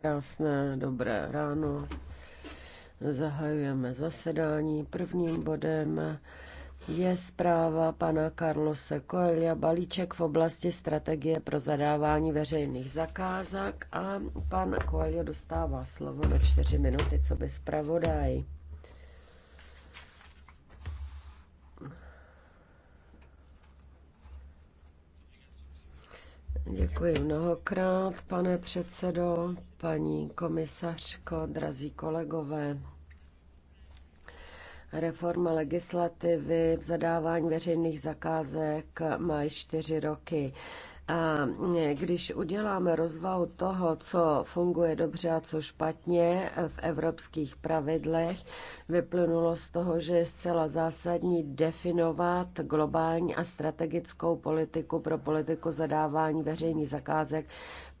Krásné, dobré ráno. Zahajujeme zasedání. Prvním bodem je zpráva pana Carlose Coelia balíček v oblasti strategie pro zadávání veřejných zakázek a pan Coelho dostává slovo na čtyři minuty, co by zpravodaj. Děkuji mnohokrát, pane předsedo, paní komisařko, drazí kolegové. Reforma legislativy v zadávání veřejných zakázek má čtyři roky. A když uděláme rozvahu toho, co funguje dobře a co špatně v evropských pravidlech, vyplynulo z toho, že je zcela zásadní definovat globální a strategickou politiku pro politiku zadávání veřejných zakázek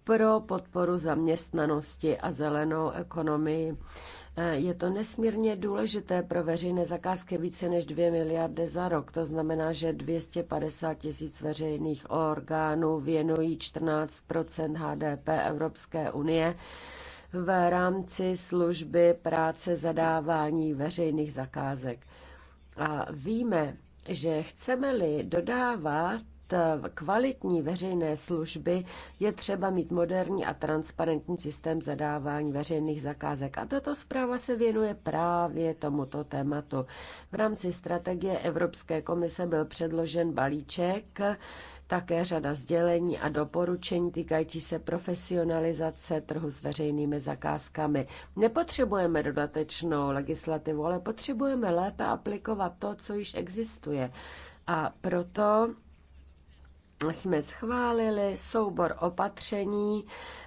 pro podporu zaměstnanosti a zelenou ekonomii. Eh, je to nesmírně důležité pro veřejné zakázky více než 2 miliardy za rok. To znamená, že 250 tisíc veřejných orgánů věnují 14 HDP Evropské unie v rámci služby práce zadávání veřejných zakázek. A víme, že chceme-li dodávat Eh, kvalitní veřejné služby je třeba mít moderní a transparentní systém zadávání veřejných zakázek. A tato zpráva se věnuje právě tomuto tématu. V rámci strategie Evropské komise byl předložen balíček, také řada sdělení a doporučení týkající se profesionalizace trhu s veřejnými zakázkami. Nepotřebujeme dodatečnou legislativu, ale potřebujeme lépe aplikovat to, co již existuje. A proto jsme schválili soubor opatření,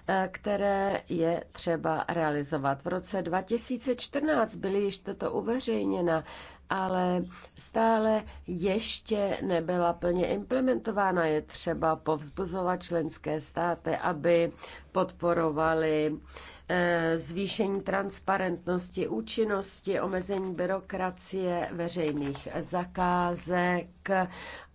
eh, které je třeba realizovat. V roce 2014 byly již toto uveřejněna, ale stále ještě nebyla plně implementována. Je třeba povzbuzovat členské státy, aby podporovali eh, zvýšení transparentnosti, účinnosti, omezení byrokracie, veřejných zakázek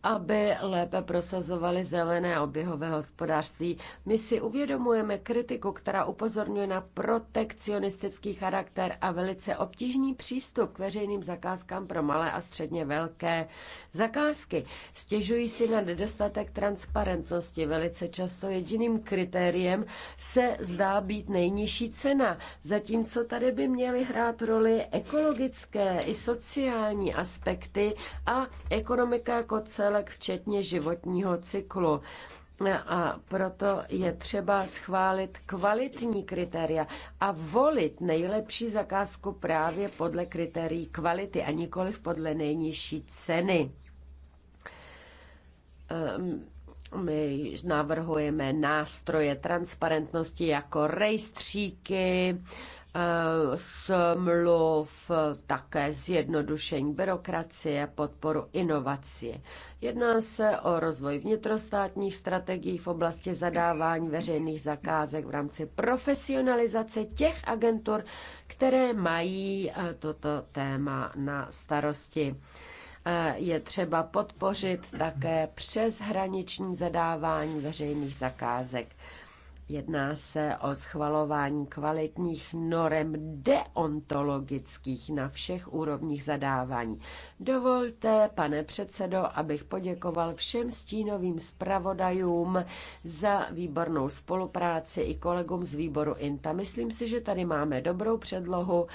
aby lépe prosazovali zelené oběhové hospodářství. My si uvědomujeme kritiku, která upozorňuje na protekcionistický charakter a velice obtížný přístup k veřejným zakázkám pro malé a středně velké zakázky. Stěžují si na nedostatek transparentnosti. Velice často jediným kritériem se zdá být nejnižší cena, zatímco tady by měly hrát roli ekologické i sociální aspekty a ekonomika jako celé celek, včetně životního cyklu. A proto je třeba schválit kvalitní kritéria a volit nejlepší zakázku právě podle kritérií kvality a nikoli podle nejnižší ceny. Ehm, my navrhujeme nástroje transparentnosti jako rejstříky, smluv, také zjednodušení byrokracie, podporu inovací. Jedná se o rozvoj vnitrostátních strategií v oblasti zadávání veřejných zakázek v rámci profesionalizace těch agentur, které mají eh, toto téma na starosti eh, je třeba podpořit také přeshraniční zadávání veřejných zakázek. Jedná se o schvalování kvalitních norem deontologických na všech úrovních zadávání. Dovolte, pane předsedo, abych poděkoval všem stínovým zpravodajům za výbornou spolupráci i kolegům z výboru INTA. Myslím si, že tady máme dobrou předlohu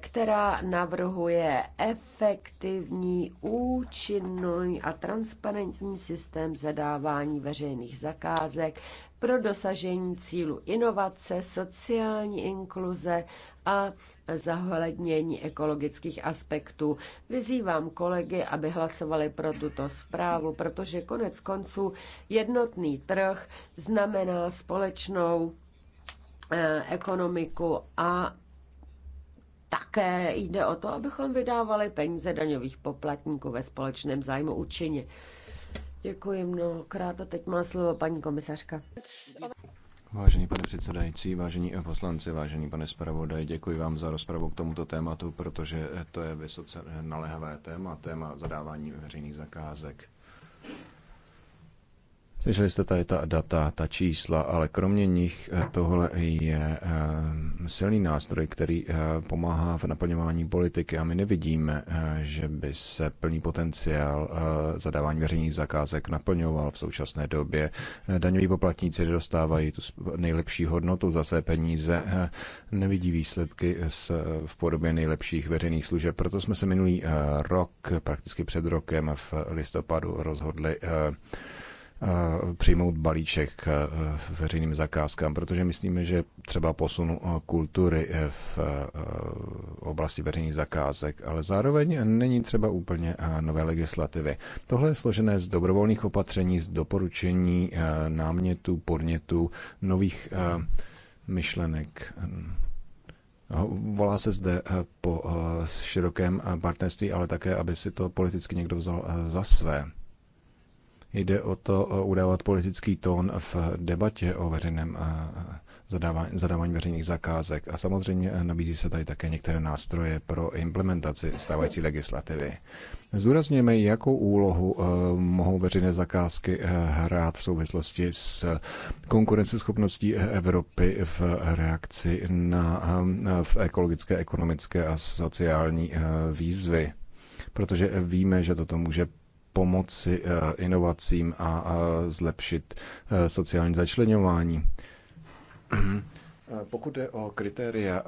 která navrhuje efektivní, účinný a transparentní systém zadávání veřejných zakázek pro dosažení cílu inovace, sociální inkluze a zahlednění ekologických aspektů. Vyzývám kolegy, aby hlasovali pro tuto zprávu, protože konec konců jednotný trh znamená společnou eh, ekonomiku a také jde o to, abychom vydávali peníze daňových poplatníků ve společném zájmu účinně. Děkuji mnohokrát a teď má slovo paní komisařka. Vážený pane předsedající, vážení poslanci, vážený pane zpravodaj, děkuji vám za rozpravu k tomuto tématu, protože to je vysoce naléhavé téma, téma zadávání veřejných zakázek. Slyšeli jste tady ta data, ta čísla, ale kromě nich eh, tohle je eh, silný nástroj, který eh, pomáhá v naplňování politiky a my nevidíme, že by se plný potenciál zadávání veřejných zakázek naplňoval v současné době. Daňoví poplatníci dostávají tu nejlepší hodnotu za své peníze, nevidí výsledky v podobě nejlepších veřejných služeb. Proto jsme se minulý rok, prakticky před rokem v listopadu rozhodli Eh, přijmout balíček k eh, veřejným zakázkám, protože myslíme, že třeba posun eh, kultury v oblasti veřejných zakázek, ale zároveň není třeba úplně nové legislativy. Tohle je složené z dobrovolných opatření, z doporučení, námětů, podnětů, nových myšlenek. Volá se zde po širokém partnerství, ale také, aby si to politicky někdo vzal za své. Jde o to udávat politický tón v debatě o veřejném zadávání, zadávání veřejných zakázek. A samozřejmě nabízí se tady také některé nástroje pro implementaci stávající legislativy. Zdůrazněme, jakou úlohu e, mohou veřejné zakázky e, hrát v souvislosti s konkurenceschopností Evropy v reakci na e, v ekologické, ekonomické a sociální výzvy protože víme, že toto může pomoci eh, inovacím a zlepšit eh, sociální začlenování. Eh, pokud jde o kritéria,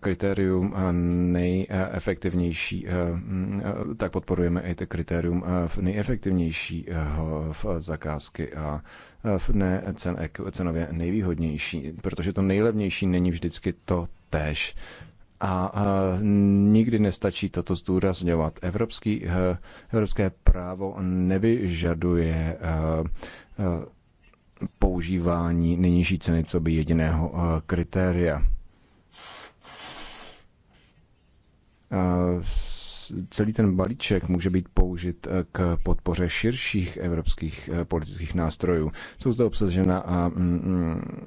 kritérium nejefektivnější, mm, tak podporujeme i to kritérium nejefektivnější v zakázky a v ne cenově nejvýhodnější, protože to nejlevnější není vždycky to též. A nikdy nestačí toto zdůrazňovat. Evropský, eh, evropské právo nevyžaduje eh, eh, používání nejnižší ceny co by jediného kritéria. Celý ten balíček může být použit k podpoře širších evropských politických nástrojů. Jsou zde obsažena mm, mm,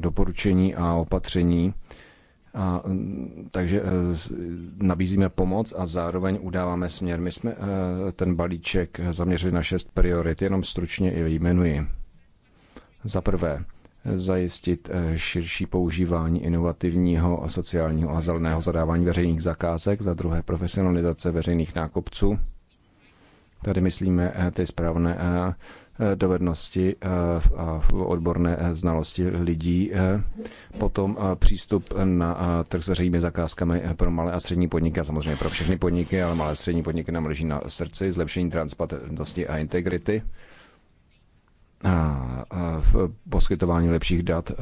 doporučení a opatření, a, mm, takže e, nabízíme pomoc a zároveň udáváme směr. My jsme e, ten balíček zaměřili na šest priorit, jenom stručně i jmenuji. Za prvé, zajistit e, širší používání inovativního a sociálního a zeleného zadávání veřejných zakázek, za druhé profesionalizace veřejných nákupců. Tady myslíme ty správné dovednosti eh, a odborné eh, znalosti lidí, eh, potom přístup na trh s veřejnými zakázkami pro malé a střední podniky a samozřejmě pro všechny podniky, ale malé a střední podniky nám leží na srdci, zlepšení transparentnosti a integrity, a v poskytování lepších dat,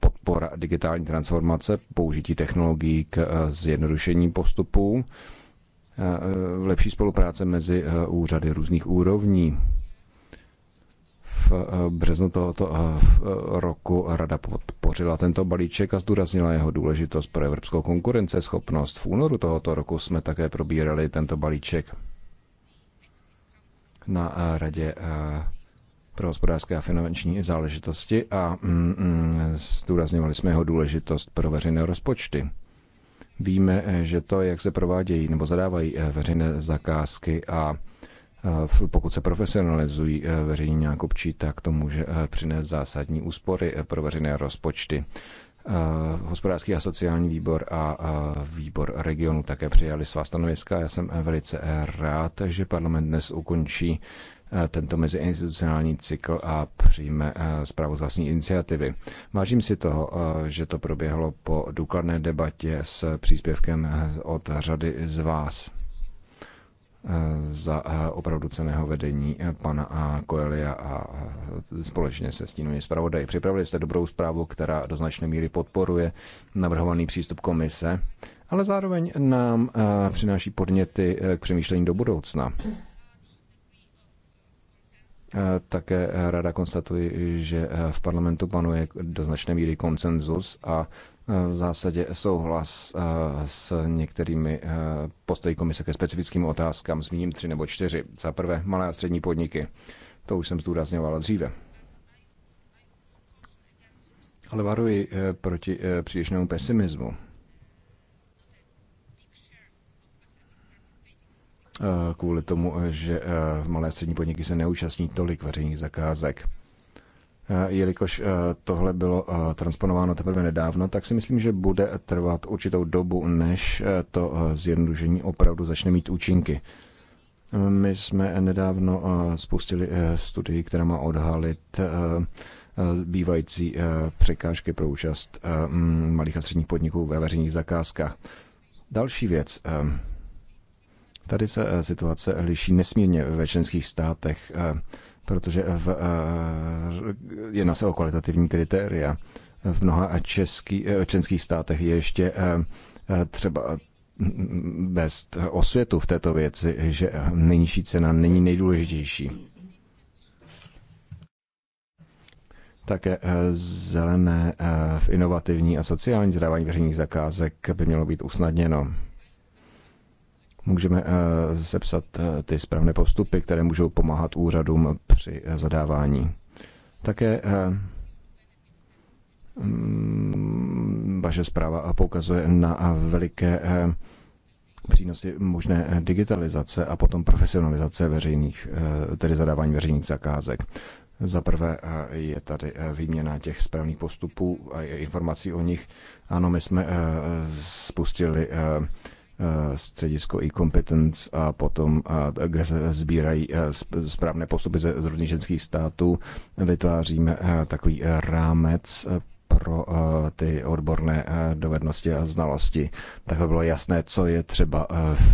podpora digitální transformace, použití technologií k zjednodušení postupů, lepší spolupráce mezi úřady různých úrovní, v eh, březnu tohoto eh, eh, roku Rada podpořila tento balíček a zdůraznila jeho důležitost pro evropskou konkurenceschopnost. V únoru tohoto roku jsme také probírali tento balíček na Radě pro hospodářské a finanční záležitosti a mm, mm, zdůrazňovali jsme jeho důležitost pro veřejné rozpočty. Víme, že to, jak se provádějí nebo zadávají veřejné zakázky a pokud se profesionalizují eh, veřejní nákupčí, tak to může eh, přinést zásadní úspory eh, pro veřejné rozpočty. Hospodářský a sociální výbor a výbor regionu také přijali svá stanoviska. Já jsem velice rád, že parlament dnes ukončí tento meziinstitucionální cykl a přijme zprávu z vlastní iniciativy. Vážím si toho, že to proběhlo po důkladné debatě s příspěvkem od řady z vás. Eh, za eh, opravdu ceného vedení eh, pana Koelia a společně se stínovými zpravodaj. Připravili jste dobrou zprávu, která do značné míry podporuje navrhovaný přístup komise, ale zároveň nám přináší podněty k přemýšlení do budoucna. Také rada konstatuji, že v parlamentu panuje do značné míry konsenzus a v zásadě souhlas eh, s některými eh, postoji komise ke specifickým otázkám. Zmíním tři nebo čtyři. Za prvé, malé a střední podniky. To už jsem zdůrazňovala dříve. Ale varuji eh, proti přílišnému pesimismu. Kvůli tomu, že malé a střední podniky se neúčastní tolik veřejných zakázek. Eh, jelikož eh, tohle bylo eh, transponováno teprve nedávno, tak si myslím, že bude trvat určitou dobu, než to zjednodušení opravdu začne mít účinky. My jsme nedávno spustili studii, která má odhalit bývající překážky pro účast malých a středních podniků ve veřejných zakázkách. Další věc. Tady se situace liší nesmírně ve členských státech protože v, eh, eh, jedná se o kvalitativní kritéria. V mnoha český, eh, českých státech je ještě třeba bez osvětu v této věci, že nejnižší cena není nejdůležitější. Také zelené v inovativní a sociální zadávání veřejných zakázek by mělo být usnadněno můžeme sepsat eh, eh, ty správné postupy, které můžou pomáhat úřadům při eh, zadávání. Také mm, vaše zpráva poukazuje na veliké přínosy možné digitalizace a potom profesionalizace veřejných, tedy zadávání veřejných zakázek. Za prvé je tady výměna těch správných postupů a informací o nich. Ano, my jsme spustili Eh, středisko e-competence a potom, eh, kde se sbírají eh, správné postupy ze různých ženských států, vytváříme takový rámec pro ty odborné dovednosti a znalosti, tak by bylo jasné, co je třeba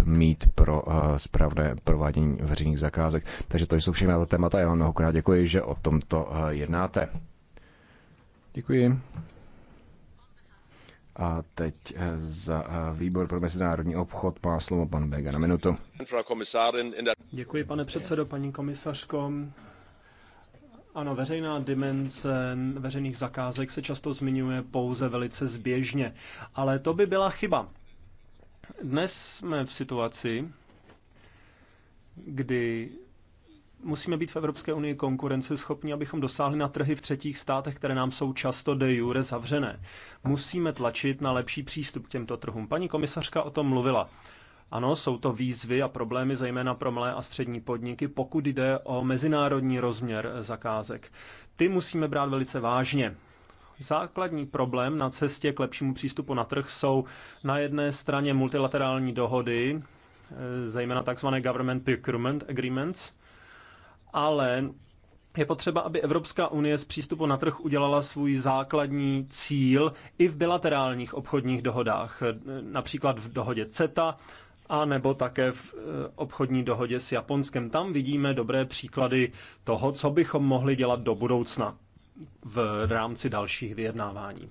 mít pro správné provádění veřejných zakázek. Takže to jsou všechna ta témata. Já vám mnohokrát děkuji, že o tomto jednáte. Děkuji. A teď eh, za eh, výbor pro mezinárodní obchod má slovo pan Bega na minutu. Děkuji, pane předsedo, paní komisařko. Ano, veřejná dimenze veřejných zakázek se často zmiňuje pouze velice zběžně, ale to by byla chyba. Dnes jsme v situaci, kdy musíme být v Evropské unii konkurenceschopní, abychom dosáhli na trhy v třetích státech, které nám jsou často de jure zavřené. Musíme tlačit na lepší přístup k těmto trhům. Paní komisařka o tom mluvila. Ano, jsou to výzvy a problémy zejména pro malé a střední podniky, pokud jde o mezinárodní rozměr zakázek. Ty musíme brát velice vážně. Základní problém na cestě k lepšímu přístupu na trh jsou na jedné straně multilaterální dohody, e, zejména tzv. government procurement agreements, ale je potřeba, aby Evropská unie z přístupu na trh udělala svůj základní cíl i v bilaterálních obchodních dohodách, například v dohodě CETA, a nebo také v eh, obchodní dohodě s Japonskem. Tam vidíme dobré příklady toho, co bychom mohli dělat do budoucna v rámci dalších vyjednávání.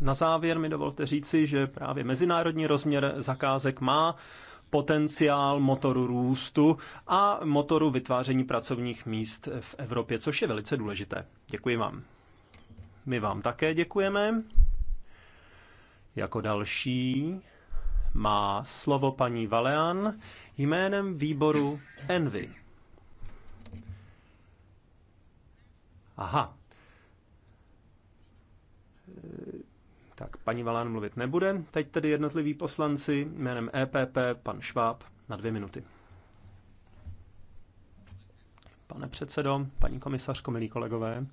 Na závěr mi dovolte říci, že právě mezinárodní rozměr zakázek má potenciál motoru růstu a motoru vytváření pracovních míst v Evropě, což je velice důležité. Děkuji vám. My vám také děkujeme. Jako další má slovo paní Valean jménem výboru Envy. Aha, Tak, paní Valán mluvit nebude. Teď tedy jednotliví poslanci jménem EPP, pan Šváb, na dvě minuty. Pane předsedo, paní komisařko, milí kolegové,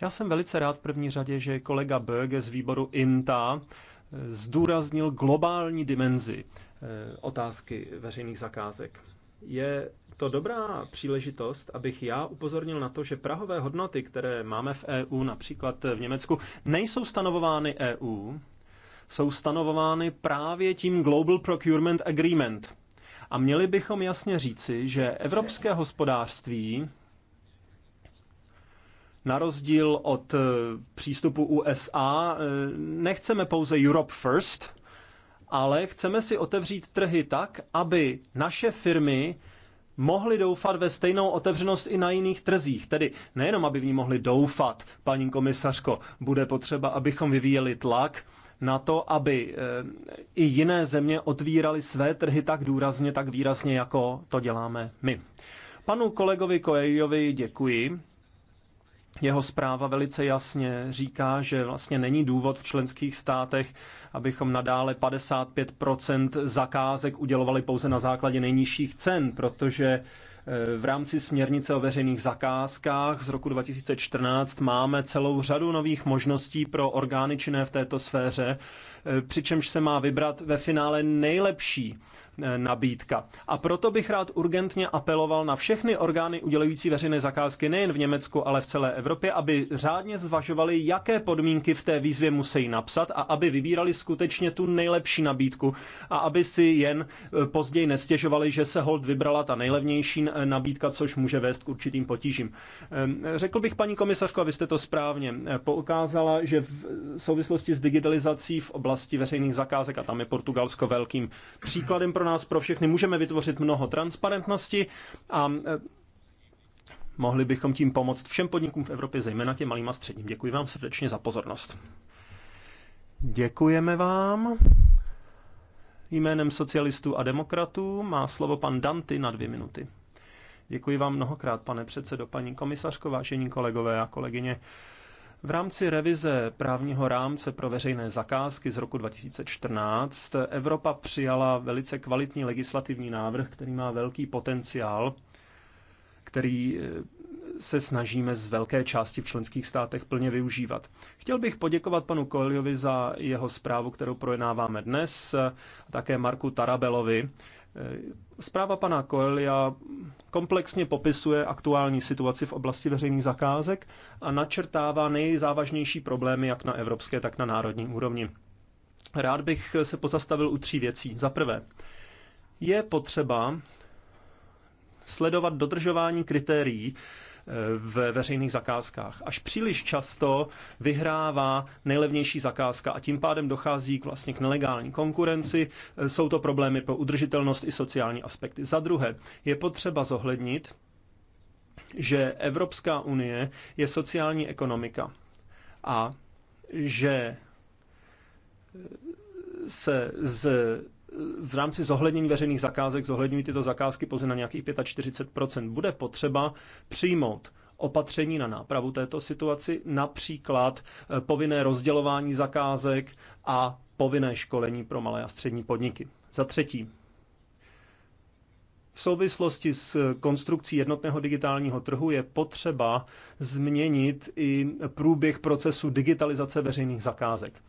já jsem velice rád v první řadě, že kolega Böge z výboru INTA eh, zdůraznil globální dimenzi eh, otázky veřejných zakázek je to dobrá příležitost, abych já upozornil na to, že prahové hodnoty, které máme v EU, například v Německu, nejsou stanovovány EU, jsou stanovovány právě tím Global Procurement Agreement. A měli bychom jasně říci, že evropské hospodářství na rozdíl od eh, přístupu USA eh, nechceme pouze Europe First, ale chceme si otevřít trhy tak, aby naše firmy mohli doufat ve stejnou otevřenost i na jiných trzích. Tedy nejenom, aby v ní mohli doufat, paní komisařko, bude potřeba, abychom vyvíjeli tlak na to, aby eh, i jiné země otvíraly své trhy tak důrazně, tak výrazně, jako to děláme my. Panu kolegovi Kojejovi děkuji jeho zpráva velice jasně říká, že vlastně není důvod v členských státech, abychom nadále 55 zakázek udělovali pouze na základě nejnižších cen, protože eh, v rámci směrnice o veřejných zakázkách z roku 2014 máme celou řadu nových možností pro orgány činné v této sféře, eh, přičemž se má vybrat ve finále nejlepší E, nabídka. A proto bych rád urgentně apeloval na všechny orgány udělující veřejné zakázky nejen v Německu, ale v celé Evropě, aby řádně zvažovali, jaké podmínky v té výzvě musí napsat a aby vybírali skutečně tu nejlepší nabídku a aby si jen e, později nestěžovali, že se hold vybrala ta nejlevnější e, nabídka, což může vést k určitým potížím. Ehm, řekl bych, paní komisařko, a vy jste to správně poukázala, že v souvislosti s digitalizací v oblasti veřejných zakázek, a tam je Portugalsko velkým příkladem pro nás, pro všechny. Můžeme vytvořit mnoho transparentnosti a eh, mohli bychom tím pomoct všem podnikům v Evropě, zejména těm malým a středním. Děkuji vám srdečně za pozornost. Děkujeme vám. Jménem socialistů a demokratů má slovo pan Danty na dvě minuty. Děkuji vám mnohokrát, pane předsedo, paní komisařko, vážení kolegové a kolegyně. V rámci revize právního rámce pro veřejné zakázky z roku 2014 Evropa přijala velice kvalitní legislativní návrh, který má velký potenciál, který eh, se snažíme z velké části v členských státech plně využívat. Chtěl bych poděkovat panu Koeliovi za jeho zprávu, kterou projednáváme dnes, eh, a také Marku Tarabelovi Eh, zpráva pana Koelia komplexně popisuje aktuální situaci v oblasti veřejných zakázek a načrtává nejzávažnější problémy jak na evropské, tak na národní úrovni. Rád bych se pozastavil u tří věcí. Za prvé, je potřeba sledovat dodržování kritérií, ve veřejných zakázkách. Až příliš často vyhrává nejlevnější zakázka a tím pádem dochází k vlastně k nelegální konkurenci. Jsou to problémy pro udržitelnost i sociální aspekty. Za druhé, je potřeba zohlednit, že Evropská unie je sociální ekonomika a že se z v rámci zohlednění veřejných zakázek zohledňují tyto zakázky pouze na nějakých 45%. Bude potřeba přijmout opatření na nápravu této situaci, například eh, povinné rozdělování zakázek a povinné školení pro malé a střední podniky. Za třetí, v souvislosti s konstrukcí jednotného digitálního trhu je potřeba změnit i průběh procesu digitalizace veřejných zakázek.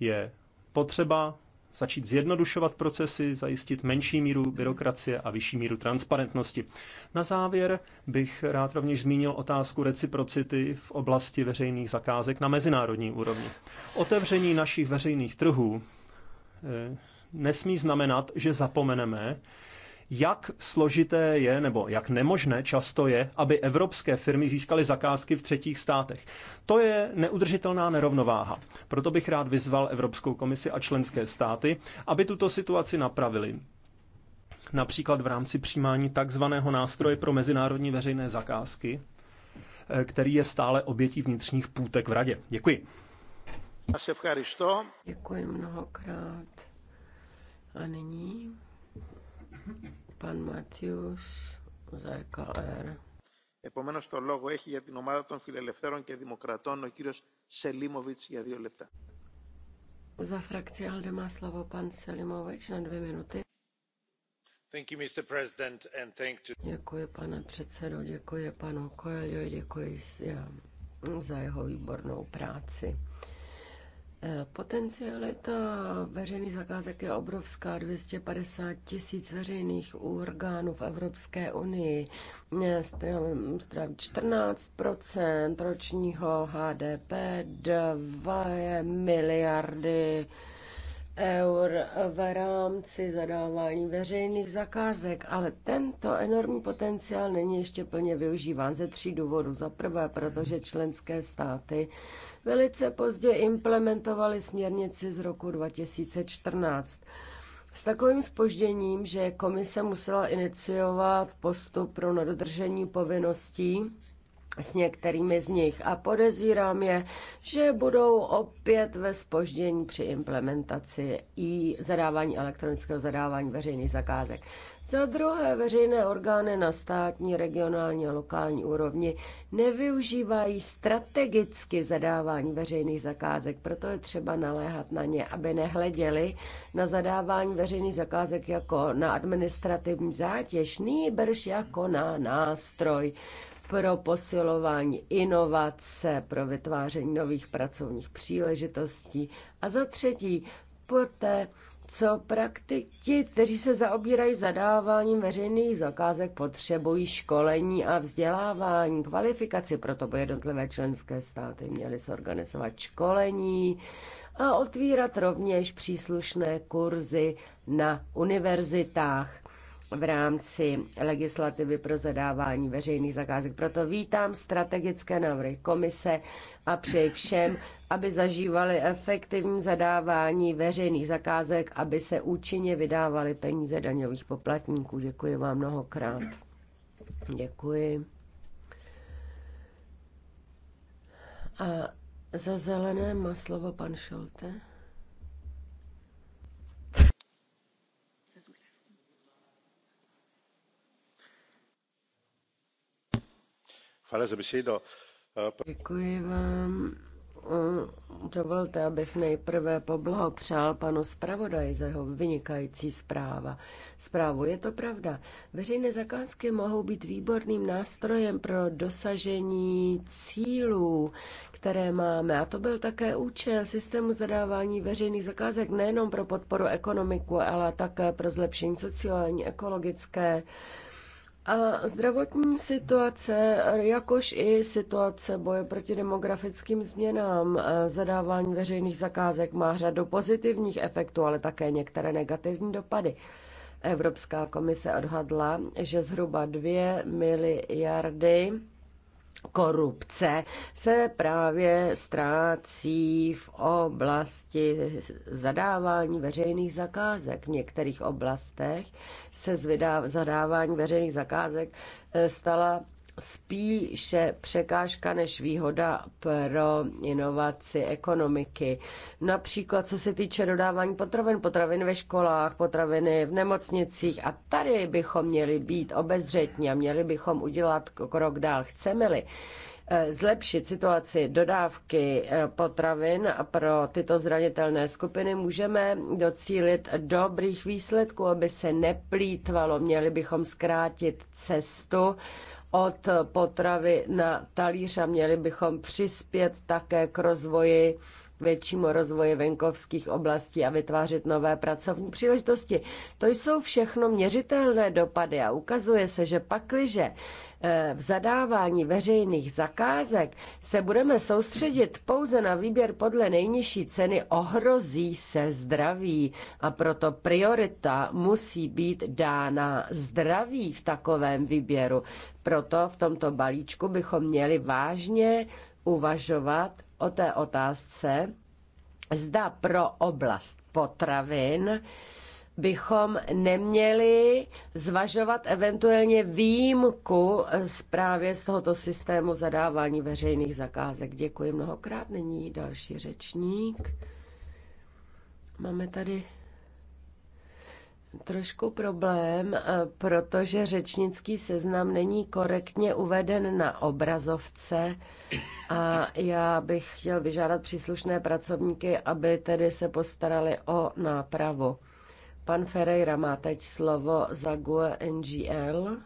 Je potřeba začít zjednodušovat procesy, zajistit menší míru byrokracie a vyšší míru transparentnosti. Na závěr bych rád rovněž zmínil otázku reciprocity v oblasti veřejných zakázek na mezinárodní úrovni. Otevření našich veřejných trhů eh, nesmí znamenat, že zapomeneme, jak složité je, nebo jak nemožné často je, aby evropské firmy získaly zakázky v třetích státech. To je neudržitelná nerovnováha. Proto bych rád vyzval Evropskou komisi a členské státy, aby tuto situaci napravili. Například v rámci přijímání takzvaného nástroje pro mezinárodní veřejné zakázky, eh, který je stále obětí vnitřních půtek v radě. Děkuji. Děkuji mnohokrát. A nyní Pan Matius za EKR. Επομένω, το λόγο έχει για την ομάδα των Φιλελευθέρων και Δημοκρατών ο κύριο Σελίμοβιτ για δύο λεπτά. Za frakci ALDE má slovo pan Selimovič na dvě minuty. Thank you, Mr. President, and thank to... Děkuji, pane předsedo, děkuji panu Coelho, děkuji za jeho výbornou práci. Potencialita veřejných zakázek je obrovská, 250 tisíc veřejných orgánů v Evropské unii, 14 ročního HDP, 2 miliardy eur v rámci zadávání veřejných zakázek, ale tento enormní potenciál není ještě plně využíván ze tří důvodů. Za prvé, protože členské státy velice pozdě implementovaly směrnici z roku 2014. S takovým spožděním, že komise musela iniciovat postup pro nedodržení povinností s některými z nich a podezírám je, že budou opět ve spoždění při implementaci i zadávání elektronického zadávání veřejných zakázek. Za druhé, veřejné orgány na státní, regionální a lokální úrovni nevyužívají strategicky zadávání veřejných zakázek, proto je třeba naléhat na ně, aby nehleděli na zadávání veřejných zakázek jako na administrativní zátěž, nýbrž jako na nástroj pro posilování inovace, pro vytváření nových pracovních příležitostí. A za třetí, poté, co praktiky, kteří se zaobírají zadáváním veřejných zakázek, potřebují školení a vzdělávání, kvalifikaci, proto by jednotlivé členské státy měly zorganizovat školení a otvírat rovněž příslušné kurzy na univerzitách v rámci legislativy pro zadávání veřejných zakázek. Proto vítám strategické návrhy komise a přeji všem, aby zažívali efektivní zadávání veřejných zakázek, aby se účinně vydávaly peníze daňových poplatníků. Děkuji vám mnohokrát. Děkuji. A za zelené má slovo pan Šolte. Eh, Děkuji vám. Eh, dovolte, abych nejprve poblahopřál panu zpravodaji za jeho vynikající zpráva. Zprávu je to pravda. Veřejné zakázky mohou být výborným nástrojem pro dosažení cílů, které máme. A to byl také účel systému zadávání veřejných zakázek nejenom pro podporu ekonomiku, ale také pro zlepšení sociální, ekologické a zdravotní situace, jakož i situace boje proti demografickým změnám, zadávání veřejných zakázek má řadu pozitivních efektů, ale také některé negativní dopady. Evropská komise odhadla, že zhruba 2 miliardy korupce se právě ztrácí v oblasti zadávání veřejných zakázek. V některých oblastech se zadávání veřejných zakázek eh, stala spíše překážka než výhoda pro inovaci ekonomiky. Například co se týče dodávání potravin, potravin ve školách, potraviny v nemocnicích a tady bychom měli být obezřetní a měli bychom udělat krok dál. Chceme-li eh, zlepšit situaci dodávky eh, potravin pro tyto zranitelné skupiny, můžeme docílit dobrých výsledků, aby se neplýtvalo. Měli bychom zkrátit cestu od potravy na talíř a měli bychom přispět také k rozvoji většímu rozvoji venkovských oblastí a vytvářet nové pracovní příležitosti. To jsou všechno měřitelné dopady a ukazuje se, že pakliže eh, v zadávání veřejných zakázek se budeme soustředit pouze na výběr podle nejnižší ceny, ohrozí se zdraví a proto priorita musí být dána zdraví v takovém výběru. Proto v tomto balíčku bychom měli vážně uvažovat o té otázce, zda pro oblast potravin bychom neměli zvažovat eventuálně výjimku z právě z tohoto systému zadávání veřejných zakázek. Děkuji mnohokrát. Nyní další řečník. Máme tady trošku problém, eh, protože řečnický seznam není korektně uveden na obrazovce a já bych chtěl vyžádat příslušné pracovníky, aby tedy se postarali o nápravu. Pan Ferreira má teď slovo za GUE NGL.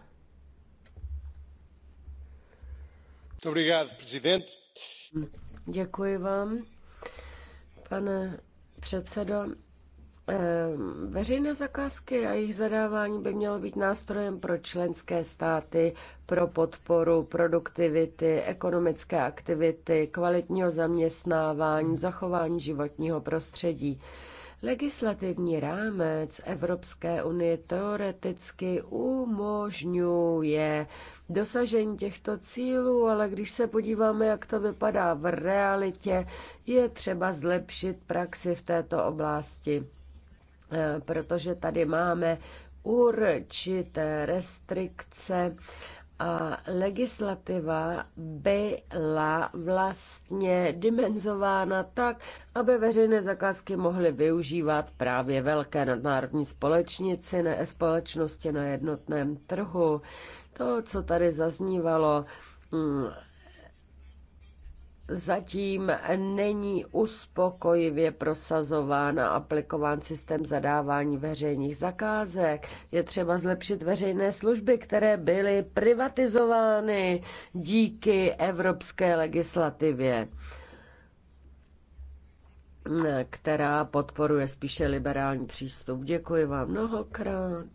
Děkuji vám, pane předsedo. Ehm, veřejné zakázky a jejich zadávání by mělo být nástrojem pro členské státy pro podporu produktivity, ekonomické aktivity, kvalitního zaměstnávání, zachování životního prostředí. Legislativní rámec Evropské unie teoreticky umožňuje dosažení těchto cílů, ale když se podíváme, jak to vypadá v realitě, je třeba zlepšit praxi v této oblasti. Eh, protože tady máme určité restrikce a legislativa byla vlastně dimenzována tak, aby veřejné zakázky mohly využívat právě velké nadnárodní společnici, ne, společnosti na jednotném trhu. To, co tady zaznívalo, mm, zatím není uspokojivě prosazován a aplikován systém zadávání veřejných zakázek. Je třeba zlepšit veřejné služby, které byly privatizovány díky evropské legislativě která podporuje spíše liberální přístup. Děkuji vám mnohokrát.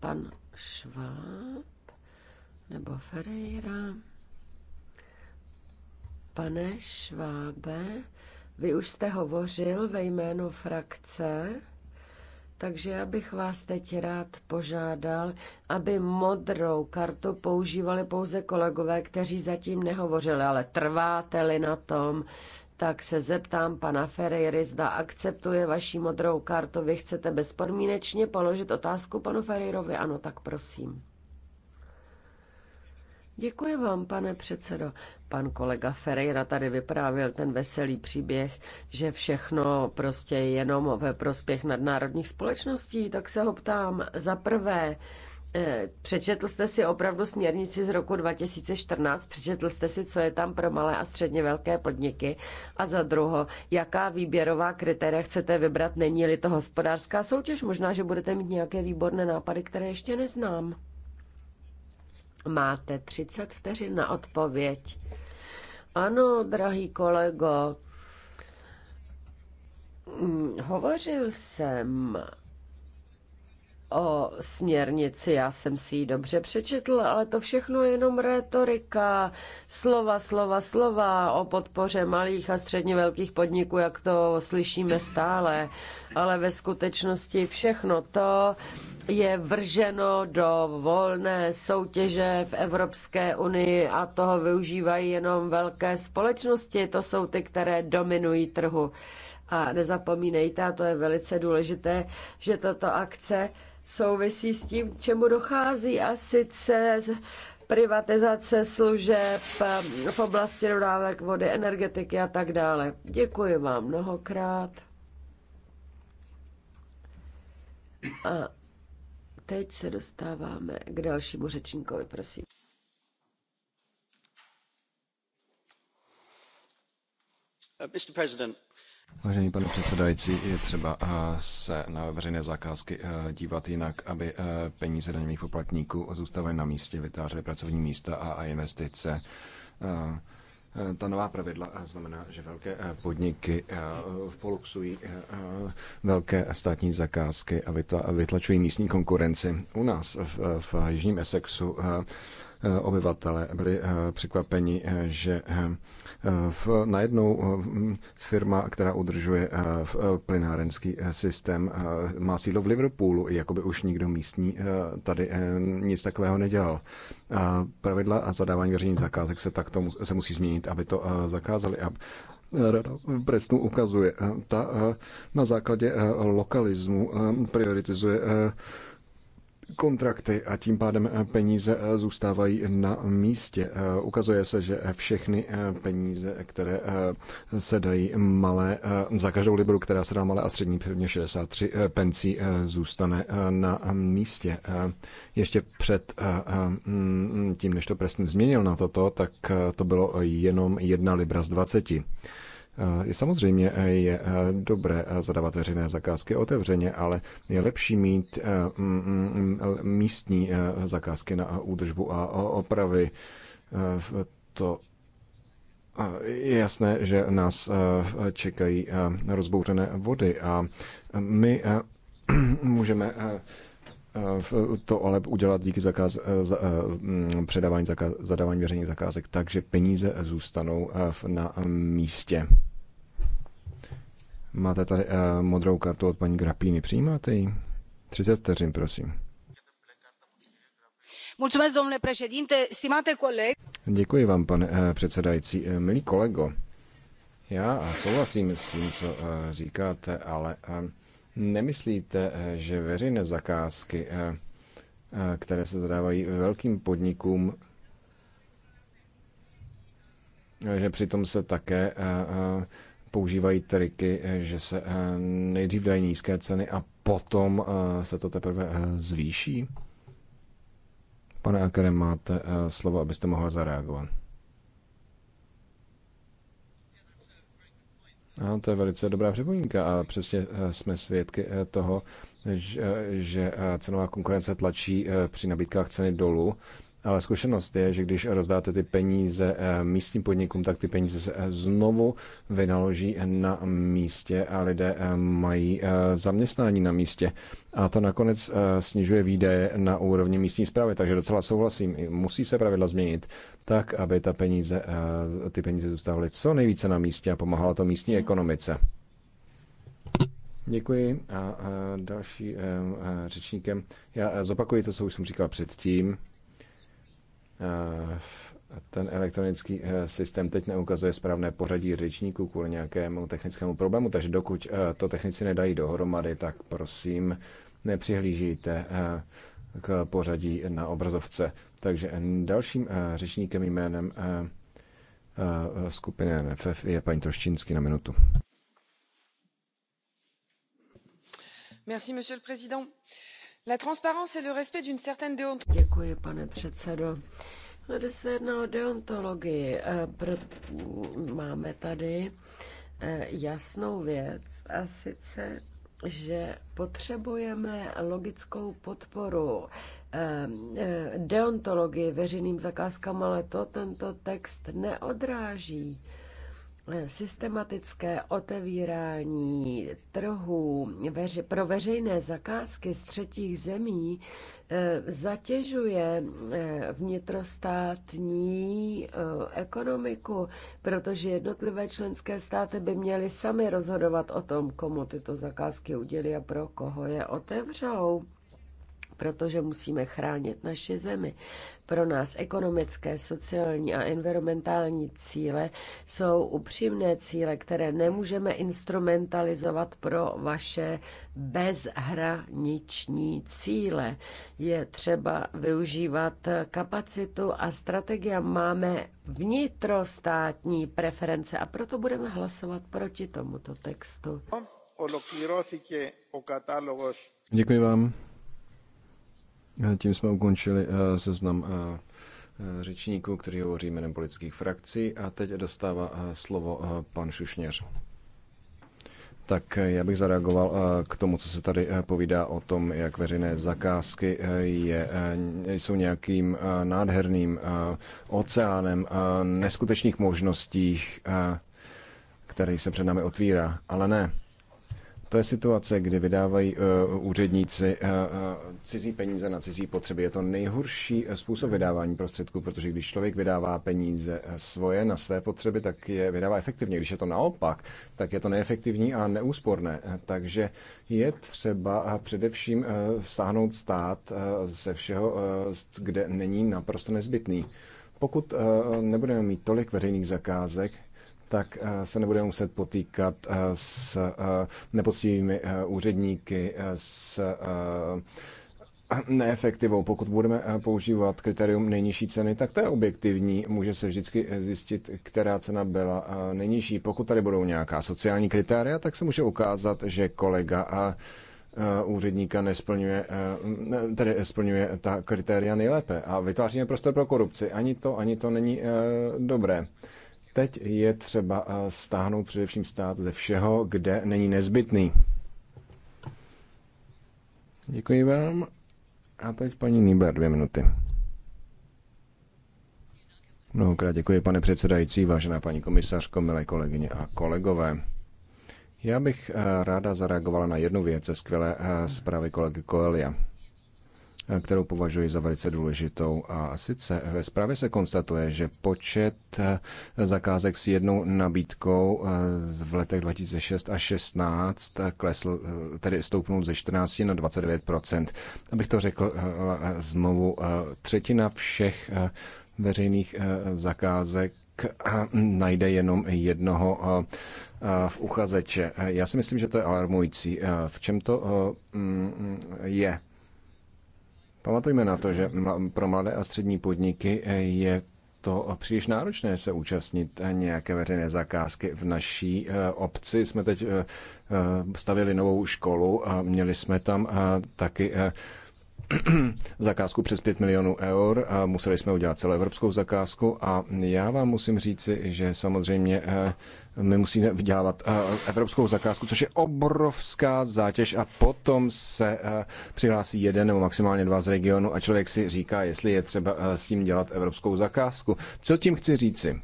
Pan Schwab nebo Ferreira. Pane Švábe, vy už jste hovořil ve jménu frakce, takže já bych vás teď rád požádal, aby modrou kartu používali pouze kolegové, kteří zatím nehovořili, ale trváte-li na tom, tak se zeptám pana Ferreira, zda akceptuje vaši modrou kartu. Vy chcete bezpodmínečně položit otázku panu Ferreirovi? Ano, tak prosím. Děkuji vám, pane předsedo. Pan kolega Ferreira tady vyprávěl ten veselý příběh, že všechno prostě jenom ve prospěch nadnárodních společností. Tak se ho ptám, za prvé, eh, Přečetl jste si opravdu směrnici z roku 2014, přečetl jste si, co je tam pro malé a středně velké podniky a za druho, jaká výběrová kritéria chcete vybrat, není-li to hospodářská soutěž. Možná, že budete mít nějaké výborné nápady, které ještě neznám. Máte 30 vteřin na odpověď. Ano, drahý kolego, hovořil jsem o směrnici, já jsem si ji dobře přečetl, ale to všechno je jenom rétorika, slova, slova, slova o podpoře malých a středně velkých podniků, jak to slyšíme stále, ale ve skutečnosti všechno to je vrženo do volné soutěže v Evropské unii a toho využívají jenom velké společnosti. To jsou ty, které dominují trhu. A nezapomínejte, a to je velice důležité, že tato akce souvisí s tím, čemu dochází a sice privatizace služeb eh, v oblasti dodávek vody, energetiky a tak dále. Děkuji vám mnohokrát. A teď se dostáváme k dalšímu řečníkovi, prosím. Uh, Mr. President, Vážený pane předsedající, je třeba uh, se na veřejné zakázky uh, dívat jinak, aby peníze daňových poplatníků zůstaly na místě, vytvářely pracovní místa a investice. Eh, ta nová pravidla eh, znamená, že velké eh, podniky poluxují velké státní zakázky a vytlačují místní konkurenci. U nás v, v jižním Essexu obyvatele byli překvapeni, že v, najednou eh, firma, která udržuje eh, eh, plynárenský systém, má sídlo v Liverpoolu, jako by už nikdo místní tady nic takového nedělal. Pravidla a zadávání veřejných zakázek se tak se musí změnit, aby to zakázali. A Rada Brestu ukazuje. Ta na základě lokalismu prioritizuje kontrakty a tím pádem eh, peníze eh, zůstávají na místě. Eh, ukazuje se, že všechny peníze, které se dají malé, za každou libru, která se dá malé a střední firmě 63 pencí, zůstane na místě. Ještě před mm, tím, než to presně změnil na toto, tak to bylo jenom jedna libra z 20. Samozřejmě eh, je eh, dobré eh, zadávat veřejné zakázky otevřeně, ale je lepší mít mm, mm, mm, místní zakázky na údržbu a opravy. To je jasné, že nás čekají rozbouřené vody a my můžeme to ale udělat díky zakaz, eh, eh, mm, předávání zakaz, zadávání veřejných zakázek, takže peníze zůstanou eh, na místě. Máte tady modrou kartu od paní Grapíny, přijímáte ji? 30 vteřin, prosím. Mulțumesc, domnule președinte, stimate coleg. Děkuji vám, pane předsedající. Milý kolego, já souhlasím s tím, co říkáte, ale Nemyslíte, eh, že veřejné zakázky, eh, eh, které se zadávají velkým podnikům, že přitom se také používají triky, že se nejdřív dají nízké ceny a potom se to teprve zvýší? Pane Akere, máte slovo, abyste mohla zareagovat. A to je velice dobrá připomínka a přesně eh, jsme svědky eh, toho, že eh, cenová konkurence tlačí při nabídkách ceny dolů, ale zkušenost je, že když rozdáte ty peníze místním podnikům, tak ty peníze se znovu vynaloží na místě a lidé mají zaměstnání na místě a to nakonec eh, snižuje výdaje na úrovni místní zprávy, takže docela souhlasím, musí se pravidla změnit tak, aby ta peníze, eh, ty peníze zůstávaly co nejvíce na místě a pomáhala to místní ekonomice. Děkuji a eh, další řečníkem. Já zopakuji to, co už jsem říkal předtím. Ten elektronický systém teď neukazuje správné pořadí řečníků kvůli nějakému technickému problému, takže dokud to technici nedají dohromady, tak prosím nepřihlížíte eh, k pořadí na obrazovce. Takže dalším eh, řečníkem jménem eh, skupiny NFF je paní Troščínsky na minutu. Merci, monsieur le président. La transparence et le respect d'une certaine déontologie. Děkuji, pane předsedo. Tady se jedná o deontologii. Máme tady jasnou věc a sice že potřebujeme logickou podporu eh, eh, deontologii veřejným zakázkám, ale to tento text neodráží systematické otevírání trhů pro veřejné zakázky z třetích zemí eh, zatěžuje eh, vnitrostátní eh, ekonomiku, protože jednotlivé členské státy by měly sami rozhodovat o tom, komu tyto zakázky udělí a pro koho je otevřou protože musíme chránit naši zemi. Pro nás ekonomické, sociální a environmentální cíle jsou upřímné cíle, které nemůžeme instrumentalizovat pro vaše bezhraniční cíle. Je třeba využívat kapacitu a strategia. Máme vnitrostátní preference a proto budeme hlasovat proti tomuto textu. Děkuji vám. Eh, tím jsme ukončili eh, seznam eh, řečníků, který hovoří jménem politických frakcí a teď dostává slovo pan Šušněř. Tak já bych zareagoval k tomu, co se tady povídá o tom, jak veřejné zakázky je, jsou nějakým nádherným oceánem neskutečných možností, který se před námi otvírá. Ale ne, to je situace, kdy vydávají uh, úředníci uh, cizí peníze na cizí potřeby. Je to nejhorší způsob vydávání prostředků, protože když člověk vydává peníze svoje na své potřeby, tak je vydává efektivně. Když je to naopak, tak je to neefektivní a neúsporné. Takže je třeba především uh, stáhnout stát uh, ze všeho, uh, kde není naprosto nezbytný. Pokud uh, nebudeme mít tolik veřejných zakázek, tak eh, se nebudeme muset potýkat eh, s eh, nepoctivými úředníky, s neefektivou. Pokud budeme používat kritérium nejnižší ceny, tak to je objektivní. Může se vždycky zjistit, která cena byla nejnižší. Pokud tady budou nějaká sociální kritéria, tak se může ukázat, že kolega a úředníka nesplňuje, tedy splňuje ta kritéria nejlépe a vytváříme prostor pro korupci. Ani to, ani to není dobré. Teď je třeba eh, stáhnout především stát ze všeho, kde není nezbytný. Děkuji vám. A teď paní Nýbler, dvě minuty. Mnohokrát děkuji, pane předsedající, vážená paní komisařko, milé kolegyně a kolegové. Já bych eh, ráda zareagovala na jednu věc ze skvělé eh, zprávy kolegy Koelia. Eh, kterou považuji za velice důležitou. A sice ve zprávě se konstatuje, že počet eh, zakázek s jednou nabídkou eh, v letech 2006 a 16 klesl, tedy stoupnul ze 14 na 29 Abych to řekl znovu, třetina všech veřejných zakázek najde jenom jednoho v uchazeče. Já si myslím, že to je alarmující. V čem to mm, je? Pamatujme na to, že pro mladé a střední podniky eh, je to příliš náročné se účastnit eh, nějaké veřejné zakázky. V naší eh, obci jsme teď stavili novou školu a měli jsme tam taky zakázku přes 5 milionů eur. A museli jsme udělat celou evropskou zakázku a já vám musím říci, že samozřejmě eh, my musíme vydělávat eh, evropskou zakázku, což je obrovská zátěž a potom se eh, přihlásí jeden nebo maximálně dva z regionu a člověk si říká, jestli je třeba s tím dělat evropskou zakázku. Co tím chci říci?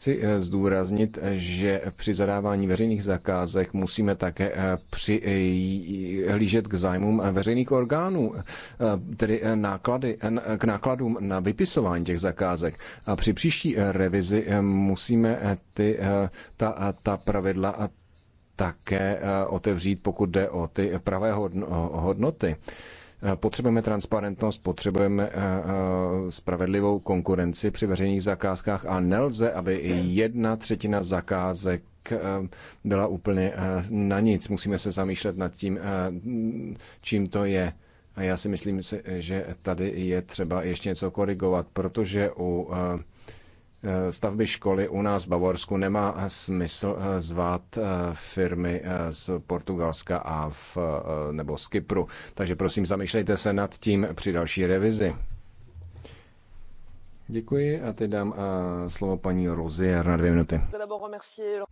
Chci eh, zdůraznit, že při zadávání veřejných zakázek musíme také eh, přihlížet eh, k zájmům veřejných orgánů, tedy náklady, k nákladům na vypisování těch zakázek. A při příští revizi musíme ty, ta, ta pravidla také otevřít, pokud jde o ty pravé hodnoty. Eh, potřebujeme transparentnost, potřebujeme eh, eh, spravedlivou konkurenci při veřejných zakázkách a nelze, aby jedna třetina zakázek byla úplně na nic. Musíme se zamýšlet nad tím, čím to je. A já si myslím, že tady je třeba ještě něco korigovat, protože u Eh, stavby školy u nás v Bavorsku nemá eh, smysl eh, zvát firmy z Portugalska a v, nebo z Kypru. Takže prosím, zamýšlejte se nad tím při další revizi. Děkuji a teď dám a eh, slovo paní Rozi na dvě minuty.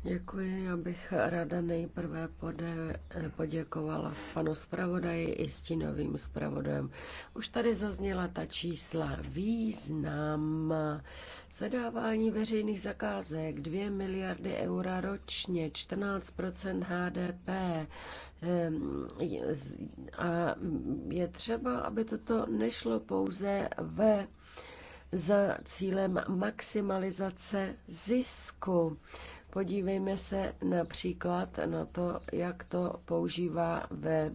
Děkuji, já bych ráda nejprve pode, eh, poděkovala s panu zpravodaji i novým zpravodajem. Už tady zazněla ta čísla. Význam zadávání veřejných zakázek 2 miliardy eura ročně, 14 HDP. Ehm, a je třeba, aby toto nešlo pouze ve za cílem maximalizace zisku. Podívejme se například na to, jak to používá ve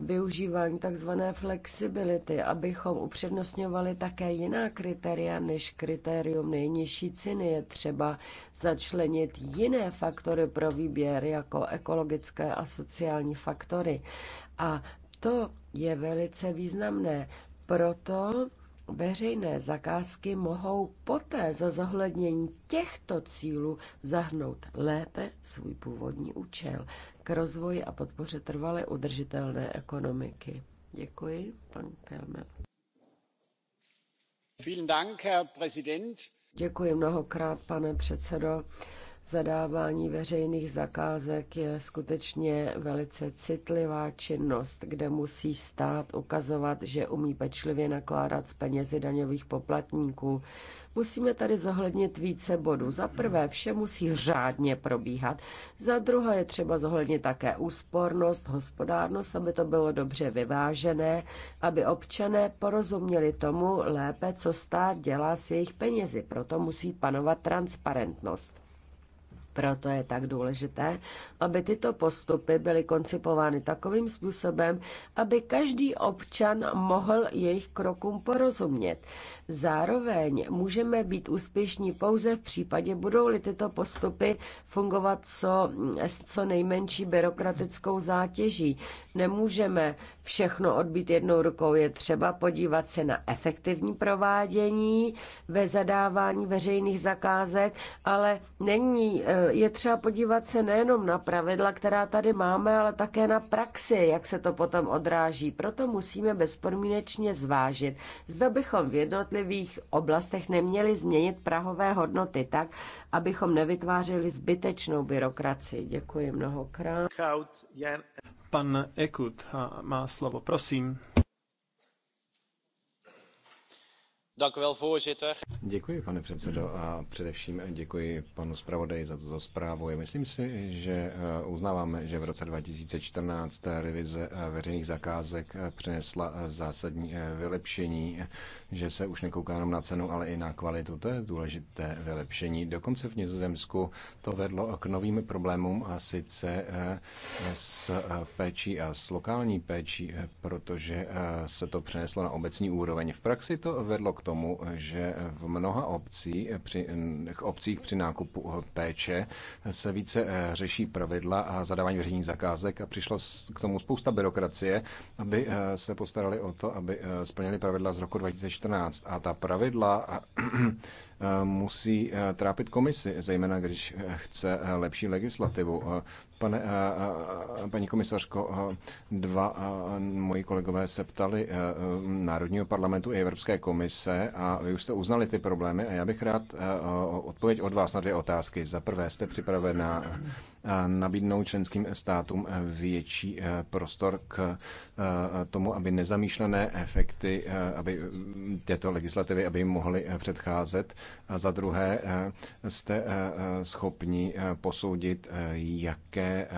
využívání tzv. flexibility, abychom upřednostňovali také jiná kritéria než kritérium nejnižší ceny. Je třeba začlenit jiné faktory pro výběr, jako ekologické a sociální faktory. A to je velice významné. Proto veřejné zakázky mohou poté za zohlednění těchto cílů zahnout lépe svůj původní účel k rozvoji a podpoře trvalé udržitelné ekonomiky. Děkuji, pan Kelmel. Děkuji mnohokrát, pane předsedo zadávání veřejných zakázek je skutečně velice citlivá činnost, kde musí stát ukazovat, že umí pečlivě nakládat s penězi daňových poplatníků. Musíme tady zohlednit více bodů. Za prvé, vše musí řádně probíhat. Za druhé je třeba zohlednit také úspornost, hospodárnost, aby to bylo dobře vyvážené, aby občané porozuměli tomu lépe, co stát dělá s jejich penězi. Proto musí panovat transparentnost. Proto je tak důležité, aby tyto postupy byly koncipovány takovým způsobem, aby každý občan mohl jejich krokům porozumět. Zároveň můžeme být úspěšní pouze v případě, budou-li tyto postupy fungovat co, s co nejmenší byrokratickou zátěží. Nemůžeme všechno odbít jednou rukou. Je třeba podívat se na efektivní provádění ve zadávání veřejných zakázek, ale není, eh, je třeba podívat se nejenom na pravidla, která tady máme, ale také na praxi, jak se to potom odráží. Proto musíme bezpodmínečně zvážit, zda bychom v jednotlivých oblastech neměli změnit prahové hodnoty tak, abychom nevytvářeli zbytečnou byrokracii. Děkuji mnohokrát. Pan Ekut má slovo, prosím. Děkuji, pane předsedo, a především děkuji panu zpravodaji za tuto zprávu. Já myslím si, že eh, uznáváme, že v roce 2014 revize eh, veřejných zakázek eh, přinesla zásadní vylepšení že se už nekouká jenom na cenu, ale i na kvalitu. To je důležité vylepšení. Dokonce v Nizozemsku to vedlo k novým problémům a sice eh, s eh, péčí a s lokální péčí, eh, protože se to přeneslo na obecní úroveň. V praxi to vedlo k tomu, že v mnoha obcí, při, hm, obcích při nákupu péče se více řeší pravidla a zadávání veřejných zakázek a přišlo k tomu spousta byrokracie, aby se postarali o to, aby splněli pravidla z roku 2014 2014 a ta pravidla musí e, trápit komisi, zejména když chce e, lepší legislativu. E, pane, paní komisařko, dva moji kolegové se ptali Národního parlamentu i Evropské komise a vy už jste uznali ty problémy a já bych rád odpověď od vás na dvě otázky. Za prvé, jste připravená nabídnou členským státům větší eh, prostor k eh, tomu, aby nezamýšlené efekty eh, aby mm, této legislativy, aby jim mohly předcházet. A za druhé jste schopni posoudit, jaké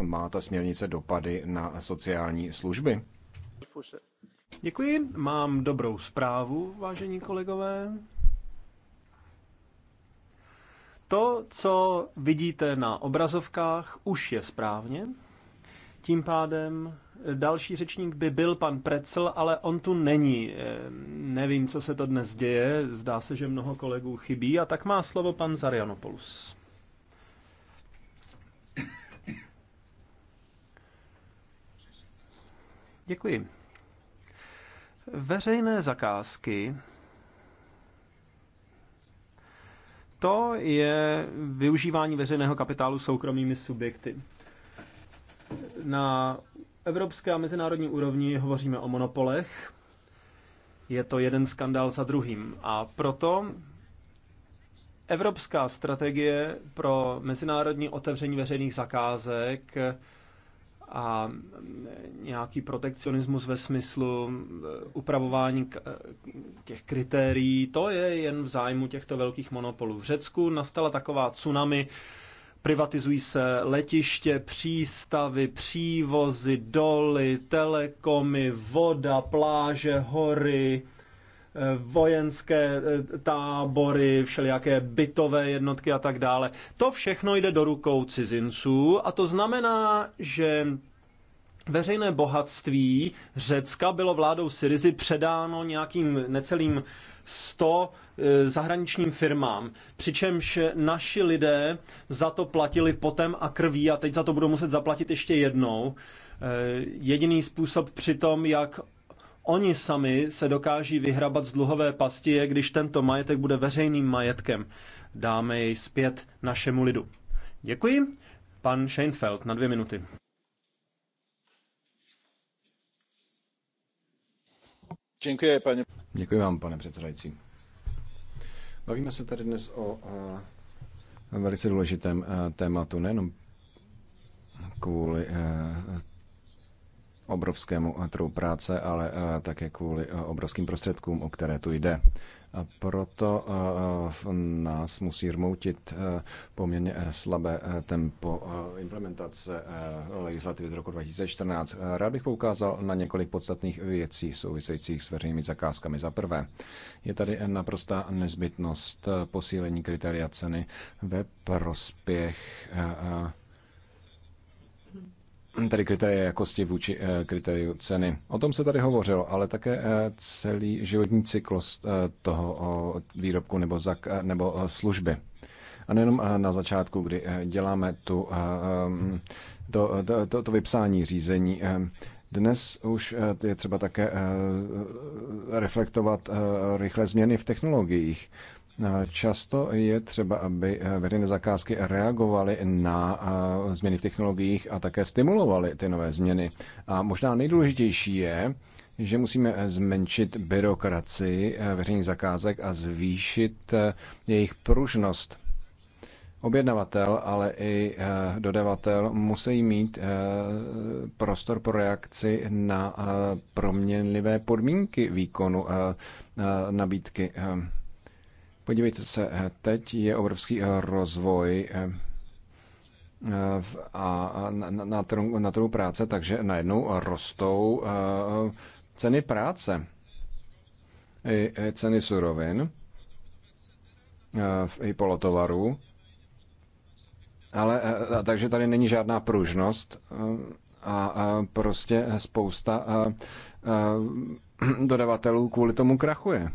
má ta směrnice dopady na sociální služby? Děkuji. Mám dobrou zprávu, vážení kolegové. To, co vidíte na obrazovkách, už je správně. Tím pádem eh, další řečník by byl pan Precl, ale on tu není. Eh, nevím, co se to dnes děje, zdá se, že mnoho kolegů chybí a tak má slovo pan Zarianopoulos. Děkuji. Veřejné zakázky to je využívání veřejného kapitálu soukromými subjekty. Na evropské a mezinárodní úrovni hovoříme o monopolech. Je to jeden skandál za druhým. A proto evropská strategie pro mezinárodní otevření veřejných zakázek a nějaký protekcionismus ve smyslu e, upravování e, těch kritérií, to je jen v zájmu těchto velkých monopolů. V Řecku nastala taková tsunami, privatizují se letiště, přístavy, přívozy, doly, telekomy, voda, pláže, hory, vojenské eh, tábory, všelijaké bytové jednotky a tak dále. To všechno jde do rukou cizinců a to znamená, že veřejné bohatství Řecka bylo vládou Syrizy předáno nějakým necelým 100 eh, zahraničním firmám, přičemž naši lidé za to platili potem a krví a teď za to budou muset zaplatit ještě jednou. Eh, jediný způsob přitom, jak Oni sami se dokáží vyhrabat z dluhové pasti, když tento majetek bude veřejným majetkem. Dáme jej zpět našemu lidu. Děkuji. Pan Scheinfeld na dvě minuty. Děkuji, paní. Děkuji vám, pane předsedající. Bavíme se tady dnes o velice důležitém tématu, nejenom kvůli obrovskému eh, trhu práce, ale eh, také kvůli eh, obrovským prostředkům, o které tu jde. A proto nás musí rmoutit poměrně slabé tempo implementace legislativy z roku 2014. Rád bych poukázal na několik podstatných věcí souvisejících s veřejnými zakázkami. Za prvé, je tady naprostá nezbytnost posílení kritéria ceny ve prospěch Tady kritéria jakosti vůči eh, kritériu ceny. O tom se tady hovořilo, ale také eh, celý životní cyklus eh, toho výrobku nebo, zak, nebo služby. A nejenom na začátku, kdy děláme tu, to, to, to, to vypsání řízení. Dnes už je třeba také reflektovat rychlé změny v technologiích. Eh, často je třeba, aby eh, veřejné zakázky reagovaly na eh, změny v technologiích a také stimulovaly ty nové změny. A možná nejdůležitější je, že musíme zmenšit byrokracii veřejných zakázek a zvýšit jejich pružnost. Objednavatel, ale i dodavatel musí mít prostor pro reakci na proměnlivé podmínky výkonu nabídky. Podívejte se, eh, teď je obrovský eh, rozvoj eh, a na, na, na trhu práce, takže najednou rostou ceny práce, i ceny surovin, i polotovarů. Ale takže tady není žádná pružnost a prostě spousta dodavatelů kvůli tomu krachuje.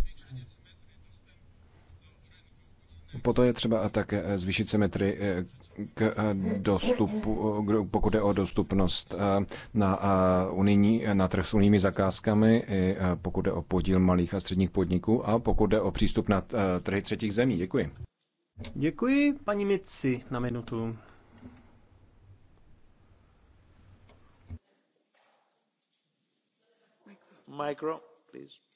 Potom je třeba také eh, zvýšit metry eh, k eh, dostupu, pokud je o dostupnost na unijní, na trh s unijními zakázkami, pokud je o podíl malých a středních podniků a pokud je o přístup na trhy třetích zemí. Děkuji. Děkuji, paní Mici, na minutu. Micro, please.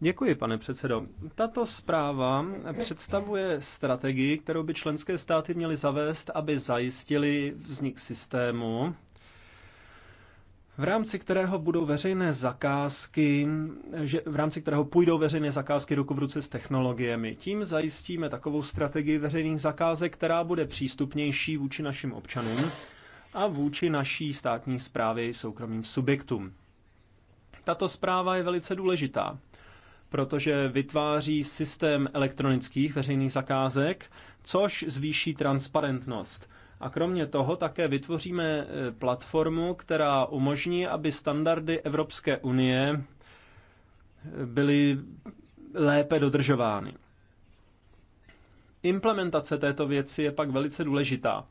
Děkuji, pane předsedo. Tato zpráva představuje strategii, kterou by členské státy měly zavést, aby zajistili vznik systému, v rámci kterého budou veřejné zakázky, že v rámci kterého půjdou veřejné zakázky ruku v ruce s technologiemi. Tím zajistíme takovou strategii veřejných zakázek, která bude přístupnější vůči našim občanům a vůči naší státní správě soukromým subjektům. Tato zpráva je velice důležitá, protože vytváří systém elektronických veřejných zakázek, což zvýší transparentnost. A kromě toho také vytvoříme e, platformu, která umožní, aby standardy Evropské unie e, byly lépe dodržovány. Implementace této věci je pak velice důležitá.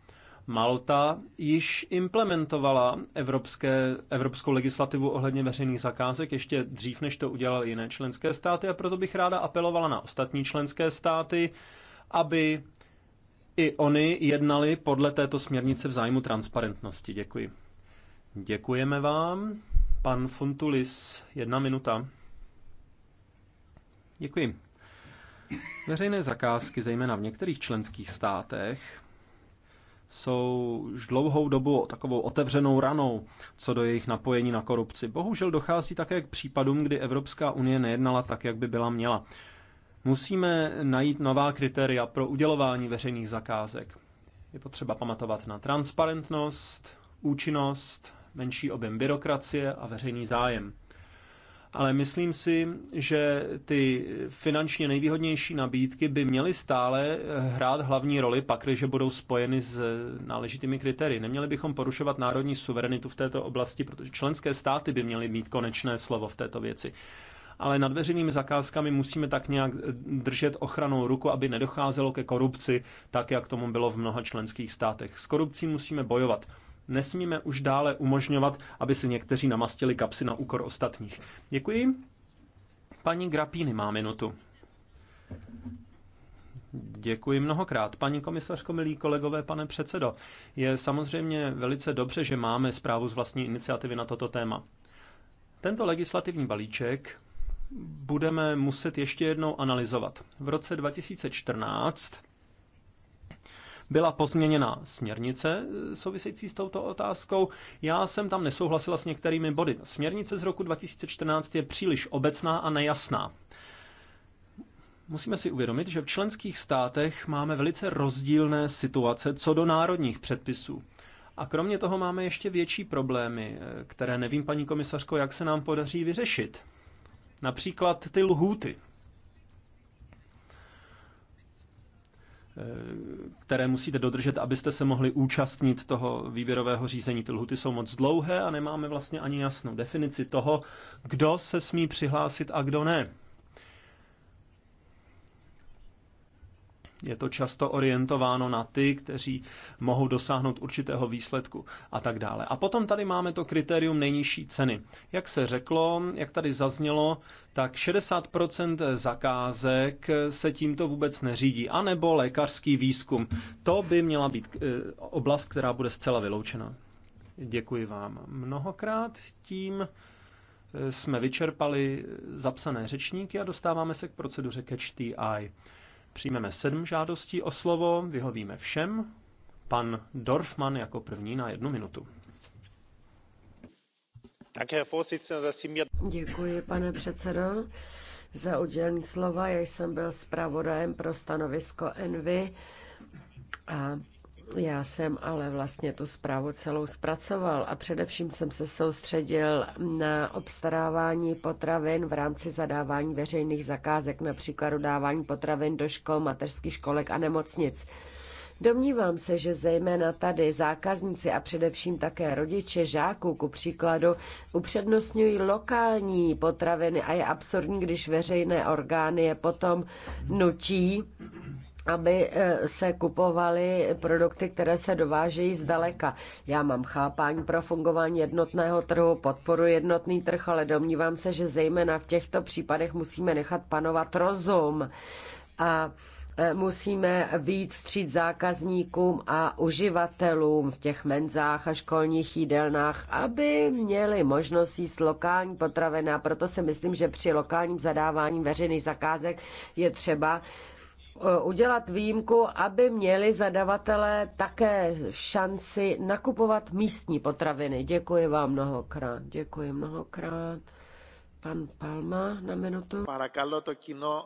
Malta již implementovala evropské, evropskou legislativu ohledně veřejných zakázek ještě dřív, než to udělali jiné členské státy a proto bych ráda apelovala na ostatní členské státy, aby i oni jednali podle této směrnice v zájmu transparentnosti. Děkuji. Děkujeme vám. Pan Funtulis, jedna minuta. Děkuji. Veřejné zakázky, zejména v některých členských státech, jsou už dlouhou dobu takovou otevřenou ranou co do jejich napojení na korupci. Bohužel dochází také k případům, kdy Evropská unie nejednala tak, jak by byla měla. Musíme najít nová kritéria pro udělování veřejných zakázek. Je potřeba pamatovat na transparentnost, účinnost, menší objem byrokracie a veřejný zájem ale myslím si, že ty finančně nejvýhodnější nabídky by měly stále hrát hlavní roli, pakliže budou spojeny s náležitými kritérii. Neměli bychom porušovat národní suverenitu v této oblasti, protože členské státy by měly mít konečné slovo v této věci ale nad veřejnými zakázkami musíme tak nějak držet ochranou ruku, aby nedocházelo ke korupci, tak jak tomu bylo v mnoha členských státech. S korupcí musíme bojovat. Nesmíme už dále umožňovat, aby si někteří namastili kapsy na úkor ostatních. Děkuji. Paní Grapíny má minutu. Děkuji mnohokrát. Paní komisařko, milí kolegové, pane předsedo, je samozřejmě velice dobře, že máme zprávu z vlastní iniciativy na toto téma. Tento legislativní balíček budeme muset ještě jednou analyzovat. V roce 2014 byla pozměněna směrnice e, související s touto otázkou. Já jsem tam nesouhlasila s některými body. Směrnice z roku 2014 je příliš obecná a nejasná. Musíme si uvědomit, že v členských státech máme velice rozdílné situace co do národních předpisů. A kromě toho máme ještě větší problémy, e, které nevím, paní komisařko, jak se nám podaří vyřešit. Například ty lhůty, které musíte dodržet, abyste se mohli účastnit toho výběrového řízení. Ty lhuty jsou moc dlouhé a nemáme vlastně ani jasnou definici toho, kdo se smí přihlásit a kdo ne. Je to často orientováno na ty, kteří mohou dosáhnout určitého výsledku a tak dále. A potom tady máme to kritérium nejnižší ceny. Jak se řeklo, jak tady zaznělo, tak 60% zakázek se tímto vůbec neřídí, A nebo lékařský výzkum. To by měla být eh, oblast, která bude zcela vyloučena. Děkuji vám mnohokrát. Tím eh, jsme vyčerpali zapsané řečníky a dostáváme se k proceduře Catch the Eye. Přijmeme sedm žádostí o slovo, vyhovíme všem. Pan Dorfman jako první na jednu minutu. Děkuji, pane předsedo, za udělení slova. Já jsem byl zpravodajem pro stanovisko Envy a já jsem ale vlastně tu zprávu celou zpracoval a především jsem se soustředil na obstarávání potravin v rámci zadávání veřejných zakázek, například dodávání potravin do škol, mateřských školek a nemocnic. Domnívám se, že zejména tady zákazníci a především také rodiče žáků, ku příkladu, upřednostňují lokální potraviny a je absurdní, když veřejné orgány je potom nutí aby eh, se kupovaly produkty, které se dovážejí zdaleka. Já mám chápání pro fungování jednotného trhu, podporu jednotný trh, ale domnívám se, že zejména v těchto případech musíme nechat panovat rozum. A eh, musíme víc vstříc zákazníkům a uživatelům v těch menzách a školních jídelnách, aby měli možnost jíst lokální potraviny. A proto si myslím, že při lokálním zadávání veřejných zakázek je třeba Eh, udělat výjimku, aby měli zadavatelé také šanci nakupovat místní potraviny. Děkuji vám mnohokrát. Děkuji mnohokrát. Pan Palma na minutu. Parakalo to kino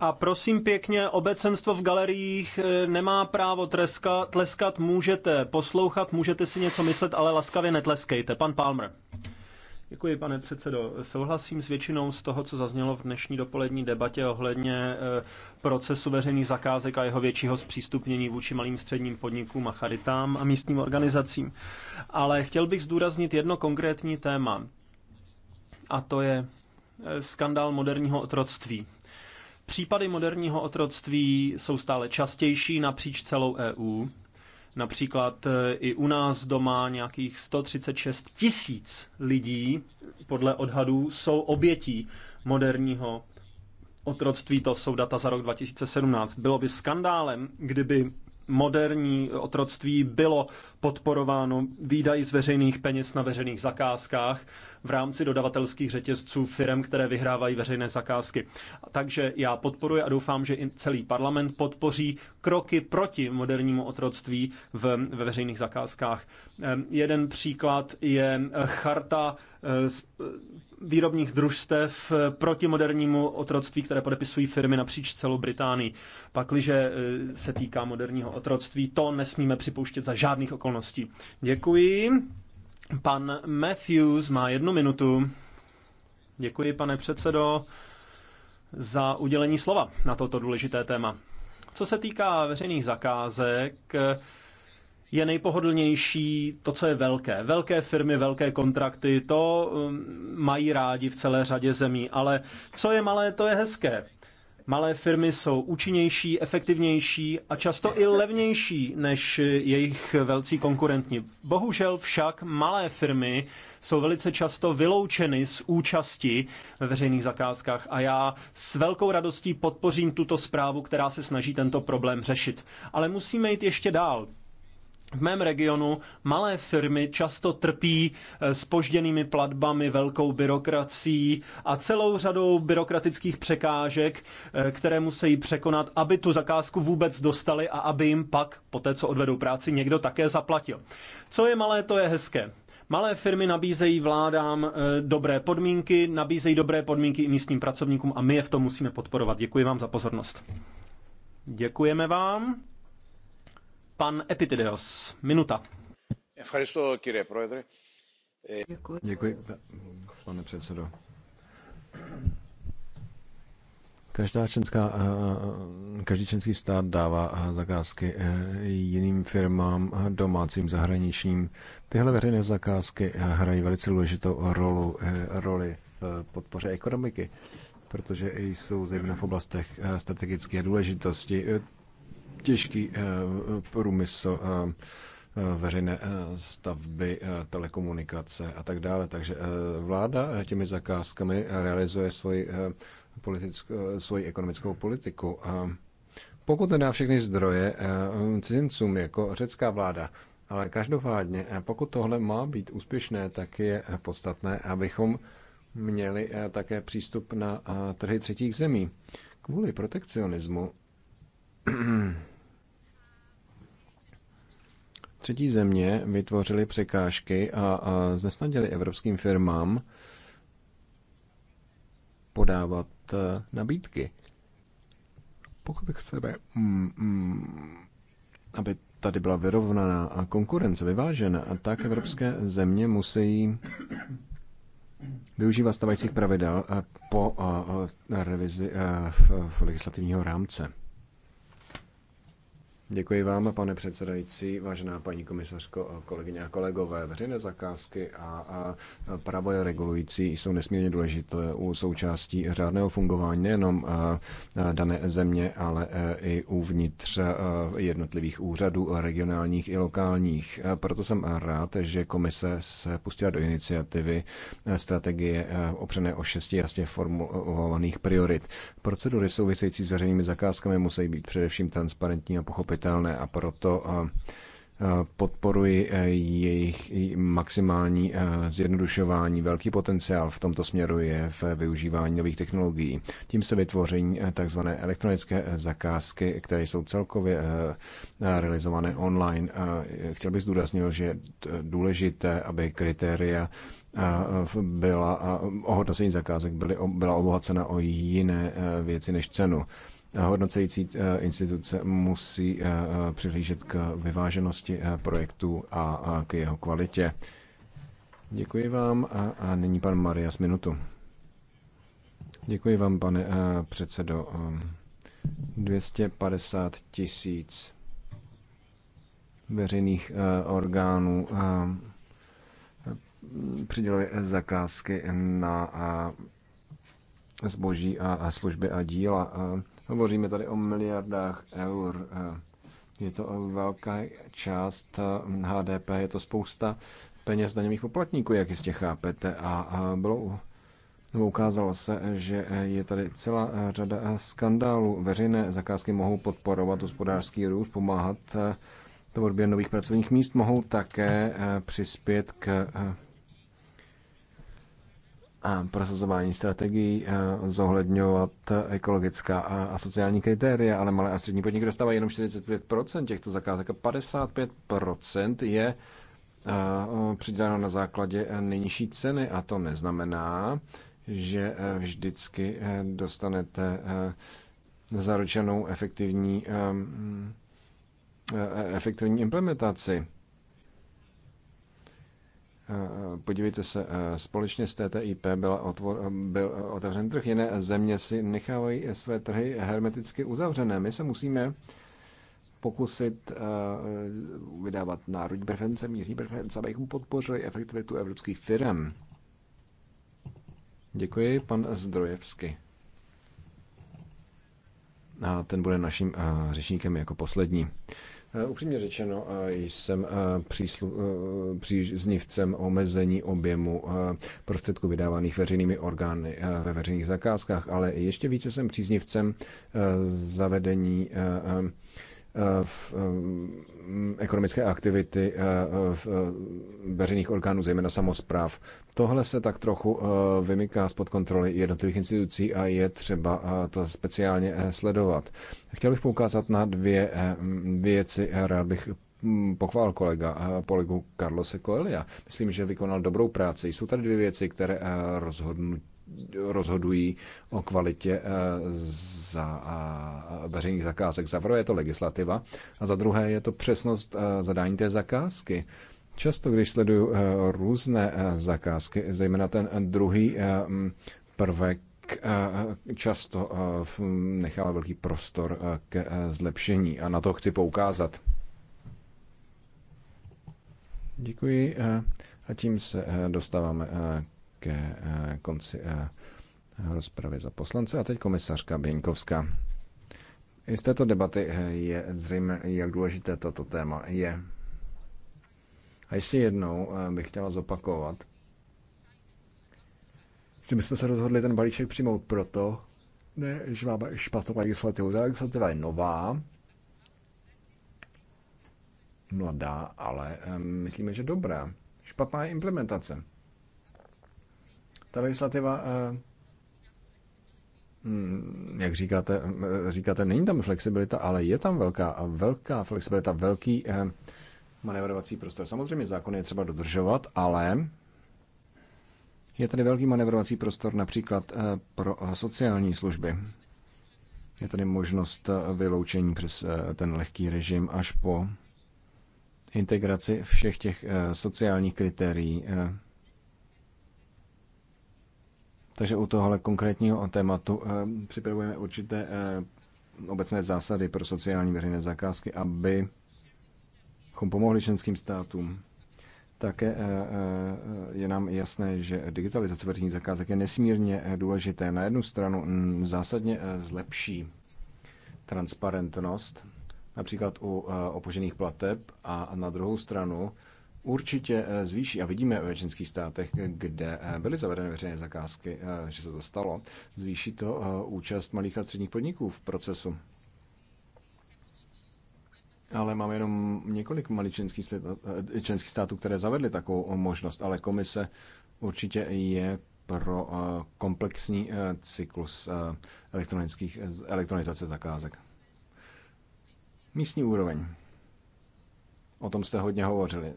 a prosím pěkně, obecenstvo v galeriích eh, nemá právo tleskat. tleskat, můžete poslouchat, můžete si něco myslet, ale laskavě netleskejte. Pan Palmer. Děkuji, pane předsedo. Souhlasím s většinou z toho, co zaznělo v dnešní dopolední debatě ohledně eh, procesu veřejných zakázek a jeho většího zpřístupnění vůči malým středním podnikům a charitám a místním organizacím. Ale chtěl bych zdůraznit jedno konkrétní téma, a to je eh, skandál moderního otroctví. Případy moderního otroctví jsou stále častější napříč celou EU Například e, i u nás doma nějakých 136 tisíc lidí, podle odhadů, jsou obětí moderního otroctví. To jsou data za rok 2017. Bylo by skandálem, kdyby moderní otroctví bylo podporováno výdaji z veřejných peněz na veřejných zakázkách v rámci dodavatelských řetězců firm, které vyhrávají veřejné zakázky. Takže já podporuji a doufám, že i celý parlament podpoří kroky proti modernímu otroctví v, ve veřejných zakázkách. Ehm, jeden příklad je eh, charta eh, výrobních družstev eh, proti modernímu otroctví, které podepisují firmy napříč celou Británii. Pakliže eh, se týká moderního otroctví, to nesmíme připouštět za žádných okolností. Děkuji. Pan Matthews má jednu minutu. Děkuji, pane předsedo, za udělení slova na toto důležité téma. Co se týká veřejných zakázek, je nejpohodlnější to, co je velké. Velké firmy, velké kontrakty, to um, mají rádi v celé řadě zemí, ale co je malé, to je hezké. Malé firmy jsou účinnější, efektivnější a často i levnější než jejich velcí konkurentní. Bohužel však malé firmy jsou velice často vyloučeny z účasti ve veřejných zakázkách a já s velkou radostí podpořím tuto zprávu, která se snaží tento problém řešit. Ale musíme jít ještě dál v mém regionu malé firmy často trpí spožděnými eh, platbami, velkou byrokracií a celou řadou byrokratických překážek, eh, které musí překonat, aby tu zakázku vůbec dostali a aby jim pak, po té co odvedou práci, někdo také zaplatil. Co je malé, to je hezké. Malé firmy nabízejí vládám eh, dobré podmínky, nabízejí dobré podmínky i místním pracovníkům a my je v tom musíme podporovat. Děkuji vám za pozornost. Děkujeme vám. Pan Epitideos, minuta. Děkuji. pane předsedo. Každá členská, každý členský stát dává zakázky e, jiným firmám, domácím, zahraničním. Tyhle veřejné zakázky e, hrají velice důležitou rolu, e, roli v podpoře ekonomiky, protože jsou zejména v oblastech strategické důležitosti těžký eh, průmysl, eh, eh, veřejné stavby, telekomunikace a tak dále. Takže vláda těmi zakázkami realizuje svoji, politickou, svoji ekonomickou politiku. Pokud nedá všechny zdroje cizincům jako řecká vláda, ale každopádně, pokud tohle má být úspěšné, tak je podstatné, abychom měli také přístup na trhy třetích zemí. Kvůli protekcionismu třetí země vytvořily překážky a, a znesnadili evropským firmám podávat eh, nabídky. Pokud chceme, mm, mm, aby tady byla vyrovnaná a konkurence vyvážena, a tak evropské země musí využívat stavajících pravidel eh, po eh, revizi legislativního rámce. Děkuji vám, pane předsedající, vážená paní komisařko, kolegyně a kolegové. Veřejné zakázky a, a právo je regulující jsou nesmírně důležité u součástí řádného fungování nejenom dané země, ale e, i uvnitř e, jednotlivých úřadů regionálních i lokálních. E, proto jsem rád, že komise se pustila do iniciativy strategie opřené o šesti jasně formulovaných priorit. Procedury související s veřejnými zakázkami musí být především transparentní a pochopitelné neuvěřitelné a proto eh, eh, podporuji eh, jejich maximální zjednodušování. Velký potenciál v tomto směru je v využívání nových technologií. Tím se vytvoření tzv. elektronické zakázky, které jsou celkově realizované online. Chtěl bych zdůraznit, že je důležité, aby kritéria byla, ohodnocení zakázek byly, byla obohacena o jiné věci než cenu hodnocející eh, instituce musí eh, eh, přihlížet k vyváženosti projektu a k jeho kvalitě. Děkuji vám a nyní pan Marias minutu. Děkuji vám, pane předsedo. 250 ehm, tisíc veřejných orgánů ehm, přidělili zakázky na zboží a služby a díla. Ehm, Hovoříme tady o miliardách eur. Je to velká část HDP, je to spousta peněz daňových poplatníků, jak jistě chápete. A bylo nebo ukázalo se, že je tady celá řada skandálů. Veřejné zakázky mohou podporovat hospodářský růst, pomáhat tvorbě nových pracovních míst, mohou také přispět k a prosazování strategií eh, zohledňovat ekologická a sociální kritéria, ale malé a střední podniky dostávají jenom 45% těchto zakázek a 55% je eh, přidáno na základě eh, nejnižší ceny a to neznamená, že vždycky dostanete zaručenou efektivní, efektivní implementaci podívejte se, eh, společně s TTIP byla otvor, byl eh, otevřen trh, jiné země si nechávají své trhy hermeticky uzavřené. My se musíme pokusit eh, vydávat národní preference, místní preference, abychom podpořili efektivitu evropských firm. Děkuji, pan Zdrojevsky. A ten bude naším řečníkem jako poslední. Eh, upřímně řečeno, eh, jsem eh, příslu, příznivcem omezení objemu prostředků vydávaných veřejnými orgány ve veřejných zakázkách, ale ještě více jsem příznivcem zavedení Eh, v eh, ekonomické aktivity eh, v veřejných orgánů, zejména samozpráv. Tohle se tak trochu vymyká spod kontroly jednotlivých institucí a je třeba to speciálně sledovat. Chtěl bych poukázat na dvě věci. Rád bych mm, pochvál kolega, kolegu Carlose Coelia. Myslím, že vykonal dobrou práci. Jsou tady dvě věci, které rozhodnutí rozhodují o kvalitě eh, za eh, veřejných zakázek. Za prvé je to legislativa a za druhé je to přesnost eh, zadání té zakázky. Často, když sleduju různé zakázky, zejména ten druhý prvek, často nechává velký prostor k zlepšení a na to chci poukázat. Děkuji a tím se dostáváme ke eh, konci eh, rozpravy za poslance. A teď komisařka Běňkovská. I z této debaty eh, je zřejmé, jak důležité toto téma je. A ještě jednou bych chtěla zopakovat, že my jsme se rozhodli ten balíček přijmout proto, ne, že máme špatnou legislativu. Ta legislativa je nová, mladá, ale myslíme, že dobrá. Špatná je implementace. Ta legislativa, eh, hm, jak říkáte, eh, říkáte, není tam flexibilita, ale je tam velká, a velká flexibilita, velký eh, manevrovací prostor. Samozřejmě zákon je třeba dodržovat, ale je tady velký manevrovací prostor například pro sociální služby. Je tady možnost vyloučení přes ten lehký režim až po integraci všech těch sociálních kritérií takže u tohohle konkrétního tématu eh, připravujeme určité eh, obecné zásady pro sociální veřejné zakázky, aby chom pomohli členským státům. Také eh, je nám jasné, že digitalizace veřejných zakázek je nesmírně důležité. Na jednu stranu mm, zásadně zlepší transparentnost, například u opožených plateb, a na druhou stranu určitě eh, zvýší, a vidíme ve většinských státech, kde eh, byly zavedeny veřejné zakázky, eh, že se to stalo, zvýší to účast malých a středních podniků v procesu. Ale máme jenom několik malých členských, členských států, které zavedly takovou možnost, ale komise určitě je pro komplexní cyklus elektronických, elektronizace zakázek. Místní úroveň. O tom jste hodně hovořili.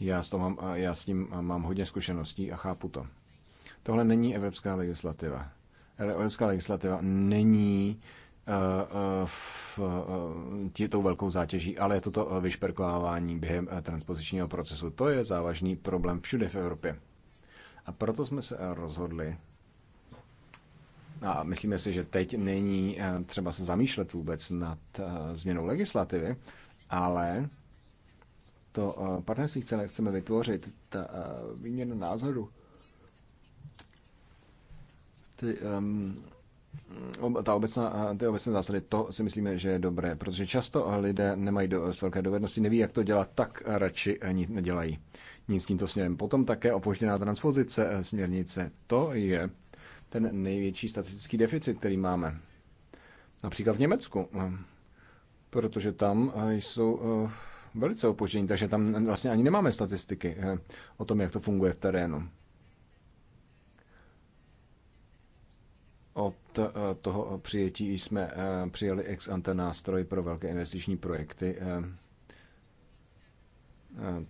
Já s, mám, já s tím mám hodně zkušeností a chápu to. Tohle není evropská legislativa. Evropská legislativa není eh, eh, v, eh, tě, tou velkou zátěží, ale je to to vyšperkovávání během transpozičního procesu. To je závažný problém všude v Evropě. A proto jsme se rozhodli, a myslíme si, že teď není třeba se zamýšlet vůbec nad změnou legislativy, ale to eh, partnerství chceme, chceme vytvořit, ta eh, výměna názoru, ty, um, ta obecná, eh, ty obecné zásady, to si myslíme, že je dobré, protože často lidé nemají dost velké dovednosti, neví, jak to dělat, tak radši nic nedělají. Nic tímto směrem. Potom také opožděná transpozice směrnice. To je ten největší statistický deficit, který máme. Například v Německu, protože tam jsou velice opoždění, takže tam vlastně ani nemáme statistiky eh, o tom, jak to funguje v terénu. Od eh, toho přijetí jsme eh, přijali ex ante nástroj pro velké investiční projekty.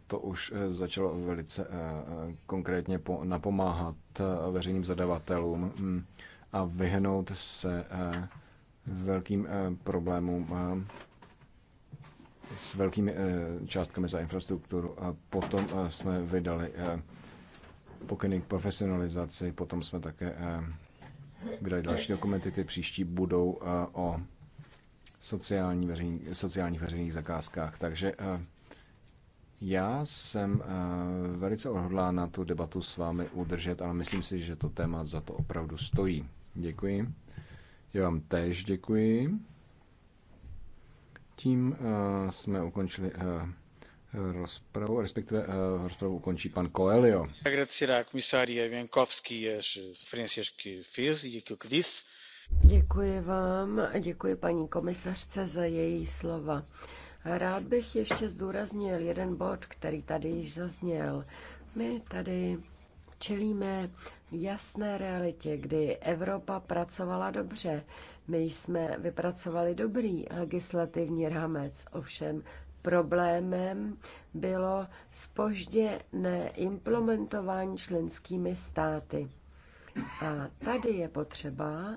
To už začalo velice konkrétně napomáhat veřejným zadavatelům mm, a vyhnout se velkým problémům s velkými eh, částkami za infrastrukturu. A potom eh, jsme vydali eh, pokyny k profesionalizaci, potom jsme také vydali další dokumenty, ty příští budou o sociální veřejný, sociálních veřejných zakázkách. Takže já jsem velice na tu debatu s vámi udržet, ale myslím si, že to téma za to opravdu stojí. Děkuji. Já vám též děkuji. Tím eh, jsme ukončili eh, rozpravu, respektive eh, rozpravu ukončí pan Coelho. Agradecer à comissária Biankowski as referências que fez e aquilo que disse. Děkuji vám a děkuji paní komisařce za její slova. Rád bych ještě zdůraznil jeden bod, který tady již zazněl. My tady čelíme jasné realitě, kdy Evropa pracovala dobře. My jsme vypracovali dobrý legislativní rámec, ovšem problémem bylo spožděné implementování členskými státy. A tady je potřeba,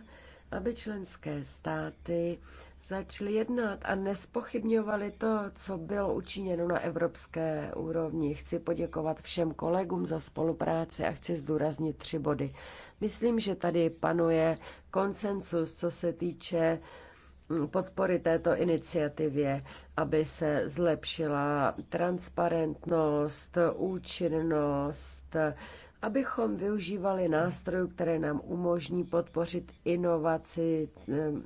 aby členské státy začali jednat a nespochybňovali to, co bylo učiněno na evropské úrovni. Chci poděkovat všem kolegům za spolupráci a chci zdůraznit tři body. Myslím, že tady panuje konsensus, co se týče mm, podpory této iniciativě, aby se zlepšila transparentnost, účinnost, abychom využívali nástrojů, které nám umožní podpořit inovaci mm,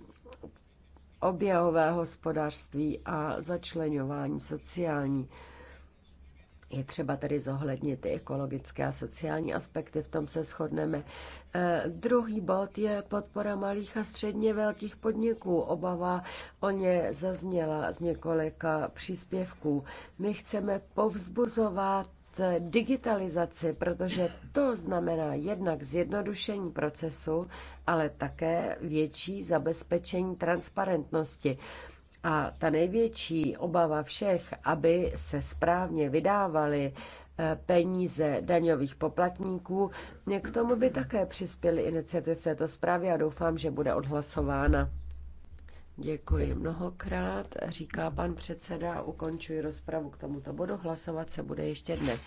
oběhové hospodářství a začlenování sociální. Je třeba tedy zohlednit i ekologické a sociální aspekty, v tom se shodneme. Eh, druhý bod je podpora malých a středně velkých podniků. Obava o ně zazněla z několika příspěvků. My chceme povzbuzovat digitalizaci, protože to znamená jednak zjednodušení procesu, ale také větší zabezpečení transparentnosti. A ta největší obava všech, aby se správně vydávaly eh, peníze daňových poplatníků. K tomu by také přispěly iniciativy v této zprávě a doufám, že bude odhlasována. Děkuji mnohokrát, říká pan předseda, ukončuji rozpravu k tomuto bodu, hlasovat se bude ještě dnes.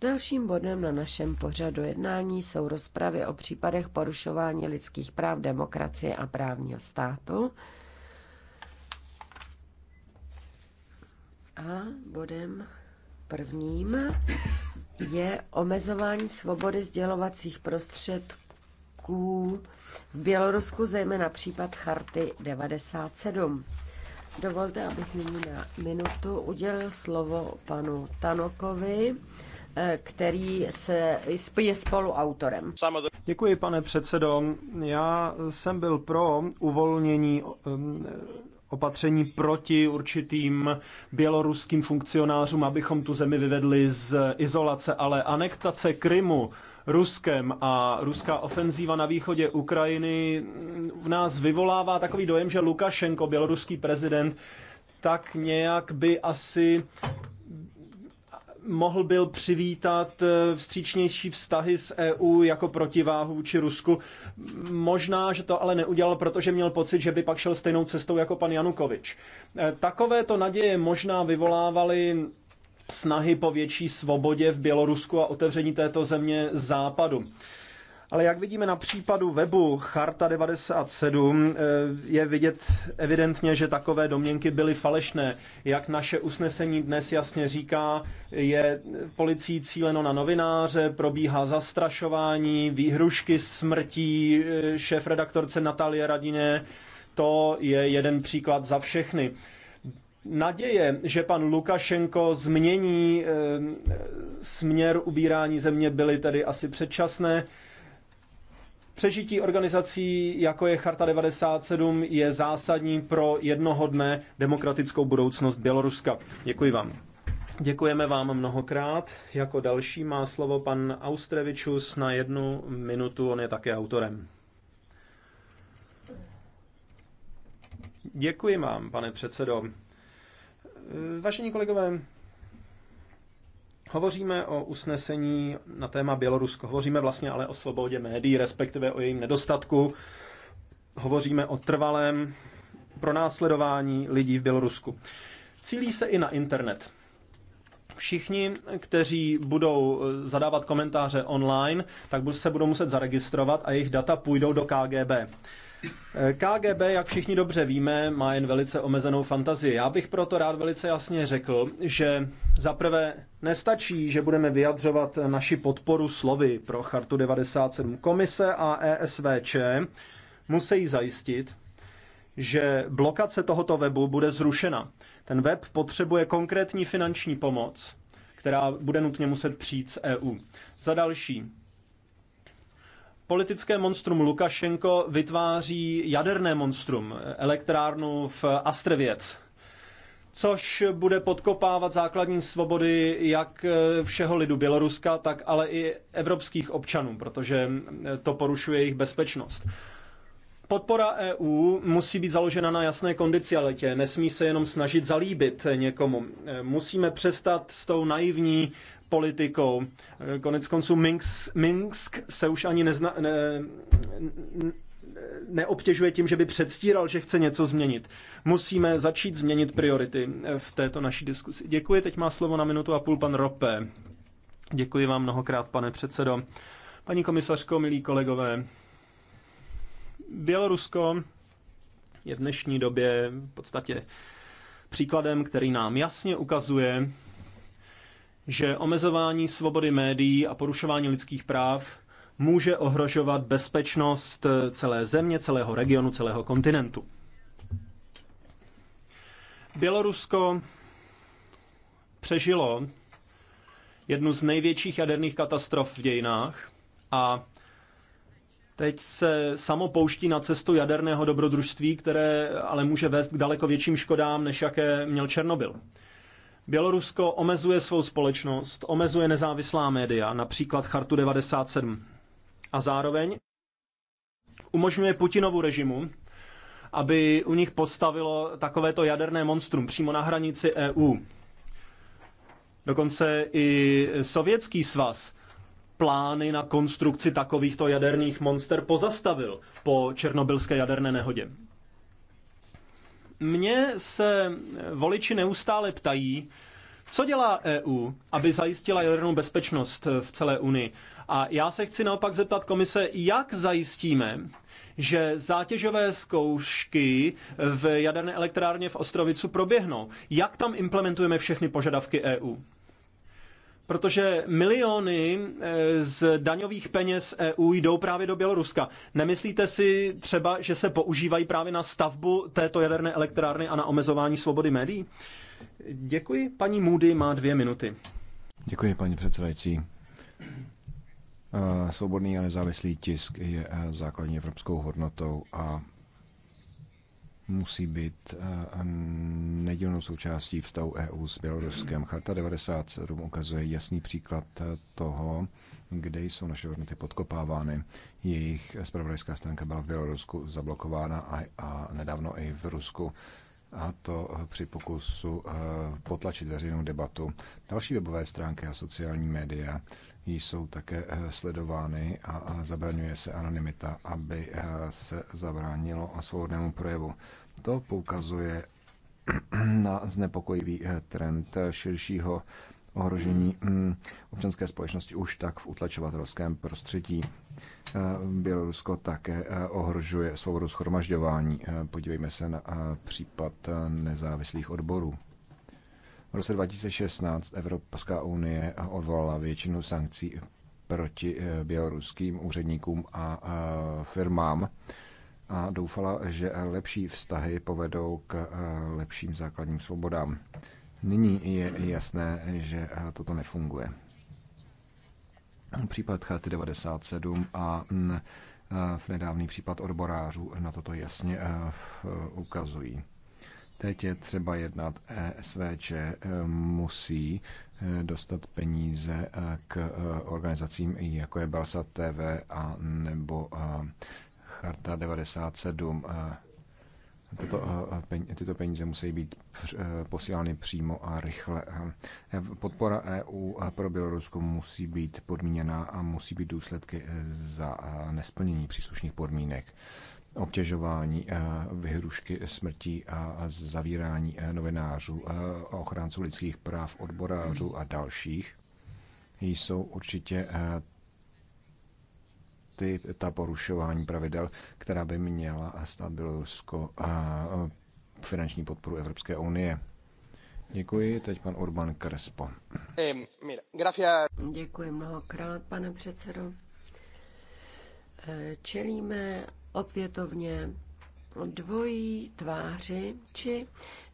Dalším bodem na našem pořadu jednání jsou rozpravy o případech porušování lidských práv, demokracie a právního státu. A bodem prvním je omezování svobody sdělovacích prostředků prvků v Bělorusku, zejména případ Charty 97. Dovolte, abych nyní na minutu udělil slovo panu Tanokovi, eh, který se, je spoluautorem. Děkuji, pane předsedo. Já jsem byl pro uvolnění eh, opatření proti určitým běloruským funkcionářům, abychom tu zemi vyvedli z izolace, ale anektace Krymu Ruskem a ruská ofenzíva na východě Ukrajiny mm, v nás vyvolává takový dojem, že Lukašenko, běloruský prezident, tak nějak by asi mohl byl přivítat eh, vstřícnější vztahy s EU jako protiváhu či Rusku. Možná, že to ale neudělal, protože měl pocit, že by pak šel stejnou cestou jako pan Janukovič. Eh, takovéto naděje možná vyvolávaly snahy po větší svobodě v Bělorusku a otevření této země západu. Ale jak vidíme na případu webu Charta 97, eh, je vidět evidentně, že takové domněnky byly falešné. Jak naše usnesení dnes jasně říká, je policií cíleno na novináře, probíhá zastrašování, výhrušky smrtí eh, šéf redaktorce Natalie Radiné. To je jeden příklad za všechny. Naděje, že pan Lukašenko změní eh, směr ubírání země, byly tedy asi předčasné. Přežití organizací, jako je Charta 97, je zásadní pro jednohodné demokratickou budoucnost Běloruska. Děkuji vám. Děkujeme vám mnohokrát. Jako další má slovo pan Austrevičus na jednu minutu, on je také autorem. Děkuji vám, pane předsedo. Vážení kolegové, hovoříme o usnesení na téma Bělorusko. Hovoříme vlastně ale o svobodě médií, respektive o jejím nedostatku. Hovoříme o trvalém pronásledování lidí v Bělorusku. Cílí se i na internet. Všichni, kteří budou zadávat komentáře online, tak se budou muset zaregistrovat a jejich data půjdou do KGB. Eh, KGB, jak všichni dobře víme, má jen velice omezenou fantazii. Já bych proto rád velice jasně řekl, že zaprvé nestačí, že budeme vyjadřovat naši podporu slovy pro Chartu 97. Komise a ESVČ musí zajistit, že blokace tohoto webu bude zrušena. Ten web potřebuje konkrétní finanční pomoc, která bude nutně muset přijít z EU. Za další, politické monstrum Lukašenko vytváří jaderné monstrum, elektrárnu v Astrevěc, což bude podkopávat základní svobody jak všeho lidu Běloruska, tak ale i evropských občanů, protože to porušuje jejich bezpečnost. Podpora EU musí být založena na jasné kondicialitě, nesmí se jenom snažit zalíbit někomu. E, musíme přestat s tou naivní politikou. E, konec konců Minsk, Minsk se už ani nezna, ne, ne neobtěžuje tím, že by předstíral, že chce něco změnit. Musíme začít změnit priority e, v této naší diskusi. Děkuji, teď má slovo na minutu a půl pan Rope. Děkuji vám mnohokrát, pane předsedo. Paní komisařko, milí kolegové, Bělorusko je v dnešní době v podstatě příkladem, který nám jasně ukazuje, že omezování svobody médií a porušování lidských práv může ohrožovat bezpečnost celé země, celého regionu, celého kontinentu. Bělorusko přežilo jednu z největších jaderných katastrof v dějinách a teď se samo pouští na cestu jaderného dobrodružství, které ale může vést k daleko větším škodám, než jaké měl Černobyl. Bělorusko omezuje svou společnost, omezuje nezávislá média, například Chartu 97. A zároveň umožňuje Putinovu režimu, aby u nich postavilo takovéto jaderné monstrum přímo na hranici EU. Dokonce i Sovětský svaz plány na konstrukci takovýchto jaderných monster pozastavil po černobylské jaderné nehodě. Mně se voliči neustále ptají, co dělá EU, aby zajistila jadernou bezpečnost v celé Unii? A já se chci naopak zeptat komise, jak zajistíme, že zátěžové zkoušky v jaderné elektrárně v Ostrovicu proběhnou? Jak tam implementujeme všechny požadavky EU? protože miliony eh, z daňových peněz EU jdou právě do Běloruska. Nemyslíte si třeba, že se používají právě na stavbu této jaderné elektrárny a na omezování svobody médií? Děkuji. Paní Moody má dvě minuty. Děkuji, paní předsedající. Eh, svobodný a nezávislý tisk je eh, základní evropskou hodnotou a musí být eh, nedílnou součástí vztahu EU s Běloruskem. Charta 97 ukazuje jasný příklad eh, toho, kde jsou naše hodnoty podkopávány. Jejich spravodajská stránka byla v Bělorusku zablokována a, a nedávno i v Rusku a to eh, při pokusu potlačit veřejnou debatu. Další webové stránky a sociální média jsou také eh, sledovány a zabraňuje se anonymita, aby eh, se zabránilo svobodnému projevu. To poukazuje na znepokojivý eh, trend širšího ohrožení mm, občanské společnosti už tak v utlačovatelském prostředí. Bělorusko také ohrožuje svobodu schromažďování. Podívejme se na případ nezávislých odborů. V roce 2016 Evropská unie odvolala většinu sankcí proti eh, běloruským úředníkům a eh, firmám a doufala, že lepší vztahy povedou k eh, lepším základním svobodám. Nyní je jasné, že toto nefunguje. Případ Chaty 97 a v mm, nedávný případ odborářů na toto jasně ukazují. Teď je třeba jednat. ESVČ eh, musí eh, dostat peníze eh, k organizacím, jako je Balsa TV a nebo Charta 97. Tato, tyto peníze musí být posílány přímo a rychle. Podpora EU pro Bělorusko musí být podmíněná a musí být důsledky za nesplnění příslušných podmínek obtěžování, eh, vyhrušky smrti a zavírání eh, novinářů, eh, ochránců lidských práv, odborářů a dalších jsou určitě ty, ta porušování pravidel, která by měla stát Bělorusko finanční podporu Evropské unie. Děkuji, teď pan Urban Krespo. Děkuji mnohokrát, pane předsedo. Čelíme opětovně dvojí tváři či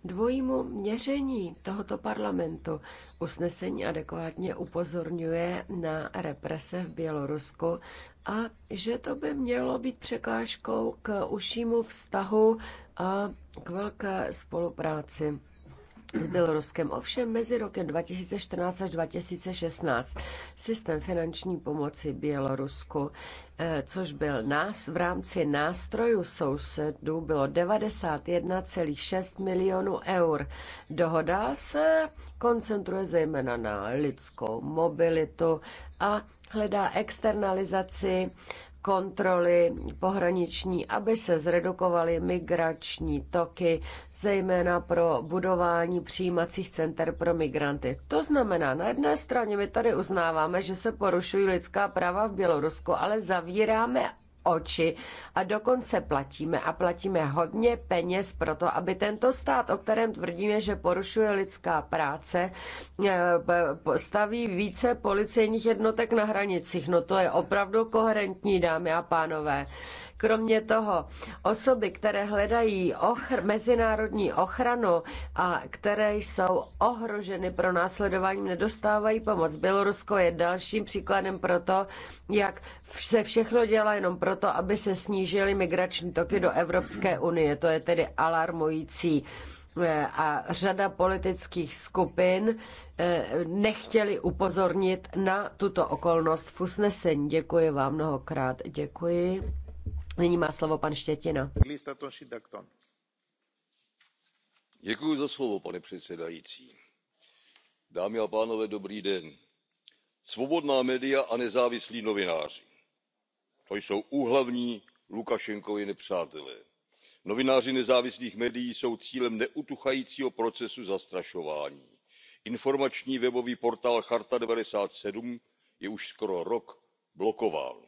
dvojímu měření tohoto parlamentu. Usnesení adekvátně upozorňuje na represe v Bělorusku a že to by mělo být překážkou k užšímu vztahu a k velké spolupráci s Běloruskem. Ovšem mezi rokem 2014 až 2016 systém finanční pomoci Bělorusku, eh, což byl nás v rámci nástrojů sousedů, bylo 91,6 milionů eur. Dohoda se koncentruje zejména na lidskou mobilitu a hledá externalizaci kontroly pohraniční, aby se zredukovaly migrační toky, zejména pro budování přijímacích center pro migranty. To znamená, na jedné straně my tady uznáváme, že se porušují lidská práva v Bělorusku, ale zavíráme oči a dokonce platíme a platíme hodně peněz pro to, aby tento stát, o kterém tvrdíme, že porušuje lidská práce, eh, staví více policejních jednotek na hranicích. No to je opravdu koherentní, dámy a pánové. Kromě toho, osoby, které hledají ochr- mezinárodní ochranu a které jsou ohroženy pro následování, nedostávají pomoc. Bělorusko je dalším příkladem pro to, jak se všechno dělá jenom proto, aby se snížily migrační toky do Evropské unie. To je tedy alarmující e, a řada politických skupin e, nechtěli upozornit na tuto okolnost v usnesení. Děkuji vám mnohokrát. Děkuji. Nyní má slovo pan Štětina. Děkuji za slovo, pane předsedající. Dámy a pánové, dobrý den. Svobodná média a nezávislí novináři. To jsou úhlavní Lukašenkovi nepřátelé. Novináři nezávislých médií jsou cílem neutuchajícího procesu zastrašování. Informační webový portál Charta 97 je už skoro rok blokován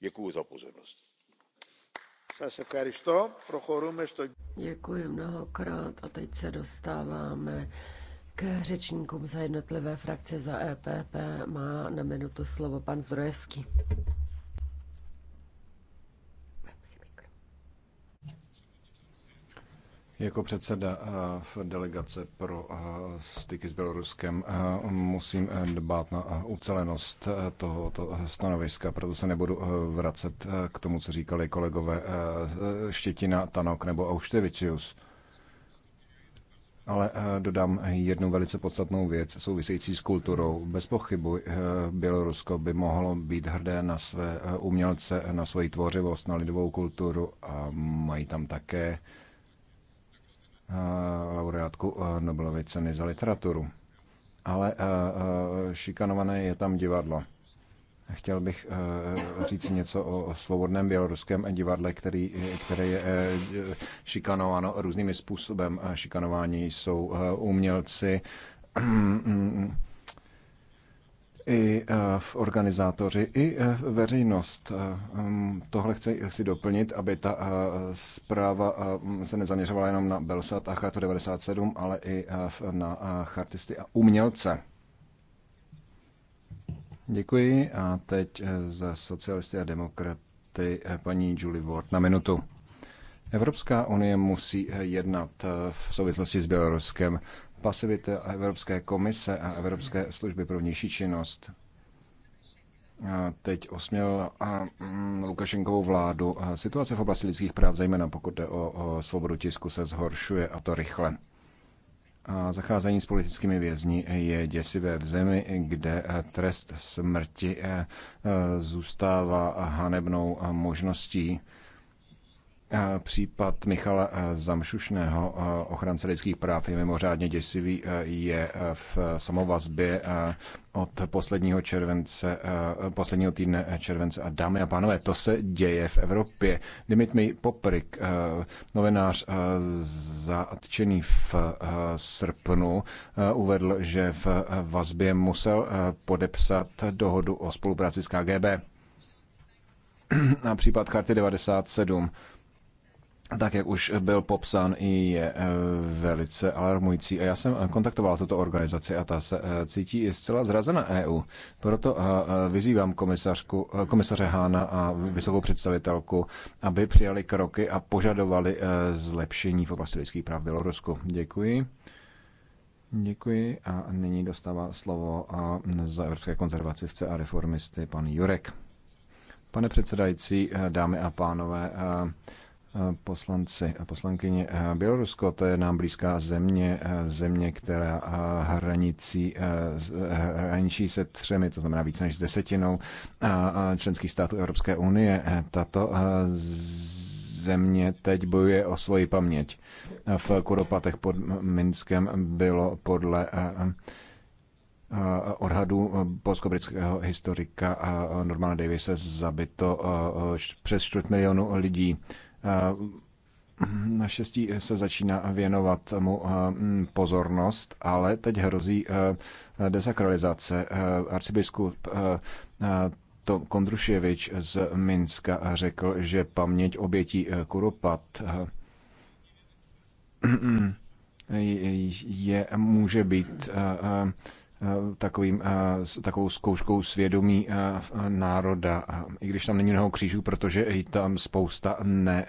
Děkuji za pozornost. Děkuji mnohokrát a teď se dostáváme k řečníkům za jednotlivé frakce za EPP. Má na minutu slovo pan Zdrojevský. Jako předseda eh, v delegace pro eh, styky s Běloruskem eh, musím dbát na ucelenost tohoto stanoviska, proto se nebudu vracet k tomu, co říkali kolegové Štětina, Tanok nebo Auštevicius. Ale dodám jednu velice podstatnou věc související s kulturou. Bez pochybu Bělorusko by mohlo být hrdé na své umělce, na svoji tvořivost, na lidovou kulturu a mají tam také Eh, laureátku eh, Nobelovy ceny za literaturu. Ale eh, šikanované je tam divadlo. Chtěl bych říct něco o svobodném běloruském divadle, který, které je šikanováno různými způsobem. Šikanováni jsou umělci, i eh, v organizátoři, i eh, veřejnost. Eh, hm, tohle chci, chci doplnit, aby ta zpráva se nezaměřovala jenom na Belsat a Chartu 97, ale i na chartisty a umělce. Děkuji a teď za socialisty a demokraty paní Julie Ward na minutu. Evropská unie musí jednat v souvislosti s Běloruskem pasivity Evropské komise a Evropské služby pro vnější činnost teď osměl mm, Lukašenkovou vládu. Situace v oblasti lidských práv, zejména pokud jde o svobodu tisku, se zhoršuje a to rychle. A zacházení s politickými vězni je děsivé v zemi, kde trest smrti e, e, zůstává hanebnou možností Eh, případ Michala eh, Zamšušného, eh, ochránce lidských práv, je mimořádně děsivý, je v samovazbě od posledního července, posledního týdne července. A dámy a pánové, to se děje v Evropě. Dimitri Poprik, novinář zatčený v srpnu, uvedl, že v vazbě musel podepsat dohodu o spolupráci s KGB. Na případ karty 97 tak jak už byl popsán, je e, velice alarmující. A já jsem e, kontaktoval tuto organizaci a ta se e, cítí zcela zrazena EU. Proto vyzývám komisařku, komisaře Hána a vysokou představitelku, aby přijali kroky a požadovali zlepšení v oblasti lidských práv v Bělorusku. Děkuji. Děkuji a nyní dostává slovo za evropské konzervativce a reformisty pan Jurek. Pane předsedající, dámy a pánové, poslanci a poslankyně. Bělorusko to je nám blízká země, země, která hranicí, hraničí se třemi, to znamená více než desetinou členských států Evropské unie. Tato země teď bojuje o svoji paměť. V Kuropatech pod Minskem bylo podle odhadu polsko-britského historika Normana Davise zabito přes čtvrt milionu lidí. Eh, naštěstí se začíná věnovat mu eh, pozornost, ale teď hrozí eh, desakralizace. Arcibiskup to Kondruševič z Minska řekl, že paměť obětí Kuropat je, může být Eh, takovým, eh, takovou zkouškou svědomí eh, národa, i když tam není mnoho křížů, protože je tam spousta ne,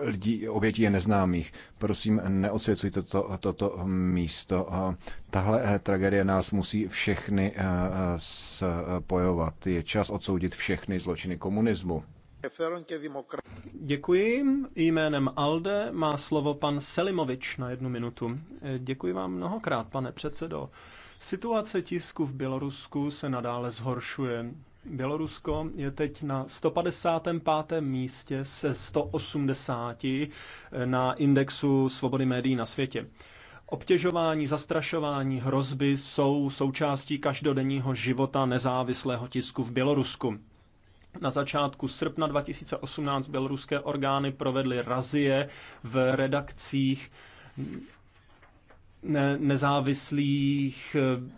lidí, obětí je neznámých. Prosím, neodsvěcujte toto, toto místo. Tahle tragédie nás musí všechny spojovat. Je čas odsoudit všechny zločiny komunismu. Děkuji. Jménem ALDE má slovo pan Selimovič na jednu minutu. Děkuji vám mnohokrát, pane předsedo. Situace tisku v Bělorusku se nadále zhoršuje. Bělorusko je teď na 155. místě se 180 na indexu svobody médií na světě. Obtěžování, zastrašování, hrozby jsou součástí každodenního života nezávislého tisku v Bělorusku. Na začátku srpna 2018 běloruské orgány provedly razie v redakcích ne- nezávislých eh,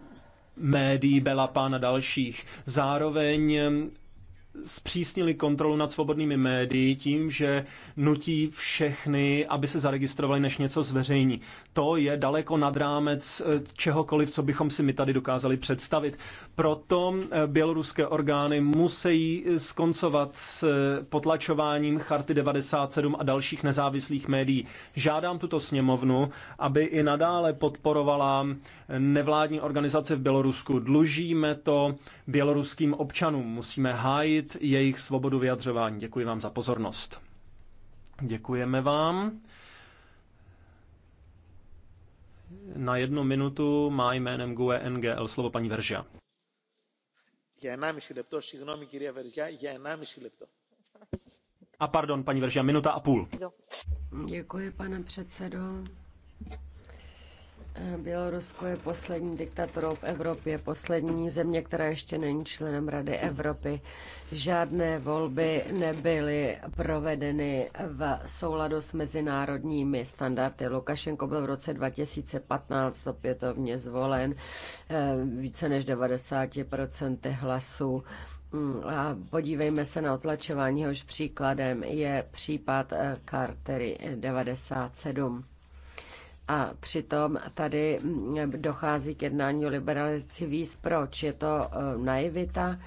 médií Belapán a dalších. Zároveň eh, zpřísnili kontrolu nad svobodnými médií tím, že nutí všechny, aby se zaregistrovali, než něco zveřejní. To je daleko nad rámec eh, čehokoliv, co bychom si my tady dokázali představit. Proto eh, běloruské orgány musí eh, skoncovat s potlačováním Charty 97 a dalších nezávislých médií. Žádám tuto sněmovnu, aby i nadále podporovala nevládní organizace v Bělorusku. Dlužíme to běloruským občanům. Musíme hájit jejich svobodu vyjadřování. Děkuji vám za pozornost. Děkujeme vám. Na jednu minutu má jménem GUE NGL slovo paní Verža. A pardon, paní Verža, minuta a půl. Děkuji, pane předsedo. Eh, Bělorusko je poslední diktatorou v Evropě, poslední země, která ještě není členem Rady Evropy. Žádné volby nebyly provedeny v souladu s mezinárodními standardy. Lukašenko byl v roce 2015 opětovně zvolen eh, více než 90% hlasů. Mm, a podívejme se na otlačování, jehož příkladem je případ Cartery eh, 97. A přitom tady dochází k jednání o liberalizaci víc. Proč? Je to e, naivita,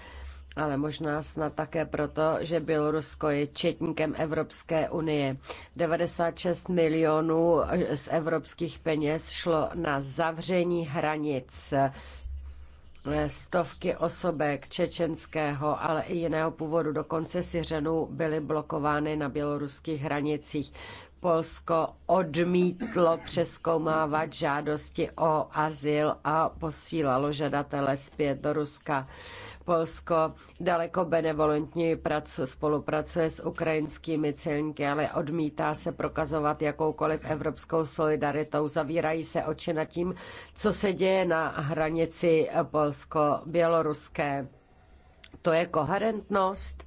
ale možná snad také proto, že Bělorusko je četníkem Evropské unie. 96 milionů z evropských peněz šlo na zavření hranic stovky osobek čečenského, ale i jiného původu, dokonce Syřenů, byly blokovány na běloruských hranicích. Polsko odmítlo přeskoumávat žádosti o azyl a posílalo žadatele zpět do Ruska. Polsko daleko benevolentně spolupracuje s ukrajinskými celníky, ale odmítá se prokazovat jakoukoliv evropskou solidaritou. Zavírají se oči nad tím, co se děje na hranici polsko-běloruské. To je koherentnost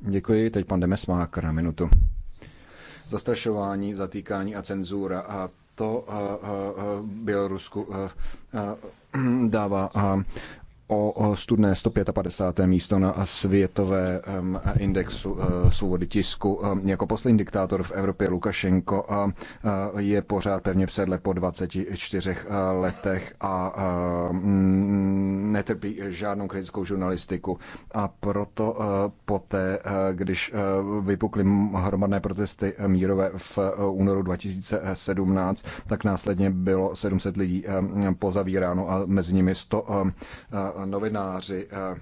Děkuji, teď pan Demesmák na minutu. Zastrašování, zatýkání a cenzura a to Bělorusku dává o studné 155. místo na světové indexu eh, svobody tisku. Jako poslední diktátor v Evropě Lukašenko eh, je pořád pevně v sedle po 24 eh, letech a netrpí žádnou kritickou žurnalistiku. A proto poté, když vypukly hromadné protesty mírové v únoru 2017, tak následně bylo 700 lidí pozavíráno a mezi nimi 100 novináři. Eh,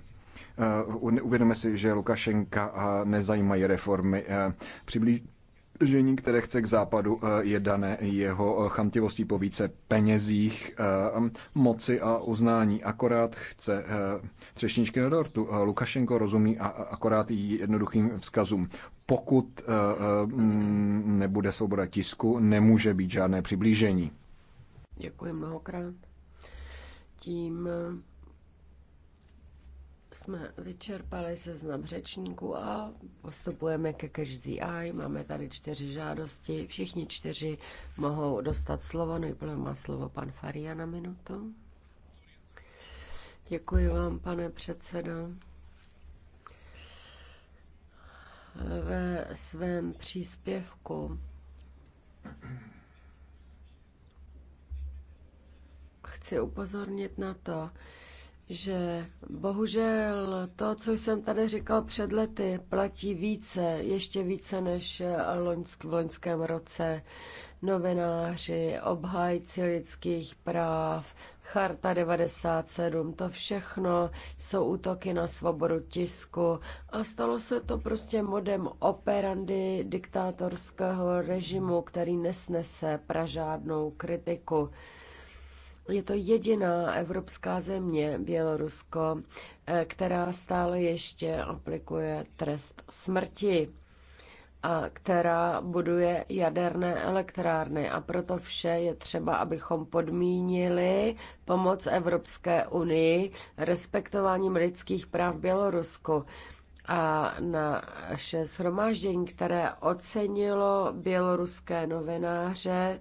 eh, Uvědomíme si, že Lukašenka eh, nezajímají reformy. Přiblížení, které chce k západu, je dané jeho chamtivostí po více penězích, moci a uznání. Akorát chce třešničky na dortu. Lukašenko rozumí a akorát jí jednoduchým vzkazům. Pokud mm, nebude svoboda tisku, nemůže být žádné přiblížení. Děkuji mnohokrát. Tím jsme vyčerpali seznam řečníků a postupujeme ke každý AI. Máme tady čtyři žádosti. Všichni čtyři mohou dostat slovo. Nejprve má slovo pan Faria na minutu. Děkuji vám, pane předsedo. Ve svém příspěvku chci upozornit na to, že bohužel to, co jsem tady říkal před lety, platí více, ještě více než v loňském roce. Novináři, obhájci lidských práv, Charta 97, to všechno jsou útoky na svobodu tisku a stalo se to prostě modem operandy diktátorského režimu, který nesnese pražádnou kritiku. Je to jediná evropská země, Bělorusko, eh, která stále ještě aplikuje trest smrti a která buduje jaderné elektrárny. A proto vše je třeba, abychom podmínili pomoc Evropské unii respektováním lidských práv v Bělorusku. A naše shromáždění, které ocenilo běloruské novináře,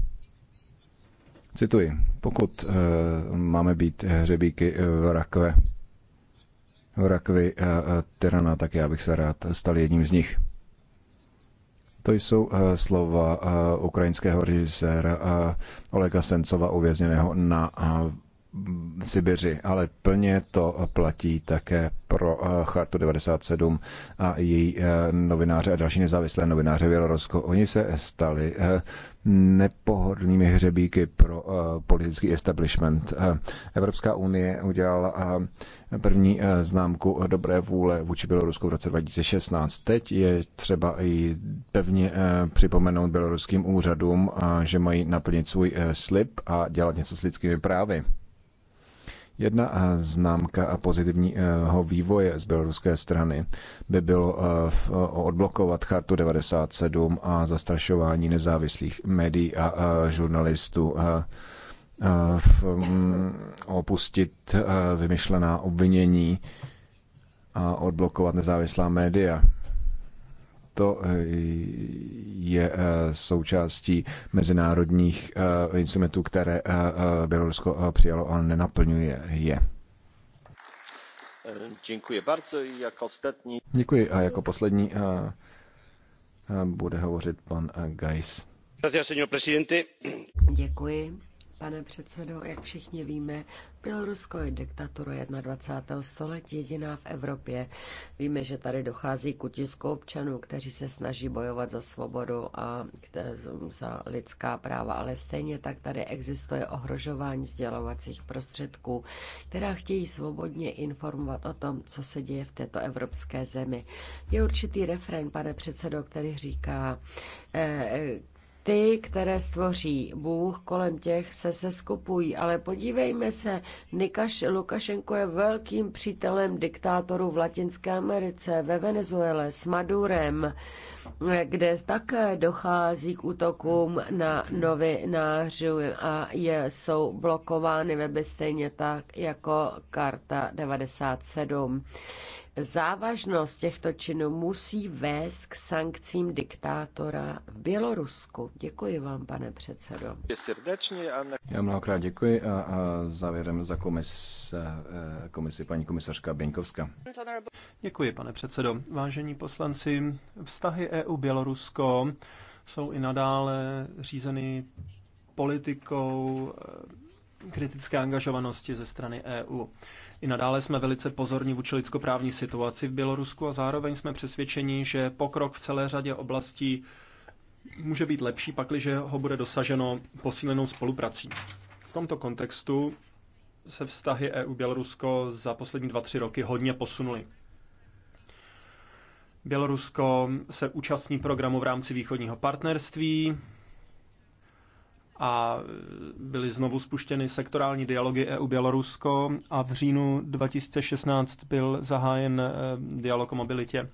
Cituji, pokud eh, máme být hřebíky v eh, rakve, v rakvi eh, tyrana, tak já bych se rád stal jedním z nich. To jsou slova ukrajinského režiséra Olega Sencova uvězněného na Sibiři, ale plně to platí také pro eh, Chartu 97 a její eh, novináře a další nezávislé novináře v Bělorusko. Oni se stali eh, nepohodlnými hřebíky pro politický establishment. Evropská unie udělala první známku dobré vůle vůči Bělorusku v roce 2016. Teď je třeba i pevně připomenout běloruským úřadům, že mají naplnit svůj slib a dělat něco s lidskými právy. Jedna eh, známka pozitivního eh, vývoje z běloruské strany by bylo eh, odblokovat chartu 97 a zastrašování nezávislých médií a žurnalistů mm, opustit vymyšlená obvinění a odblokovat nezávislá média to eh, je eh, součástí mezinárodních eh, instrumentů, které Bělorusko přijalo a nenaplňuje je. Děkuji bardzo. Jako ostatní... Děkuji. A jako poslední bude hovořit pan Geis. Děkuji. Pane předsedo, jak všichni víme, Bělorusko je diktatura 21. století, jediná v Evropě. Víme, že tady dochází k utisku občanů, kteří se snaží bojovat za svobodu a za lidská práva, ale stejně tak tady existuje ohrožování sdělovacích prostředků, která chtějí svobodně informovat o tom, co se děje v této evropské zemi. Je určitý refren, pane předsedo, který říká, eh, ty, které stvoří Bůh, kolem těch se seskupují. Ale podívejme se, Nikaš, Lukašenko je velkým přítelem diktátorů v Latinské Americe, ve Venezuele, s Madurem, kde také dochází k útokům na novinářů a je, jsou blokovány weby stejně tak jako Karta 97. Závažnost těchto činů musí vést k sankcím diktátora v Bělorusku. Děkuji vám, pane předsedo. Já mnohokrát děkuji a, a závěrem za komis, eh, komisi paní komisařka Běňkovská. Děkuji, pane předsedo. Vážení poslanci, vztahy EU-Bělorusko jsou i nadále řízeny politikou eh, kritické angažovanosti ze strany EU. I nadále jsme velice pozorní vůči lidskoprávní situaci v Bělorusku a zároveň jsme přesvědčeni, že pokrok v celé řadě oblastí může být lepší, pakliže ho bude dosaženo posílenou spoluprací. V tomto kontextu se vztahy EU-Bělorusko za poslední dva tři roky hodně posunuly. Bělorusko se účastní programu v rámci východního partnerství, a byly znovu spuštěny sektorální dialogy EU-Bělorusko a v říjnu 2016 byl zahájen eh, dialog o mobilitě.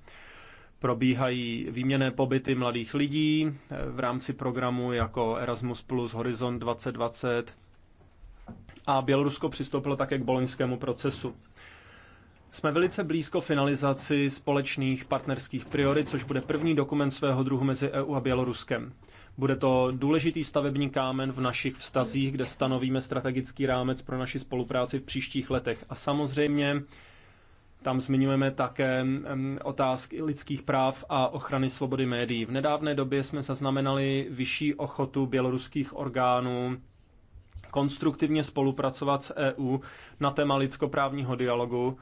Probíhají výměné pobyty mladých lidí eh, v rámci programu jako Erasmus Plus Horizon 2020 a Bělorusko přistoupilo také k boloňskému procesu. Jsme velice blízko finalizaci společných partnerských priorit, což bude první dokument svého druhu mezi EU a Běloruskem. Bude to důležitý stavební kámen v našich vztazích, kde stanovíme strategický rámec pro naši spolupráci v příštích letech. A samozřejmě tam zmiňujeme také otázky lidských práv a ochrany svobody médií. V nedávné době jsme zaznamenali vyšší ochotu běloruských orgánů konstruktivně spolupracovat s EU na téma lidskoprávního dialogu,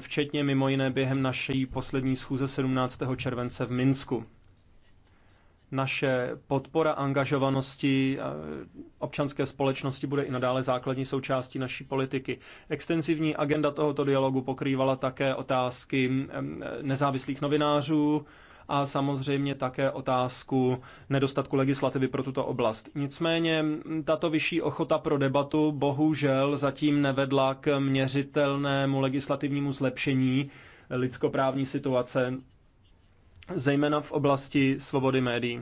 včetně mimo jiné během naší poslední schůze 17. července v Minsku. Naše podpora angažovanosti eh, občanské společnosti bude i nadále základní součástí naší politiky. Extenzivní agenda tohoto dialogu pokrývala také otázky mm, mm, nezávislých novinářů, a samozřejmě také otázku nedostatku legislativy pro tuto oblast. Nicméně mm, tato vyšší ochota pro debatu bohužel zatím nevedla k měřitelnému legislativnímu zlepšení lidskoprávní situace zejména v oblasti svobody médií.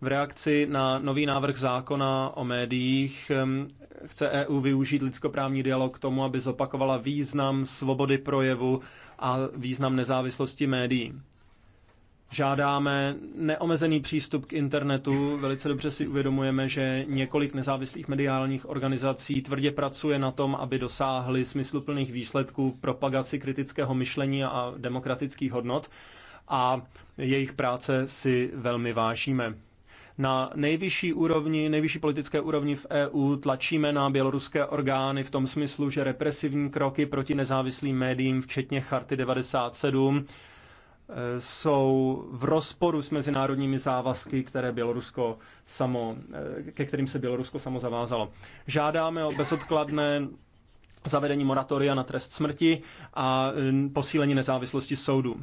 V reakci na nový návrh zákona o médiích chce EU využít lidskoprávní dialog k tomu, aby zopakovala význam svobody projevu a význam nezávislosti médií. Žádáme neomezený přístup k internetu. Velice dobře si uvědomujeme, že několik nezávislých mediálních organizací tvrdě pracuje na tom, aby dosáhly smysluplných výsledků v propagaci kritického myšlení a demokratických hodnot a jejich práce si velmi vážíme. Na nejvyšší úrovni, nejvyšší politické úrovni v EU tlačíme na běloruské orgány v tom smyslu, že represivní kroky proti nezávislým médiím, včetně Charty 97, jsou v rozporu s mezinárodními závazky, které Bělorusko samo, ke kterým se Bělorusko samo zavázalo. Žádáme o bezodkladné zavedení moratoria na trest smrti a posílení nezávislosti soudu.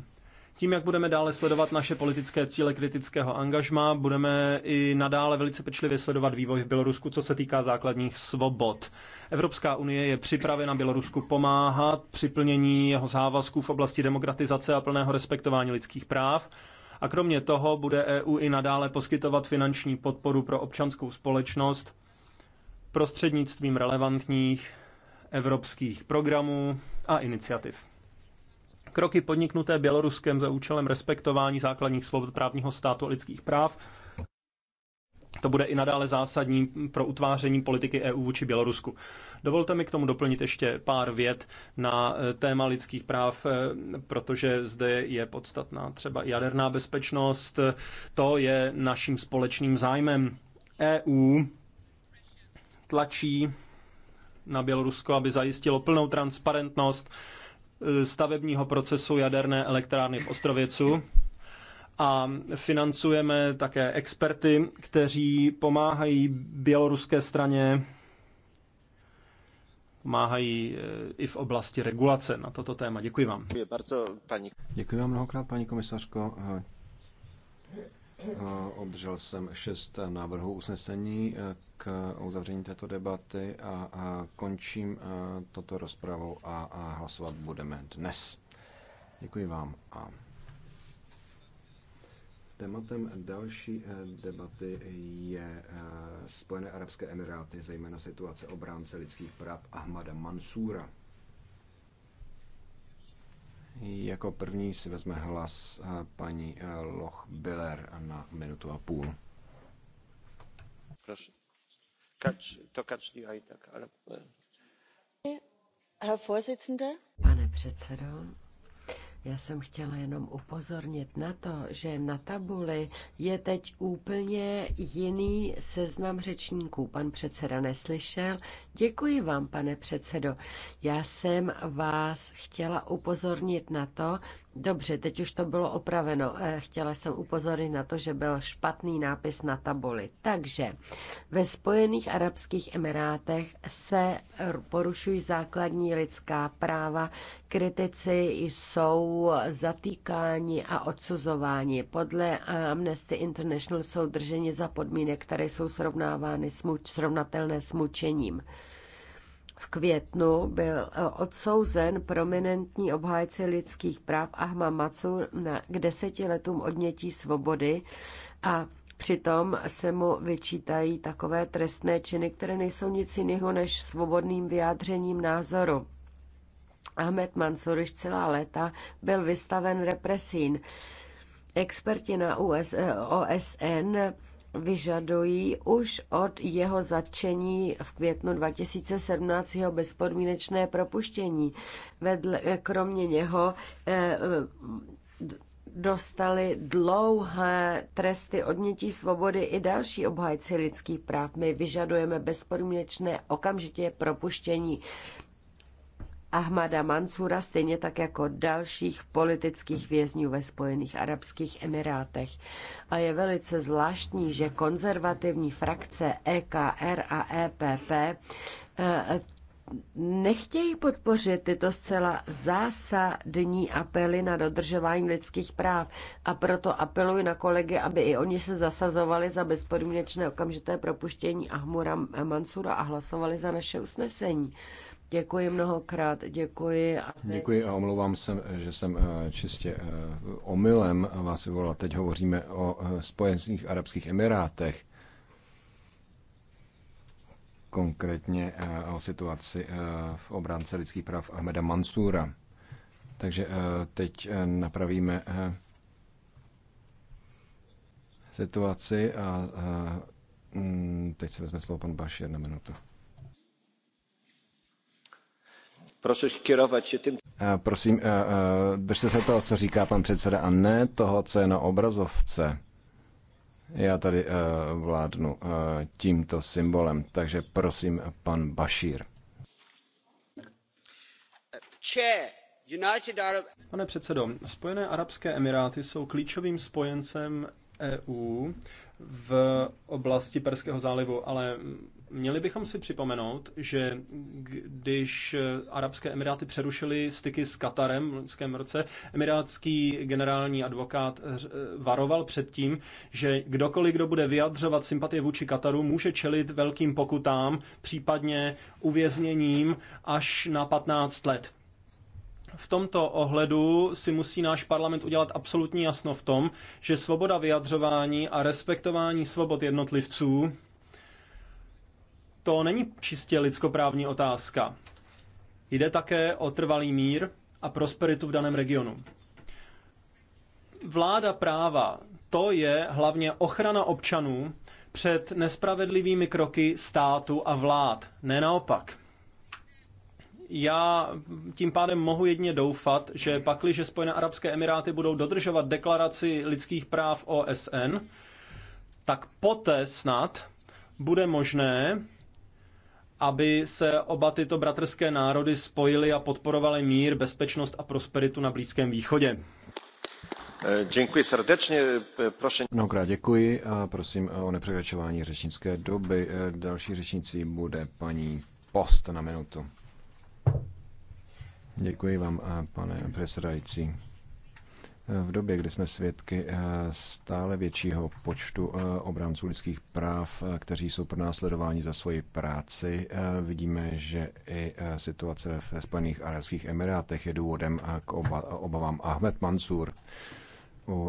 Tím, jak budeme dále sledovat naše politické cíle kritického angažma, budeme i nadále velice pečlivě sledovat vývoj v Bělorusku, co se týká základních svobod. Evropská unie je připravena Bělorusku pomáhat při plnění jeho závazků v oblasti demokratizace a plného respektování lidských práv. A kromě toho bude EU i nadále poskytovat finanční podporu pro občanskou společnost prostřednictvím relevantních evropských programů a iniciativ. Kroky podniknuté Běloruskem za účelem respektování základních svobod právního státu a lidských práv to bude i nadále zásadní pro utváření politiky EU vůči Bělorusku. Dovolte mi k tomu doplnit ještě pár vět na eh, téma lidských práv, eh, protože zde je podstatná třeba jaderná bezpečnost. To je naším společným zájmem. EU tlačí na Bělorusko, aby zajistilo plnou transparentnost stavebního procesu jaderné elektrárny v Ostrověcu a financujeme také experty, kteří pomáhají běloruské straně, pomáhají eh, i v oblasti regulace na toto téma. Děkuji vám. Děkuji vám mnohokrát, paní komisařko. Obdržel jsem šest návrhů usnesení eh, k uzavření této debaty a končím eh, toto rozpravu a hlasovat budeme dnes. Děkuji vám a Tématem další eh, debaty je Spojené arabské emiráty, zejména situace obránce lidských práv Ahmada Mansura. Jako první si vezme hlas eh, paní eh, Loch Biller na minutu a půl. Prosím. Kač, to kačný aj tak, ale... Eh. Pane předsedo, já jsem chtěla jenom upozornit na to, že na tabuli je teď úplně jiný seznam řečníků. Pan předseda neslyšel. Děkuji vám, pane předsedo. Já jsem vás chtěla upozornit na to, Dobře, teď už to bylo opraveno. Eh, chtěla jsem upozornit na to, že byl špatný nápis na tabuli. Takže ve Spojených Arabských Emirátech se porušují základní lidská práva. Kritici jsou zatýkáni a odsuzováni. Podle eh, Amnesty International jsou drženi za podmínek, které jsou srovnávány smuč, srovnatelné s mučením. V květnu byl eh, odsouzen prominentní obhájce lidských práv Ahma Macur na k deseti letům odnětí svobody a Přitom se mu vyčítají takové trestné činy, které nejsou nic jiného než svobodným vyjádřením názoru. Ahmed Mansur už celá léta byl vystaven represín. Experti na US, eh, OSN vyžadují už od jeho zatčení v květnu 2017 jeho bezpodmínečné propuštění. Vedle, kromě něho eh, eh, dostali dlouhé tresty odnětí svobody i další obhájci lidských práv. My vyžadujeme bezpodmínečné okamžitě propuštění Ahmada Mansura, stejně tak jako dalších politických vězňů ve Spojených Arabských Emirátech. A je velice zvláštní, že konzervativní frakce EKR a EPP eh, nechtějí podpořit tyto zcela zásadní apely na dodržování lidských práv a proto apeluji na kolegy, aby i oni se zasazovali za bezpodmínečné okamžité propuštění Ahmura Mansura a hlasovali za naše usnesení. Děkuji mnohokrát, děkuji. A teď... Děkuji a omlouvám se, že jsem eh, čistě eh, omylem vás vyvolal. Teď hovoříme o eh, Spojených Arabských Emirátech, konkrétně o situaci v obránce lidských práv Ahmeda Mansura. Takže teď napravíme situaci a hm, teď se vezme slovo pan Bašir na minutu. E, prosím, e, e, držte se toho, co říká pan předseda, a ne toho, co je na obrazovce. Já tady vládnu tímto symbolem, takže prosím, pan Bashir. Pane předsedo, Spojené arabské emiráty jsou klíčovým spojencem EU v oblasti Perského zálivu, ale Měli bychom si připomenout, že když Arabské Emiráty přerušily styky s Katarem v loňském roce, emirátský generální advokát eh, varoval před tím, že kdokoliv, kdo bude vyjadřovat sympatie vůči Kataru, může čelit velkým pokutám, případně uvězněním až na 15 let. V tomto ohledu si musí náš parlament udělat absolutní jasno v tom, že svoboda vyjadřování a respektování svobod jednotlivců to není čistě lidskoprávní otázka. Jde také o trvalý mír a prosperitu v daném regionu. Vláda práva, to je hlavně ochrana občanů před nespravedlivými kroky státu a vlád, ne naopak. Já tím pádem mohu jedně doufat, že pakliže Spojené arabské emiráty budou dodržovat deklaraci lidských práv OSN, tak poté snad bude možné aby se oba tyto bratrské národy spojily a podporovaly mír, bezpečnost a prosperitu na Blízkém východě. Děkuji srdečně. Prosím. Mnohokrát děkuji a prosím o nepřekračování řečnické doby. Další řečnicí bude paní Post na minutu. Děkuji vám, pane předsedající. V době, kdy jsme svědky eh, stále většího počtu eh, obránců lidských práv, eh, kteří jsou pronásledováni za svoji práci, vidíme, že i situace v Spojených Arabských Emirátech je důvodem k obavám Ahmed Mansur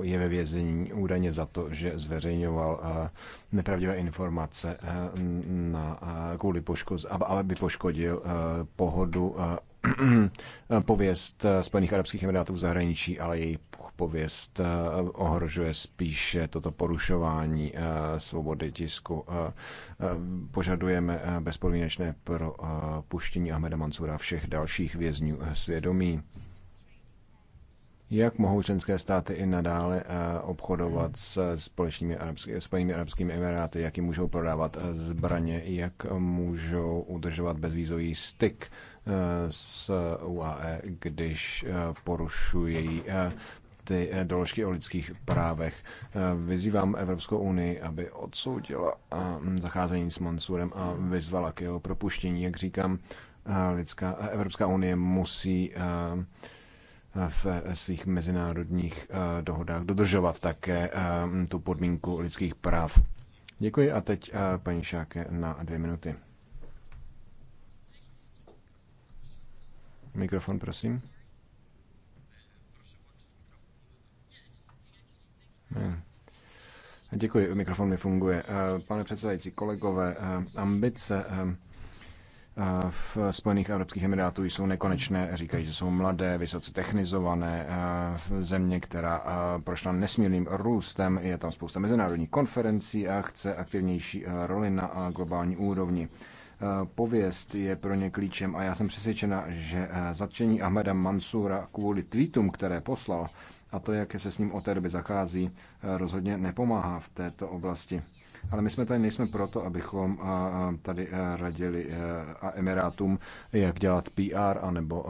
je ve vězení údajně za to, že zveřejňoval nepravdivé informace na, kvůli poškoz, aby poškodil pohodu pověst eh, Spojených arabských emirátů v zahraničí, ale její pověst eh, ohrožuje spíše toto porušování eh, svobody tisku. Požadujeme bezpodmínečné puštění Ahmeda Mansura a všech dalších vězňů svědomí. Jak mohou členské státy i nadále obchodovat s společnými arabskými, spojenými arabskými emiráty, jak jim můžou prodávat zbraně, jak můžou udržovat bezvízový styk? s UAE, když eh, porušují eh, ty eh, doložky o lidských právech. Vyzývám Evropskou unii, aby odsoudila zacházení s Mansurem a vyzvala k jeho propuštění. Jak říkám, lidská, Evropská unie musí v svých mezinárodních dohodách dodržovat také tu podmínku lidských práv. Děkuji a teď paní Šáke na dvě minuty. Mikrofon, prosím. Hmm. Děkuji, mikrofon mi funguje. Eh, pane předsedající, kolegové, eh, ambice eh, v Spojených Arabských Emirátů jsou nekonečné. Říkají, že jsou mladé, vysoce technizované země, která prošla nesmírným růstem. Je tam spousta mezinárodních konferencí a chce aktivnější roli na globální úrovni. Eh, pověst je pro ně klíčem a já jsem přesvědčena, že eh, zatčení Ahmeda Mansura kvůli tweetům, které poslal, a to, jak se s ním od té doby zachází, eh, rozhodně nepomáhá v této oblasti. Ale my jsme tady nejsme proto, abychom tady radili Emirátům, jak dělat PR, anebo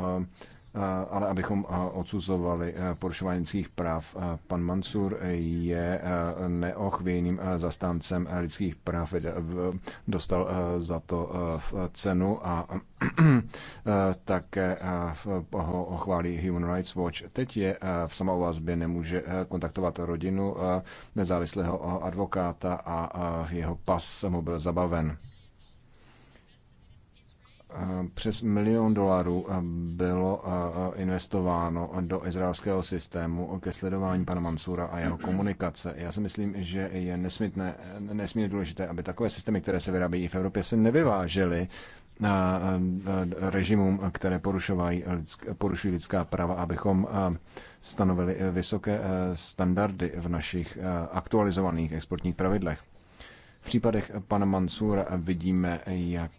ale abychom odsuzovali e, porušování lidských práv. Pan Mansur je e, neochvějným e, zastáncem lidských práv, dostal za to cenu a také ho ochválí Human Rights Watch. Teď je v samovazbě, nemůže kontaktovat rodinu nezávislého advokáta a jeho pas mu byl zabaven. Eh, přes milion dolarů eh, bylo eh, investováno do izraelského systému ke sledování pana Mansura a jeho komunikace. Já si myslím, že je nesmírně, nesmírně důležité, aby takové systémy, které se vyrábějí v Evropě, se nevyvážely režimům, které porušují, porušují lidská práva, abychom stanovili vysoké standardy v našich aktualizovaných exportních pravidlech. V případech pana Mansura vidíme, jak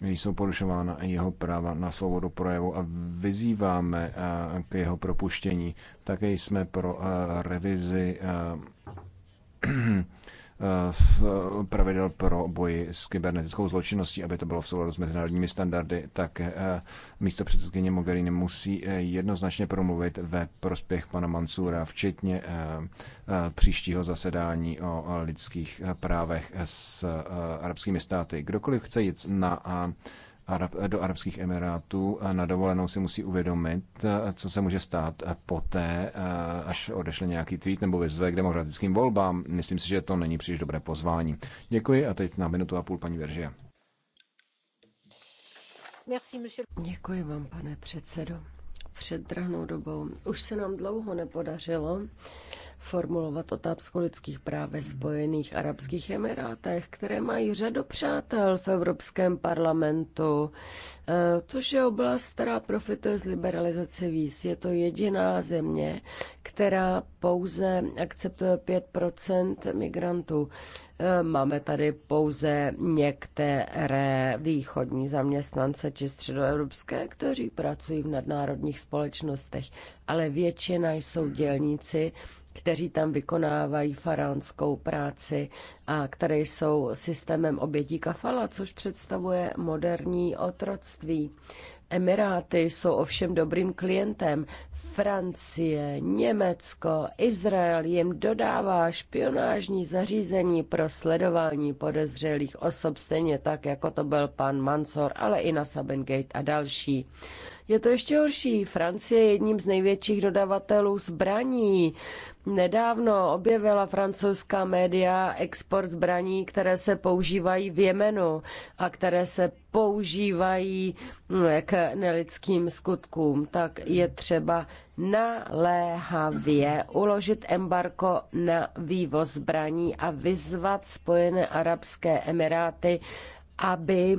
jsou porušována jeho práva na svobodu projevu a vyzýváme eh, k jeho propuštění. Také jsme pro eh, revizi eh, Eh, pravidel pro boji s kybernetickou zločinností, aby to bylo v souladu s mezinárodními standardy, tak eh, místo předsedkyně Mogherini musí eh, jednoznačně promluvit ve prospěch pana Mansura, včetně příštího zasedání o lidských právech s arabskými státy. Kdokoliv chce jít na do Arabských Emirátů eh, na dovolenou si musí uvědomit, eh, co se může stát eh, poté, až odešle nějaký tweet nebo vyzve k demokratickým volbám. Myslím si, že to není příliš dobré pozvání. Děkuji a teď na minutu a půl paní Veržia. Děkuji vám, pane předsedo. Před drahnou dobou už se nám dlouho nepodařilo formulovat otázku lidských práv ve Spojených Arabských Emirátech, které mají řadu přátel v Evropském parlamentu. Eh, což je oblast, která profituje z liberalizace víz. Je to jediná země, která pouze akceptuje 5 migrantů. Eh, máme tady pouze některé východní zaměstnance či středoevropské, kteří pracují v nadnárodních společnostech, ale většina jsou dělníci, kteří tam vykonávají faránskou práci a které jsou systémem obětí kafala, což představuje moderní otroctví. Emiráty jsou ovšem dobrým klientem. Francie, Německo, Izrael jim dodává špionážní zařízení pro sledování podezřelých osob, stejně tak, jako to byl pan Mansor, ale i na Sabengate a další. Je to ještě horší. Francie je jedním z největších dodavatelů zbraní. Nedávno objevila francouzská média export zbraní, které se používají v Jemenu a které se používají no, k nelidským skutkům. Tak je třeba naléhavě uložit embargo na vývoz zbraní a vyzvat Spojené arabské emiráty, aby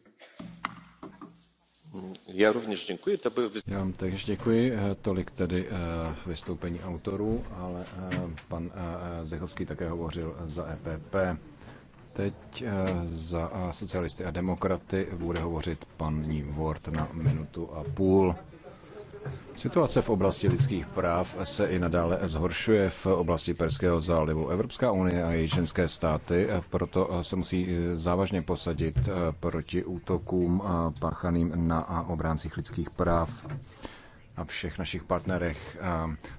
Já rovněž děkuji. To byl... Já vám takže děkuji. Eh, tolik tedy eh, vystoupení autorů, ale eh, pan Zdechovský také hovořil za EPP. Teď za socialisty a demokraty bude hovořit paní Ward na minutu a půl. Situace v oblasti lidských práv se i nadále zhoršuje v oblasti Perského zálivu. Evropská unie a její ženské státy proto se musí eh, závažně posadit eh, proti útokům eh, páchaným na obráncích lidských práv a všech našich partnerech.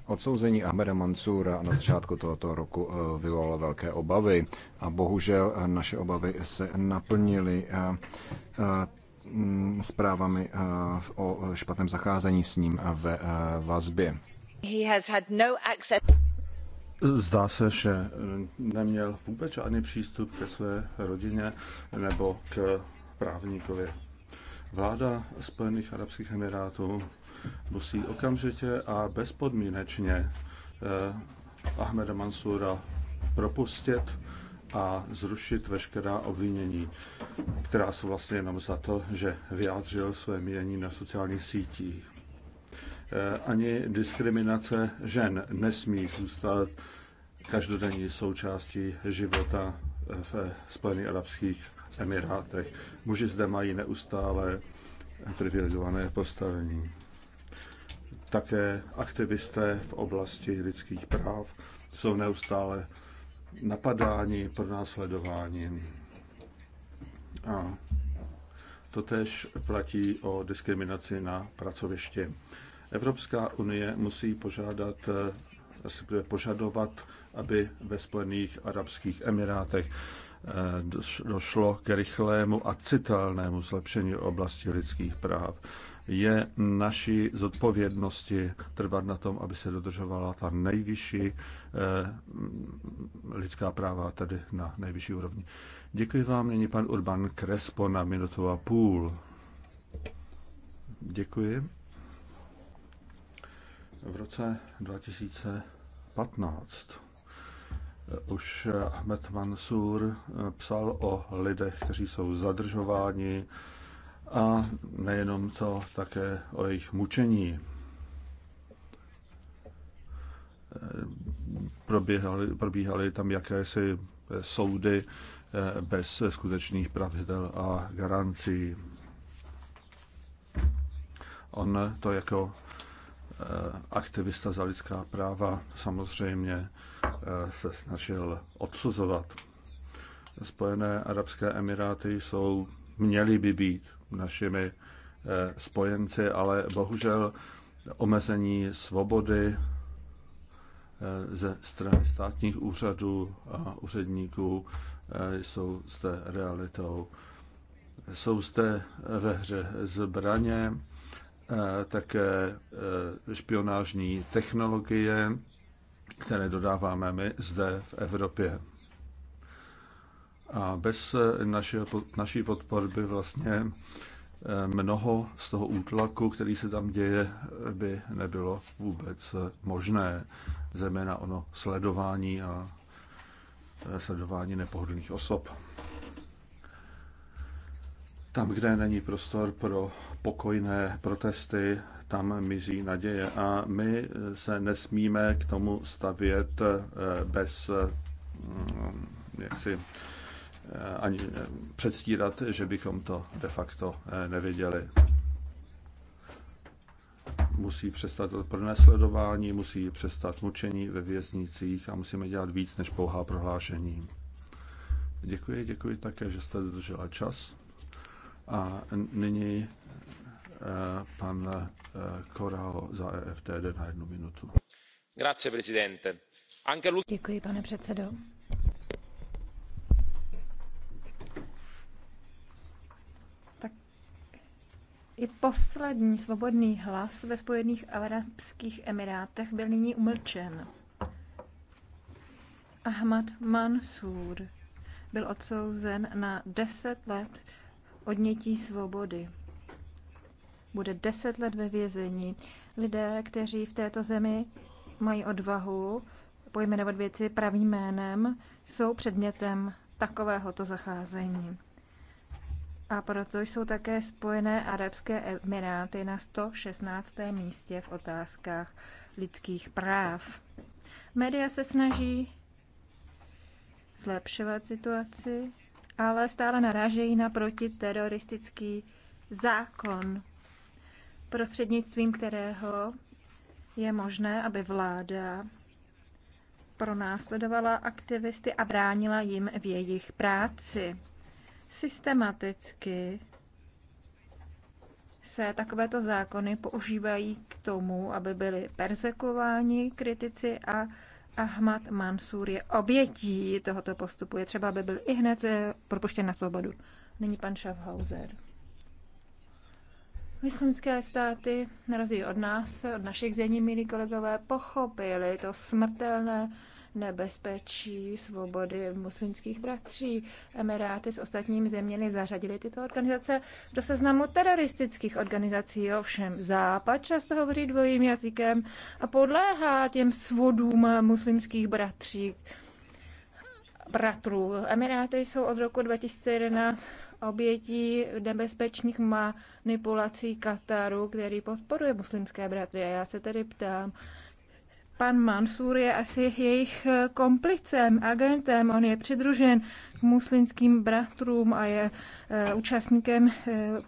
Odsouzení Ahmeda Mansura na začátku tohoto roku vyvolalo velké obavy a bohužel naše obavy se naplnily Mm, zprávami eh, o špatném zacházení s ním ve eh, vazbě. No Zdá se, že neměl vůbec žádný přístup ke své rodině nebo k právníkovi. Vláda Spojených Arabských Emirátů musí okamžitě a bezpodmínečně eh, Ahmeda Mansura propustit a zrušit veškerá obvinění, která jsou vlastně jenom za to, že vyjádřil své mínění na sociálních sítích. Eh, ani diskriminace žen nesmí zůstat každodenní součástí života eh, v Spojených Arabských Emirátech. Muži zde mají neustále privilegované postavení. Také aktivisté v oblasti lidských práv jsou neustále napadání, pronásledování. A to tež platí o diskriminaci na pracovišti. Evropská unie musí požádat, respektive požadovat, aby ve Spojených Arabských Emirátech eh, došlo k rychlému a citelnému zlepšení oblasti lidských práv je naší zodpovědnosti trvat na tom, aby se dodržovala ta nejvyšší eh, lidská práva tady na nejvyšší úrovni. Děkuji vám, nyní pan Urban Krespo na minutu a půl. Děkuji. V roce 2015 eh, už eh, Ahmed Mansur psal o lidech, kteří jsou zadržováni, a nejenom to, také o jejich mučení. Probíhaly, probíhaly tam jakési soudy eh, bez skutečných pravidel a garancí. On to jako eh, aktivista za lidská práva samozřejmě eh, se snažil odsuzovat. Spojené arabské emiráty jsou, měly by být našimi eh, spojenci, ale bohužel omezení svobody eh, ze strany státních úřadů a úředníků eh, jsou zde realitou. Jsou zde ve hře zbraně, také špionážní technologie, které dodáváme my zde v Evropě. A bez eh, našeho, naší podpory by vlastně eh, mnoho z toho útlaku, který se tam děje, by nebylo vůbec eh, možné, zejména ono sledování a sledování nepohodlných osob. Tam, kde není prostor pro pokojné protesty, tam mizí naděje a my se nesmíme k tomu stavět bez mm, jaksi, Eh, ani eh, předstírat, že bychom to de facto eh, nevěděli. Musí přestat sledování, musí přestat mučení ve věznicích a musíme dělat víc než pouhá prohlášení. Děkuji, děkuji také, že jste dodržela čas. A nyní pan Korao za EFTD na jednu minutu. Grazie, Děkuji, pane předsedo. I poslední svobodný hlas ve Spojených Arabských Emirátech byl nyní umlčen. Ahmad Mansur byl odsouzen na 10 let odnětí svobody. Bude 10 let ve vězení. Lidé, kteří v této zemi mají odvahu pojmenovat věci pravým jménem, jsou předmětem takovéhoto zacházení a proto jsou také Spojené arabské emiráty na 116. místě v otázkách lidských práv. Média se snaží zlepšovat situaci, ale stále narážejí na protiteroristický zákon, prostřednictvím kterého je možné, aby vláda pronásledovala aktivisty a bránila jim v jejich práci systematicky se takovéto zákony používají k tomu, aby byli persekováni kritici a Ahmad Mansur je obětí tohoto postupu. Je třeba, aby byl i hned eh, propuštěn na svobodu. Není pan Schaffhauser. Muslimské státy, na rozdíl od nás, od našich zemí, milí kolegové, pochopili to smrtelné nebezpečí svobody muslimských bratří. Emiráty s ostatními zeměmi zařadili tyto organizace do seznamu teroristických organizací. Ovšem Západ často hovoří dvojím jazykem a podléhá těm svodům muslimských bratří. Bratrů. Emiráty jsou od roku 2011 obětí nebezpečných manipulací Kataru, který podporuje muslimské bratry. A já se tedy ptám, Pan Mansur je asi jejich eh, komplicem, agentem. On je přidružen k muslimským bratrům a je eh, účastníkem eh,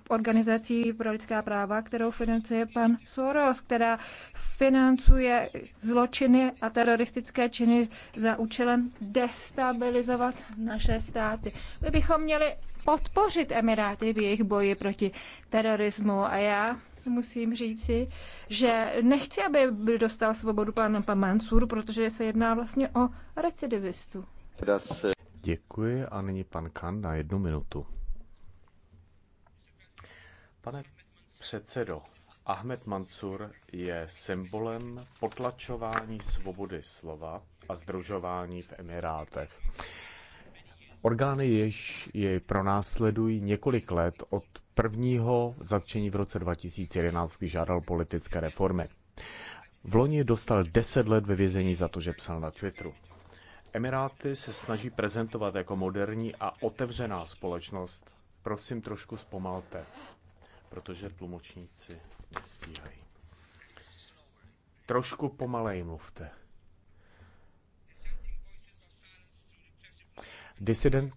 organizací pro lidská práva, kterou financuje pan Soros, která financuje zločiny a teroristické činy za účelem destabilizovat naše státy. My bychom měli podpořit Emiráty v jejich boji proti terorismu a já musím říci, že nechci, aby dostal svobodu pan, pan Mansur, protože se jedná vlastně o recidivistu. Děkuji a nyní pan Kan na jednu minutu. Pane předsedo, Ahmed Mansur je symbolem potlačování svobody slova a združování v Emirátech. Orgány jež jej pronásledují několik let od prvního zatčení v roce 2011, kdy žádal politické reformy. V loni dostal 10 let ve vězení za to, že psal na Twitteru. Emiráty se snaží prezentovat jako moderní a otevřená společnost. Prosím, trošku zpomalte, protože tlumočníci nestíhají. Trošku pomalej mluvte. Disidenti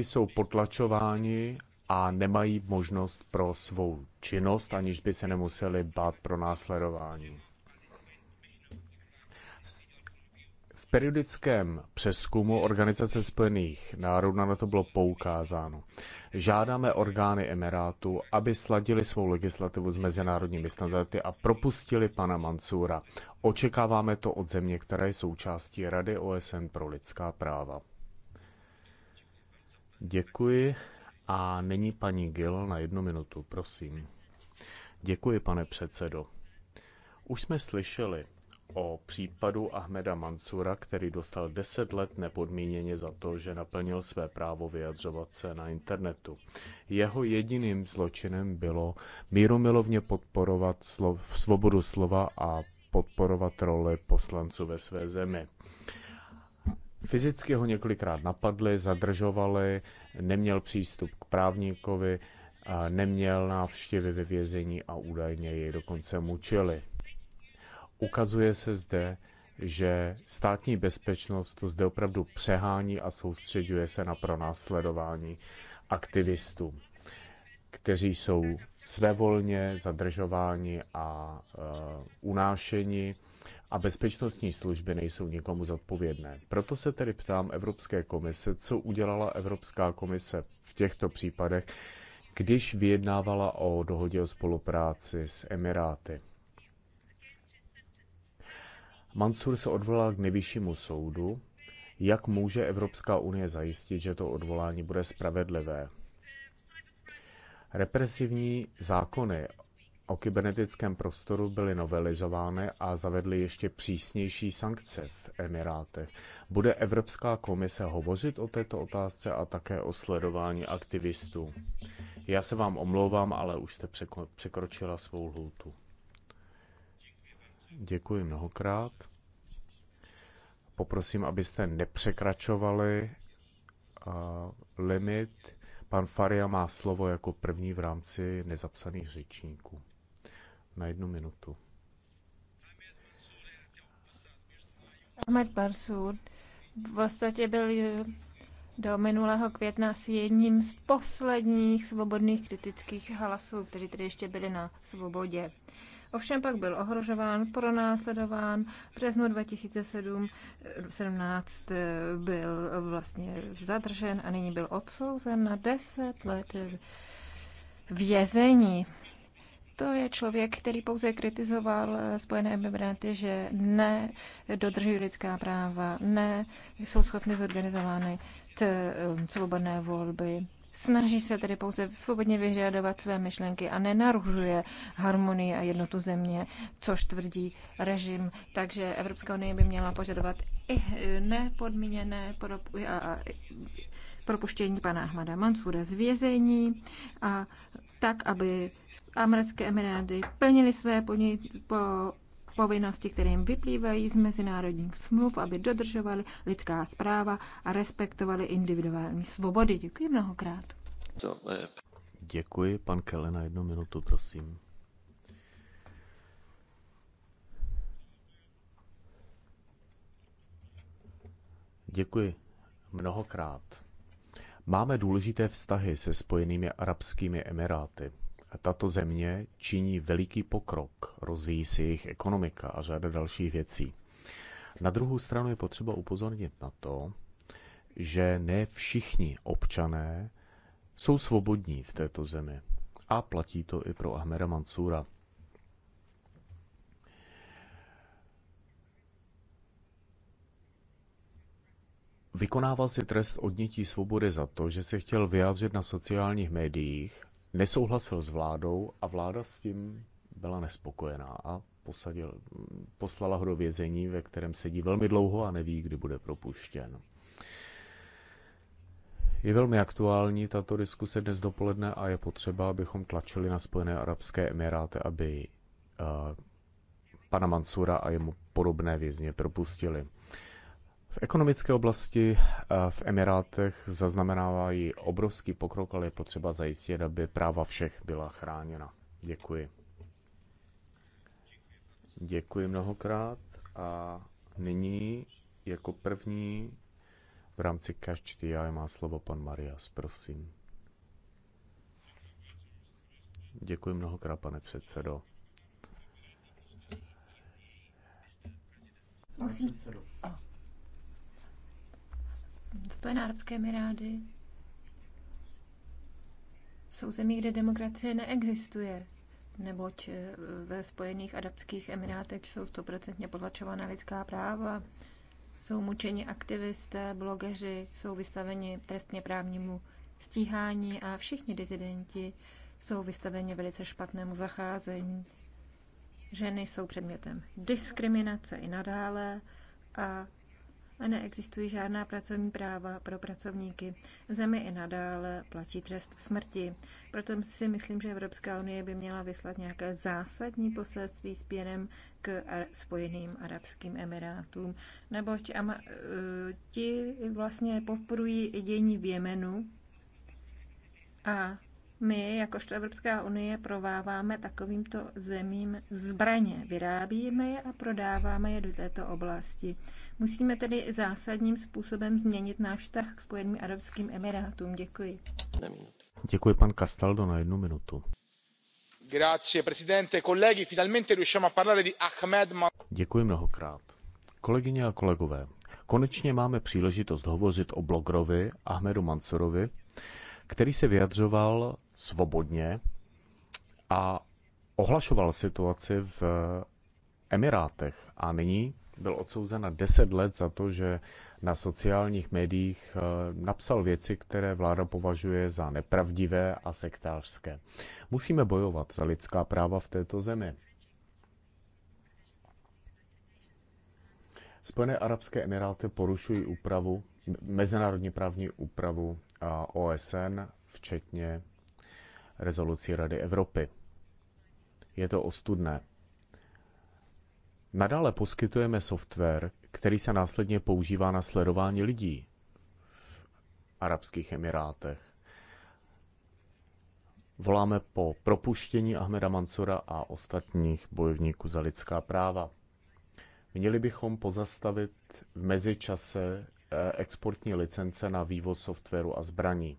jsou potlačováni a nemají možnost pro svou činnost, aniž by se nemuseli bát pro následování. V periodickém přeskumu Organizace spojených národů na to bylo poukázáno. Žádáme orgány Emirátu, aby sladili svou legislativu s mezinárodními standardy a propustili pana Mansura. Očekáváme to od země, která je součástí Rady OSN pro lidská práva. Děkuji. A není paní Gil na jednu minutu, prosím. Děkuji, pane předsedo. Už jsme slyšeli o případu Ahmeda Mansura, který dostal 10 let nepodmíněně za to, že naplnil své právo vyjadřovat se na internetu. Jeho jediným zločinem bylo mírumilovně podporovat slov, svobodu slova a podporovat roli poslanců ve své zemi. Fyzicky ho několikrát napadli, zadržovali, neměl přístup k právníkovi, neměl návštěvy ve vězení a údajně jej dokonce mučili. Ukazuje se zde, že státní bezpečnost to zde opravdu přehání a soustředuje se na pronásledování aktivistů, kteří jsou svévolně zadržováni a e, unášeni a bezpečnostní služby nejsou nikomu zodpovědné. Proto se tedy ptám Evropské komise, co udělala Evropská komise v těchto případech, když vyjednávala o dohodě o spolupráci s Emiráty. Mansur se odvolal k nejvyššímu soudu. Jak může Evropská unie zajistit, že to odvolání bude spravedlivé? Represivní zákony o kybernetickém prostoru byly novelizovány a zavedly ještě přísnější sankce v Emirátech. Bude Evropská komise hovořit o této otázce a také o sledování aktivistů? Já se vám omlouvám, ale už jste překročila svou lhůtu. Děkuji mnohokrát. Poprosím, abyste nepřekračovali uh, limit. Pan Faria má slovo jako první v rámci nezapsaných řečníků na jednu minutu. Ahmed Barsur v podstatě byl do minulého května s jedním z posledních svobodných kritických hlasů, kteří tedy ještě byli na svobodě. Ovšem pak byl ohrožován, pronásledován. V březnu 2017 eh, byl vlastně zadržen a nyní byl odsouzen na 10 let vězení. To je člověk, který pouze kritizoval Spojené emiráty, že ne dodržují lidská práva, ne jsou schopny zorganizovány um, svobodné volby. Snaží se tedy pouze svobodně vyžadovat své myšlenky a nenarušuje harmonii a jednotu země, což tvrdí režim. Takže Evropská unie by měla požadovat i nepodmíněné propuštění pana Ahmada Mansura z vězení a tak, aby americké emirády plnily své po, povinnosti, které jim vyplývají z mezinárodních smluv, aby dodržovali lidská zpráva a respektovali individuální svobody. Děkuji mnohokrát. Eh, Děkuji, pan Kele, na jednu minutu, prosím. Děkuji mnohokrát. Máme důležité vztahy se Spojenými arabskými emiráty. Tato země činí veliký pokrok, rozvíjí se jejich ekonomika a řada dalších věcí. Na druhou stranu je potřeba upozornit na to, že ne všichni občané jsou svobodní v této zemi. A platí to i pro Ahmeda Mansura, Vykonával si trest odnětí svobody za to, že se chtěl vyjádřit na sociálních médiích, nesouhlasil s vládou a vláda s tím byla nespokojená a posadil, poslala ho do vězení, ve kterém sedí velmi dlouho a neví, kdy bude propuštěn. Je velmi aktuální tato diskuse dnes dopoledne a je potřeba, abychom tlačili na Spojené Arabské Emiráty, aby uh, pana Mansura a jemu podobné vězně propustili. V ekonomické oblasti eh, v Emirátech zaznamenávají obrovský pokrok, ale je potřeba zajistit, aby práva všech byla chráněna. Děkuji. Děkuji mnohokrát a nyní jako první v rámci každý já má slovo pan Marias, prosím. Děkuji mnohokrát, pane předsedo. Pane předsedo. Spojené arabské emirády jsou zemí, kde demokracie neexistuje, neboť e, ve Spojených arabských emirátech jsou stoprocentně potlačovaná lidská práva, jsou mučeni aktivisté, blogeři, jsou vystaveni trestně právnímu stíhání a všichni dizidenti jsou vystaveni velice špatnému zacházení. Ženy jsou předmětem diskriminace i nadále a a neexistují žádná pracovní práva pro pracovníky. Zemi i nadále platí trest smrti. Proto si myslím, že Evropská unie by měla vyslat nějaké zásadní poselství směrem k Spojeným Arabským Emirátům, neboť ama- eh, ti vlastně podporují dění v Jemenu a my, jakožto Evropská unie, prováváme takovýmto zemím zbraně. Vyrábíme je a prodáváme je do této oblasti. Musíme tedy zásadním způsobem změnit náš vztah k Spojeným arabským emirátům. Děkuji. Děkuji pan Castaldo na jednu minutu. Grazie, presidente, colleghi, finalmente riusciamo a parlare di Ahmed Ma... Děkuji mnohokrát. Kolegyně a kolegové, konečně máme příležitost hovořit o blogrovi Ahmedu Mansurovi, který se vyjadřoval svobodně a ohlašoval situaci v Emirátech a nyní byl odsouzen na 10 let za to, že na sociálních médiích eh, napsal věci, které vláda považuje za nepravdivé a sektářské. Musíme bojovat za lidská práva v této zemi. Spojené arabské emiráty porušují úpravu, mezinárodní právní úpravu eh, OSN, včetně rezoluci Rady Evropy. Je to ostudné. Nadále poskytujeme software, který se následně používá na sledování lidí v Arabských Emirátech. Voláme po propuštění Ahmeda Mansura a ostatních bojovníků za lidská práva. Měli bychom pozastavit v mezičase eh, exportní licence na vývoz softwaru a zbraní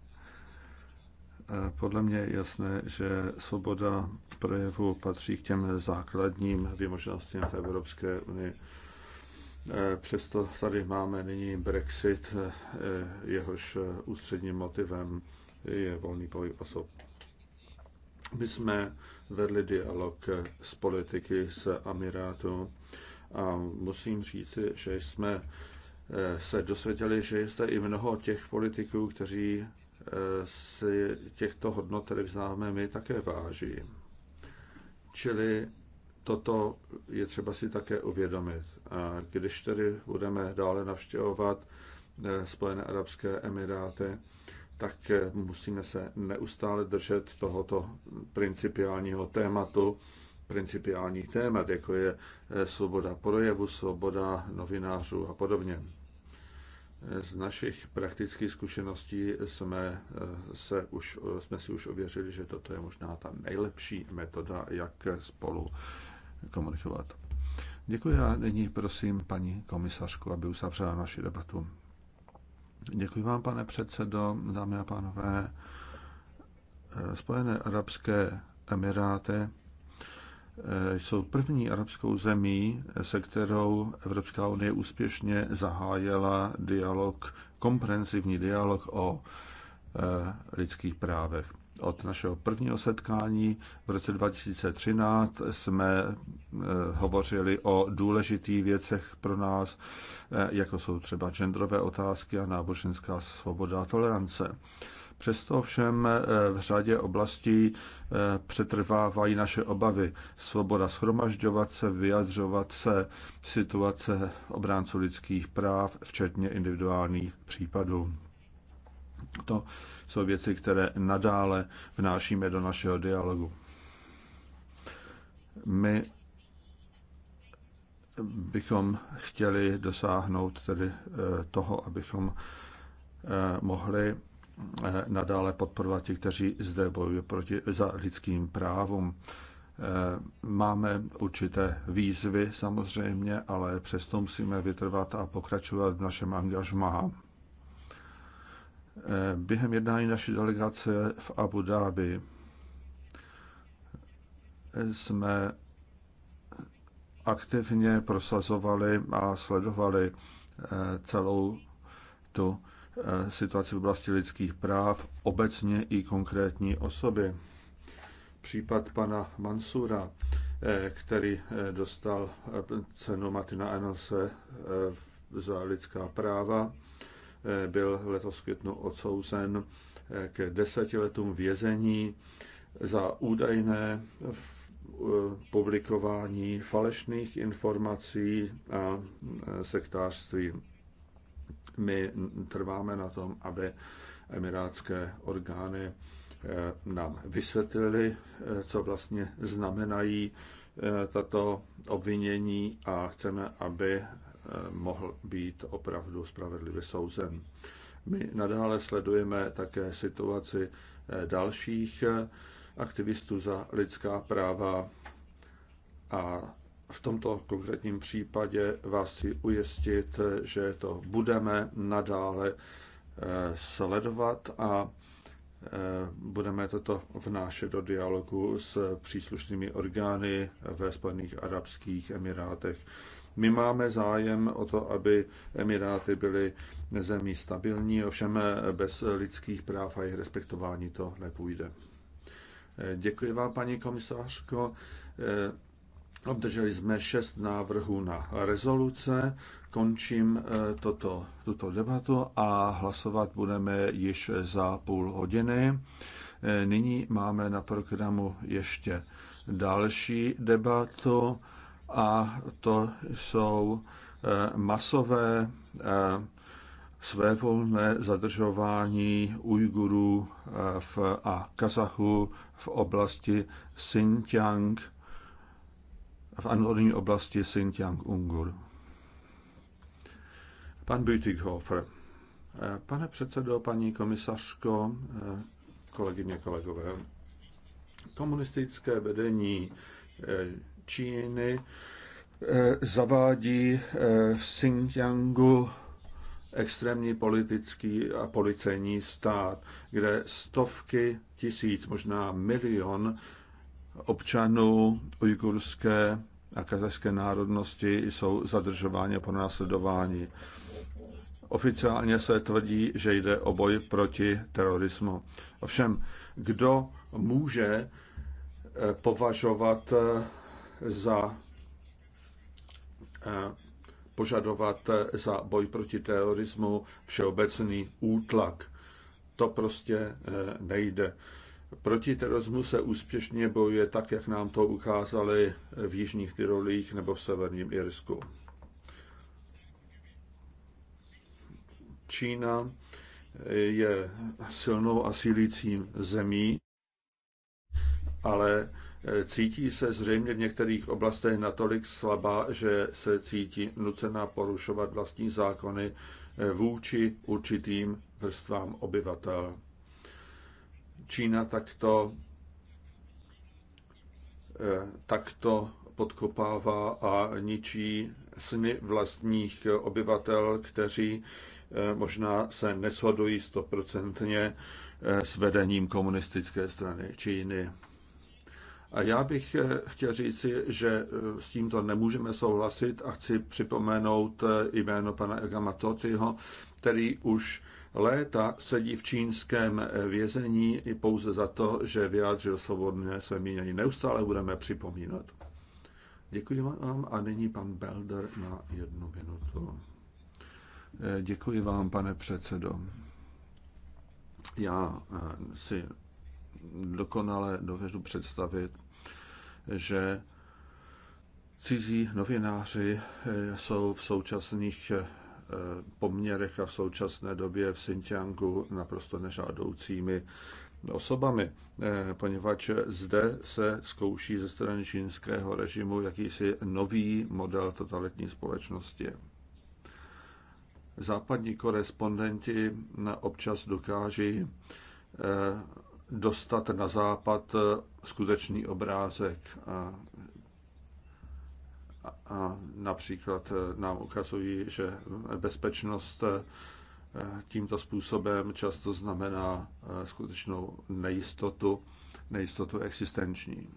podle mě je jasné, že svoboda projevu patří k těm základním vymožnostem v Evropské unii. Přesto tady máme nyní Brexit, jehož ústředním motivem je volný pohyb osob. My jsme vedli dialog s politiky z Amirátu a musím říct, že jsme se dosvěděli, že je zde i mnoho těch politiků, kteří si těchto hodnot, které známe my, také váží. Čili toto je třeba si také uvědomit. A když tedy budeme dále navštěvovat eh, Spojené arabské emiráty, tak eh, musíme se neustále držet tohoto principiálního tématu, principiálních témat, jako je eh, svoboda projevu, svoboda novinářů a podobně. Z našich praktických zkušeností jsme, eh, se už, eh, jsme si už ověřili, že toto je možná ta nejlepší metoda, jak spolu komunikovat. Děkuji a nyní prosím paní komisařku, aby uzavřela naši debatu. Děkuji vám, pane předsedo, dámy a pánové. Eh, Spojené arabské emiráty Eh, jsou první arabskou zemí, eh, se kterou Evropská unie úspěšně zahájila dialog, komprehensivní dialog o eh, lidských právech. Od našeho prvního setkání v roce 2013 jsme hovořili o důležitých věcech pro nás, jako jsou třeba genderové otázky a náboženská svoboda a tolerance. Přesto ovšem eh, v řadě oblastí eh, přetrvávají naše obavy. Svoboda schromažďovat se, vyjadřovat se, situace obránců lidských práv, včetně individuálních případů. To jsou věci, které nadále vnášíme do našeho dialogu. My bychom chtěli dosáhnout tedy eh, toho, abychom mohli Eh, nadále podporovat ti, kteří zde bojují proti, za lidským právům. Eh, máme určité výzvy samozřejmě, ale přesto musíme vytrvat a pokračovat v našem angažmá. Eh, během jednání naší delegace v Abu Dhabi jsme aktivně prosazovali a sledovali celou tu Eh, situaci v oblasti lidských práv, obecně i konkrétní osoby. Případ pana Mansura, eh, který eh, dostal cenu Martina Enelse za lidská práva, byl letos v květnu odsouzen k deseti letům vězení za údajné publikování falešných informací a sektářství. My trváme na tom, aby emirátské orgány eh, nám vysvětlili, eh, co vlastně znamenají eh, tato obvinění a chceme, aby mohl být opravdu spravedlivě souzen. My nadále sledujeme také situaci dalších aktivistů za lidská práva a v tomto konkrétním případě vás chci ujistit, že to budeme nadále eh, sledovat a eh, budeme toto vnášet do dialogu s příslušnými orgány ve Spojených Arabských Emirátech. My máme zájem o to, aby Emiráty byly zemí stabilní, ovšem eh, bez lidských práv a jejich respektování to nepůjde. Děkuji vám, paní komisářko. Obdrželi jsme šest návrhů na rezoluce. Končím eh, toto, tuto debatu a hlasovat budeme již za půl hodiny. Eh, nyní máme na programu ještě další debatu a to jsou eh, masové svévolné zadržování Ujgurů a Kazachů v oblasti Xinjiang v anodní oblasti Xinjiang Ungur. Pan Bütikhofer. Eh, pane předsedo, paní komisařko, eh, kolegyně, kolegové, komunistické vedení eh, Číny zavádí v Xinjiangu extrémní politický a policejní stát, kde stovky tisíc, možná milion občanů ujgurské a kazašské národnosti jsou zadržováni a pronásledováni. Oficiálně se tvrdí, že jde o boj proti terorismu. Ovšem, kdo může eh, považovat eh, za eh, požadovat za boj proti terorismu všeobecný útlak. To prostě nejde. Proti terorismu se úspěšně bojuje tak, jak nám to ukázali v Jižních Tyrolích nebo v Severním Irsku. Čína je silnou a sílícím zemí, ale cítí se zřejmě v některých oblastech natolik slabá, že se cítí nucená porušovat vlastní zákony vůči určitým vrstvám obyvatel. Čína takto, eh, takto podkopává a ničí sny vlastních obyvatel, kteří eh, možná se neshodují stoprocentně eh, s vedením komunistické strany Číny. A já bych chtěl říci, že s tímto nemůžeme souhlasit a chci připomenout jméno pana Egama Totyho, který už léta sedí v čínském vězení i pouze za to, že vyjádřil svobodné své mínění. Neustále budeme připomínat. Děkuji vám a nyní pan Belder na jednu minutu. Eh, děkuji vám, pane předsedo. Já eh, si dokonale dovedu představit, že cizí novináři eh, jsou v současných poměrech a v současné době v Xinjiangu naprosto nežádoucími osobami, eh, poněvadž zde se zkouší ze strany čínského režimu jakýsi nový model totalitní společnosti. Západní korespondenti občas dokáží eh, dostat na západ eh, skutečný obrázek a například eh, nám ukazují, že bezpečnost eh, tímto způsobem často znamená eh, skutečnou nejistotu, nejistotu existenční.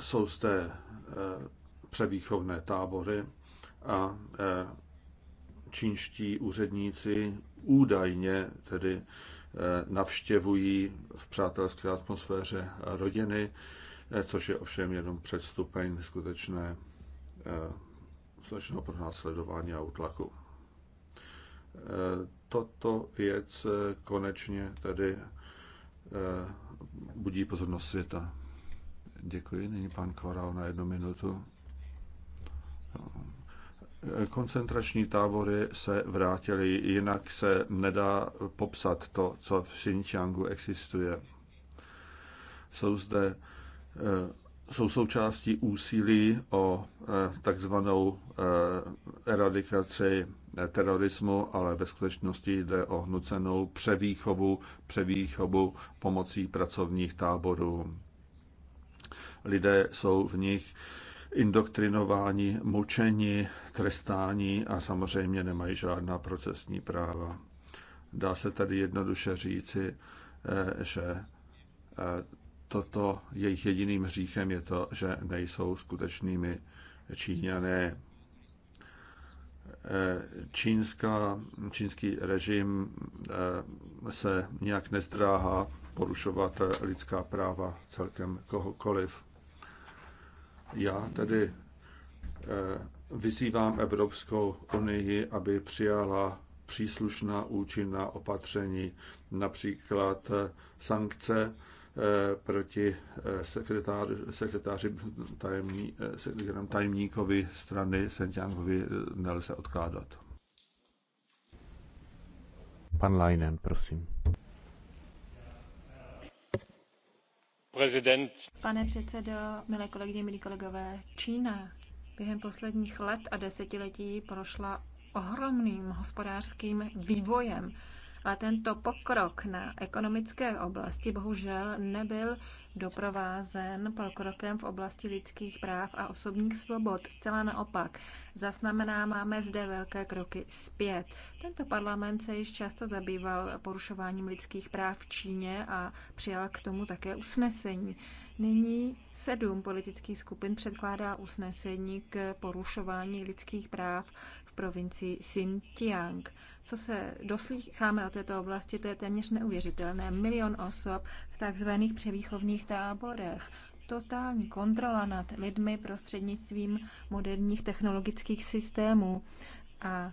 Jsou zde převýchovné tábory a čínští úředníci údajně tedy navštěvují v přátelské atmosféře rodiny, Eh, což je ovšem jenom předstupeň skutečné, eh, skutečného pronásledování a utlaku. Eh, toto věc konečně tedy budí pozornost světa. Děkuji. Nyní pan Koral na jednu minutu. Koncentrační tábory se vrátily, jinak se nedá popsat to, co v Xinjiangu existuje. Jsou zde Eh, jsou součástí úsilí o eh, takzvanou eh, eradikaci terorismu, ale ve skutečnosti jde o hnucenou převýchovu, převýchovu pomocí pracovních táborů. Lidé jsou v nich indoktrinováni, mučeni, trestáni a samozřejmě nemají žádná procesní práva. Dá se tady jednoduše říci, že toto jejich jediným hříchem je to, že nejsou skutečnými Číňané. Eh, čínská, čínský režim eh, se nějak nezdráhá porušovat lidská práva celkem kohokoliv. Já tedy eh, vyzývám Evropskou unii, aby přijala příslušná účinná opatření, například sankce Eh, proti eh, sekretář, sekretáři tajemní, eh, tajemníkovi strany Sentiankovi nelze odkládat. Pan Leinen, prosím. Prezident. Pane předsedo, milé kolegyně, milí kolegové, Čína během posledních let a desetiletí prošla ohromným hospodářským vývojem a tento pokrok na ekonomické oblasti bohužel nebyl doprovázen pokrokem v oblasti lidských práv a osobních svobod. Zcela naopak, zaznamená máme zde velké kroky zpět. Tento parlament se již často zabýval porušováním lidských práv v Číně a přijal k tomu také usnesení. Nyní sedm politických skupin předkládá usnesení k porušování lidských práv v provincii Xinjiang. Co se doslýcháme o této oblasti, to je téměř neuvěřitelné. Milion osob v takzvaných převýchovných táborech totální kontrola nad lidmi prostřednictvím moderních technologických systémů a e,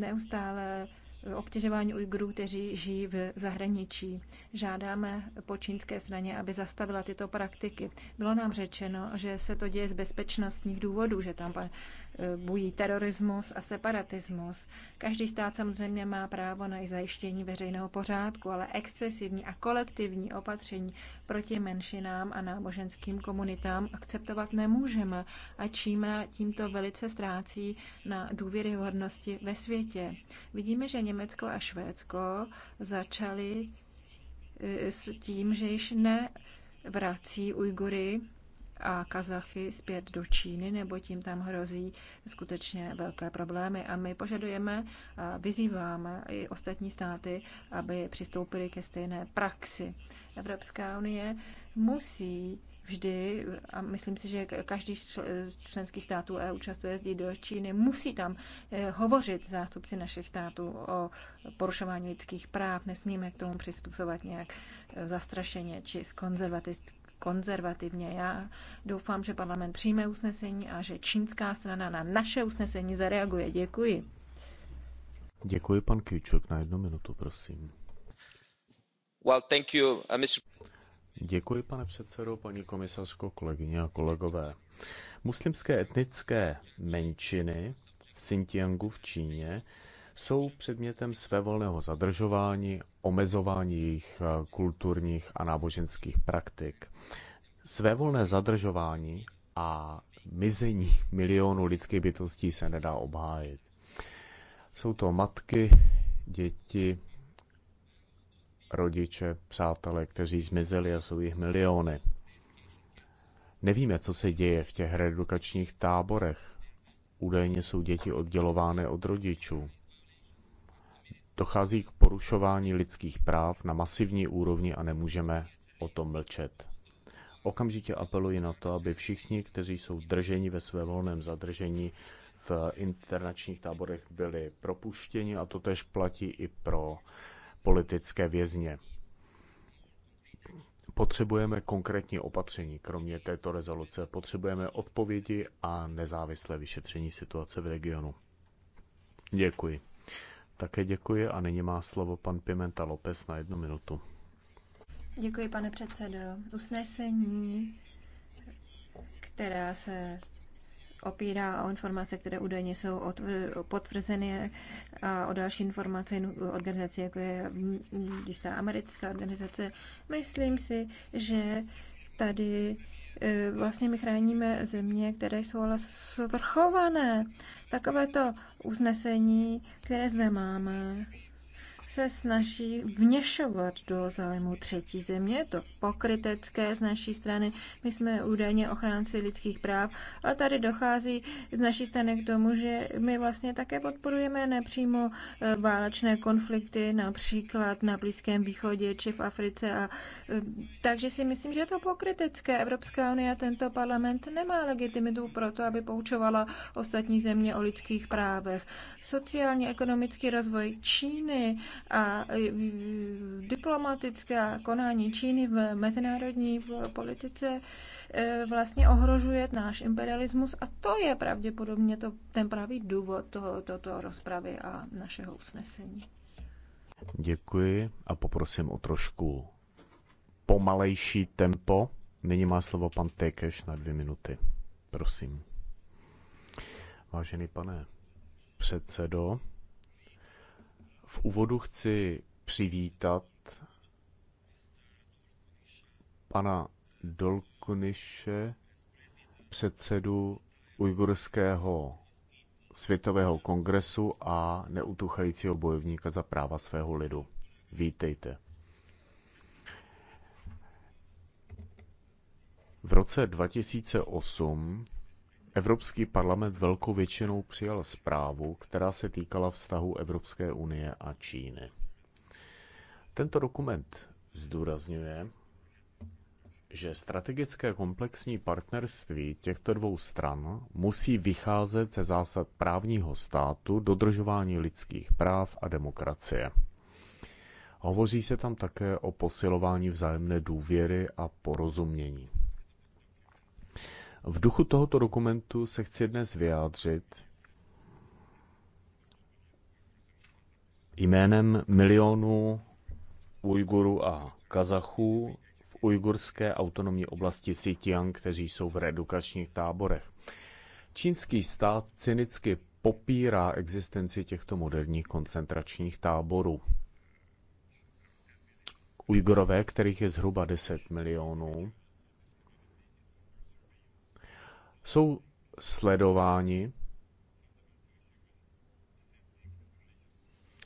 neustále obtěžování Ujgurů, kteří žijí v zahraničí. Žádáme po čínské straně, aby zastavila tyto praktiky. Bylo nám řečeno, že se to děje z bezpečnostních důvodů, že tam bují terorismus a separatismus. Každý stát samozřejmě má právo na zajištění veřejného pořádku, ale excesivní a kolektivní opatření proti menšinám a náboženským komunitám akceptovat nemůžeme a Čína tímto velice ztrácí na důvěryhodnosti ve světě. Vidíme, že Německo a Švédsko začaly eh, s tím, že již nevrací Ujgury a Kazachy zpět do Číny, nebo tím tam hrozí skutečně velké problémy. A my požadujeme a vyzýváme i ostatní státy, aby přistoupili ke stejné praxi. Evropská unie musí vždy, a myslím si, že každý z členských států EU často jezdí do Číny, musí tam eh, hovořit zástupci našich států o porušování lidských práv. Nesmíme k tomu přizpůsobovat nějak eh, zastrašeně či skonzervatisticky konzervativně. Já doufám, že parlament přijme usnesení a že čínská strana na naše usnesení zareaguje. Děkuji. Děkuji, pan Kejčuk. Na jednu minutu, prosím. Well, thank you, uh, Mr. Děkuji, pane předsedo, paní komisařko, kolegyně a kolegové. Muslimské etnické menšiny v Xinjiangu v Číně jsou předmětem svévolného zadržování, omezování jejich eh, kulturních a náboženských praktik. Svévolné zadržování a mizení milionů lidských bytostí se nedá obhájit. Jsou to matky, děti, rodiče, přátelé, kteří zmizeli a jsou jich miliony. Nevíme, co se děje v těch redukačních táborech. Údajně jsou děti oddělovány od rodičů. Dochází k porušování lidských práv na masivní úrovni a nemůžeme o tom mlčet. Okamžitě apeluji na to, aby všichni, kteří jsou drženi ve své volném zadržení v internačních táborech, byli propuštěni a to tež platí i pro politické vězně. Potřebujeme konkrétní opatření, kromě této rezoluce. Potřebujeme odpovědi a nezávislé vyšetření situace v regionu. Děkuji. Také děkuji a nyní má slovo pan Pimenta López na jednu minutu. Děkuji, pane předsedo. Usnesení, která se opírá o informace, které údajně jsou potvrzeny a o další informace organizace, jako je jistá americká organizace. Myslím si, že tady E, vlastně my chráníme země, které jsou ale svrchované. to uznesení, které zde máme, se snaží vněšovat do zájmu třetí země. to pokrytecké z naší strany. My jsme údajně ochránci lidských práv, a tady dochází z naší strany k tomu, že my vlastně také podporujeme nepřímo eh, válečné konflikty, například na Blízkém východě či v Africe. A, eh, takže si myslím, že je to pokrytecké. Evropská unie a tento parlament nemá legitimitu pro to, aby poučovala ostatní země o lidských právech. Sociálně-ekonomický rozvoj Číny a diplomatické konání Číny v mezinárodní politice e, vlastně ohrožuje náš imperialismus a to je pravděpodobně to, ten pravý důvod toho, tohoto rozpravy a našeho usnesení. Děkuji a poprosím o trošku pomalejší tempo. Nyní má slovo pan Tekeš na dvě minuty. Prosím. Vážený pane předsedo, v úvodu chci přivítat pana Dolkuniše, předsedu Ujgurského světového kongresu a neutuchajícího bojovníka za práva svého lidu. Vítejte. V roce 2008 Evropský parlament velkou většinou přijal zprávu, která se týkala vztahu Evropské unie a Číny. Tento dokument zdůrazňuje, že strategické komplexní partnerství těchto dvou stran musí vycházet ze zásad právního státu, dodržování lidských práv a demokracie. Hovoří se tam také o posilování vzájemné důvěry a porozumění. V duchu tohoto dokumentu se chci dnes vyjádřit jménem milionů Ujgurů a Kazachů v ujgurské autonomní oblasti Xinjiang, kteří jsou v redukačních táborech. Čínský stát cynicky popírá existenci těchto moderních koncentračních táborů. Ujgurové, kterých je zhruba 10 milionů, jsou sledováni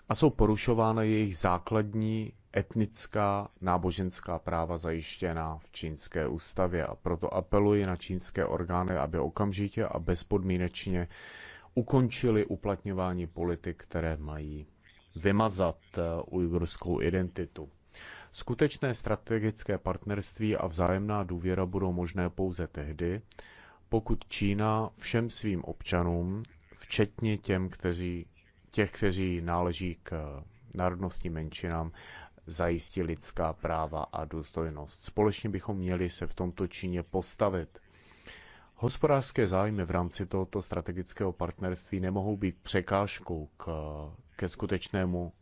a jsou porušována jejich základní etnická náboženská práva zajištěná v čínské ústavě. A proto apeluji na čínské orgány, aby okamžitě a bezpodmínečně ukončili uplatňování politik, které mají vymazat eh, ujgurskou identitu. Skutečné strategické partnerství a vzájemná důvěra budou možné pouze tehdy, pokud Čína všem svým občanům, včetně těm, kteří, těch, kteří náleží k národnostním menšinám, zajistí lidská práva a důstojnost. Společně bychom měli se v tomto Číně postavit. Hospodářské zájmy v rámci tohoto strategického partnerství nemohou být překážkou k, ke skutečnému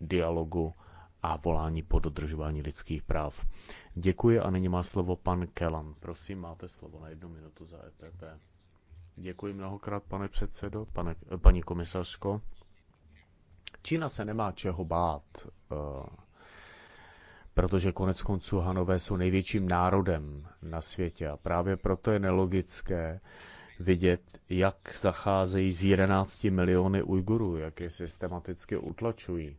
dialogu a volání po dodržování lidských práv. Děkuji a nyní má slovo pan Kelan. Prosím, máte slovo na jednu minutu za EPP. Děkuji mnohokrát, pane předsedo, pane, paní komisařko. Čína se nemá čeho bát, eh, protože konec konců Hanové jsou největším národem na světě a právě proto je nelogické, vidět, jak zacházejí z 11 miliony Ujgurů, jak je systematicky utlačují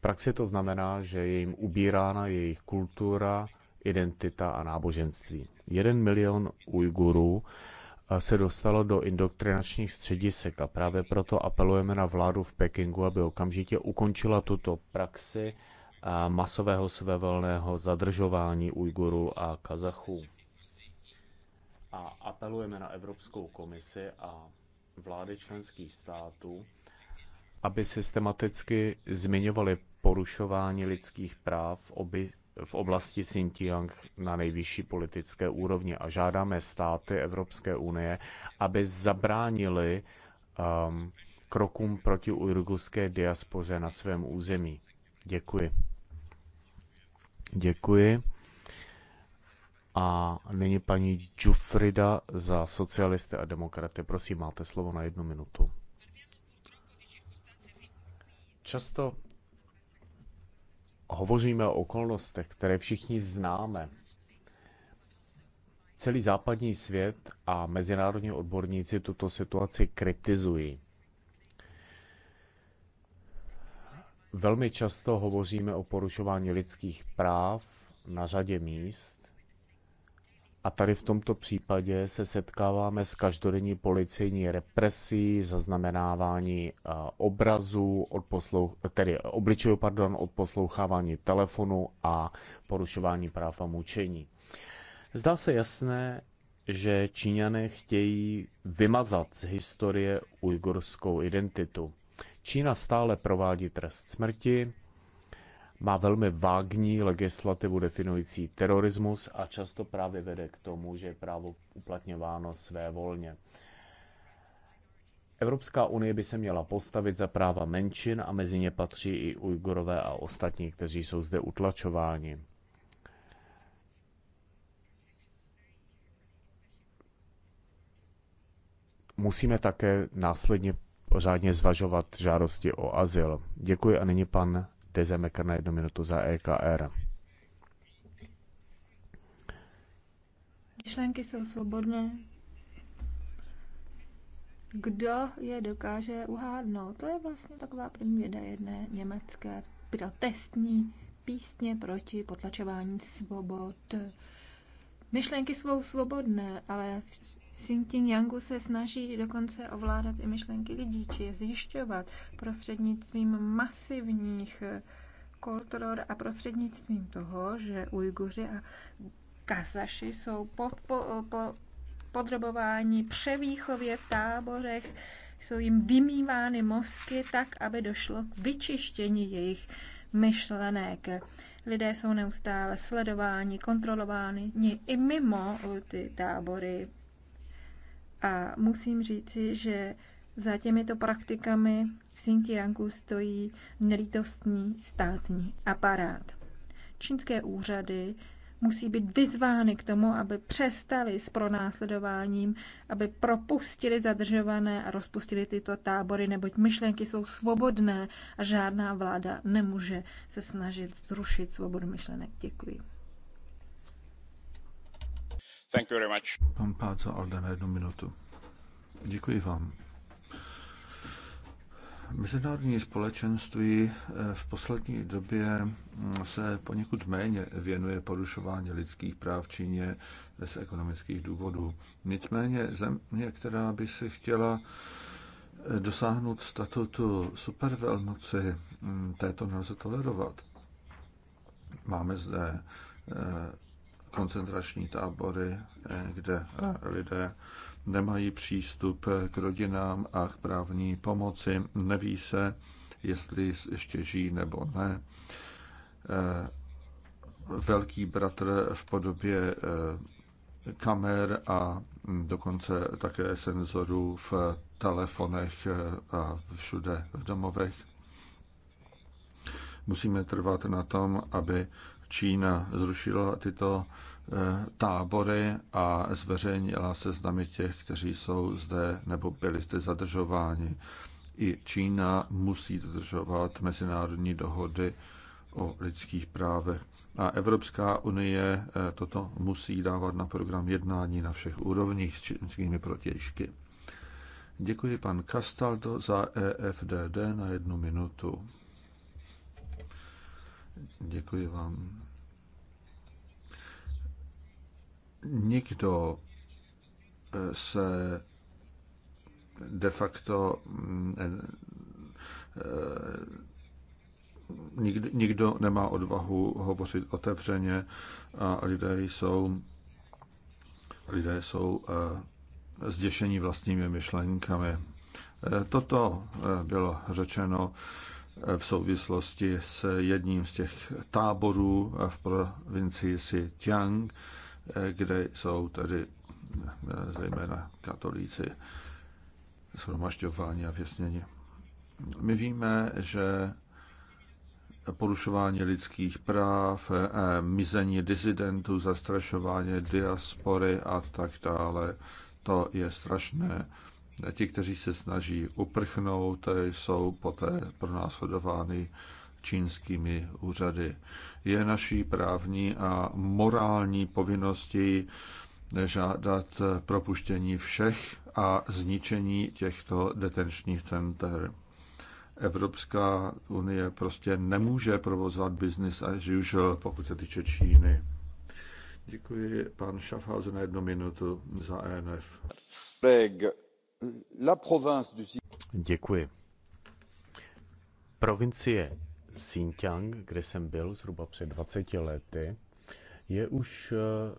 praxi to znamená, že je jim ubírána jejich kultura, identita a náboženství. Jeden milion Ujgurů eh, se dostalo do indoktrinačních středisek a právě proto apelujeme na vládu v Pekingu, aby okamžitě ukončila tuto praxi eh, masového svévolného zadržování Ujgurů a Kazachů. A apelujeme na Evropskou komisi a vlády členských států, aby systematicky zmiňovali porušování lidských práv v, v oblasti Xinjiang na nejvyšší politické úrovni a žádáme státy Evropské unie, aby zabránili um, krokům proti ujrguské diaspoře na svém území. Děkuji. Děkuji. A nyní paní Jufrida za socialisty a demokraty. Prosím, máte slovo na jednu minutu. Často hovoříme o okolnostech, které všichni známe. Celý západní svět a mezinárodní odborníci tuto situaci kritizují. Velmi často hovoříme o porušování lidských práv na řadě míst a tady v tomto případě se setkáváme s každodenní policejní represí, zaznamenávání eh, obrazů, odposlouch, tedy eh, obličejů, pardon, odposlouchávání telefonu a porušování práv a mučení. Zdá se jasné, že Číňané chtějí vymazat z historie ujgurskou identitu. Čína stále provádí trest smrti, má velmi vágní legislativu definující terorismus a často právě vede k tomu, že je právo uplatňováno své volně. Evropská unie by se měla postavit za práva menšin a mezi ně patří i Ujgurové a ostatní, kteří jsou zde utlačováni. Musíme také následně pořádně zvažovat žádosti o azyl. Děkuji a nyní pan Mekr na jednu minutu za EKR. Myšlenky jsou svobodné. Kdo je dokáže uhádnout? To je vlastně taková první věda jedné německé protestní písně proti potlačování svobod. Myšlenky jsou svobodné, ale Xinjiang Yangu se snaží dokonce ovládat i myšlenky lidí, či je zjišťovat prostřednictvím masivních eh, kultur a prostřednictvím toho, že Ujguři a Kazaši jsou pod, po, po, podrobováni převýchově v táborech, jsou jim vymývány mozky tak, aby došlo k vyčištění jejich myšlenek. Lidé jsou neustále sledováni, kontrolováni i mimo eh, ty tábory a musím říci, že za těmito praktikami v Xinjiangu stojí nelítostní státní aparát. Čínské úřady musí být vyzvány k tomu, aby přestali s pronásledováním, aby propustili zadržované a rozpustili tyto tábory, neboť myšlenky jsou svobodné a žádná vláda nemůže se snažit zrušit svobodu myšlenek. Děkuji. Thank you very much. Pan Páco Alde na jednu minutu. Děkuji vám. Mezinárodní společenství eh, v poslední době mm, se poněkud méně věnuje porušování lidských práv v Číně z ekonomických důvodů. Nicméně země, která by si chtěla eh, dosáhnout statutu supervelmoci, mm, této nelze tolerovat. Máme zde eh, koncentrační tábory, eh, kde eh, lidé nemají přístup k rodinám a k právní pomoci, neví se, jestli ještě žijí nebo ne. Eh, velký bratr v podobě kamer a dokonce také senzorů v telefonech a všude v domovech. Musíme trvat na tom, aby Čína zrušila tyto eh, tábory a zveřejnila seznamy těch, kteří jsou zde nebo byli zde zadržováni. I Čína musí dodržovat mezinárodní dohody o lidských právech. A Evropská unie eh, toto musí dávat na program jednání na všech úrovních s čínskými protěžky. Děkuji pan Castaldo za EFDD na jednu minutu. Děkuji vám. Nikdo eh, se de facto mm, eh, eh, nikdo, nikdo nemá odvahu hovořit otevřeně a lidé jsou lidé jsou zděšení vlastními myšlenkami. Toto bylo řečeno v souvislosti s jedním z těch táborů v provincii Sitiang, kde jsou tedy eh, zejména katolíci shromažďováni a věsněni. My víme, že porušování lidských práv, eh, mizení disidentů, zastrašování diaspory a tak dále, to je strašné ti, kteří se snaží uprchnout, jsou poté pronásledovány čínskými úřady. Je naší právní a morální povinností žádat propuštění všech a zničení těchto detenčních center. Evropská unie prostě nemůže provozovat business as usual, pokud se týče Číny. Děkuji, pan Schaffhausen, na jednu minutu za ENF. Big. La province du... Děkuji. Provincie Xinjiang, kde jsem byl zhruba před 20 lety, je už eh,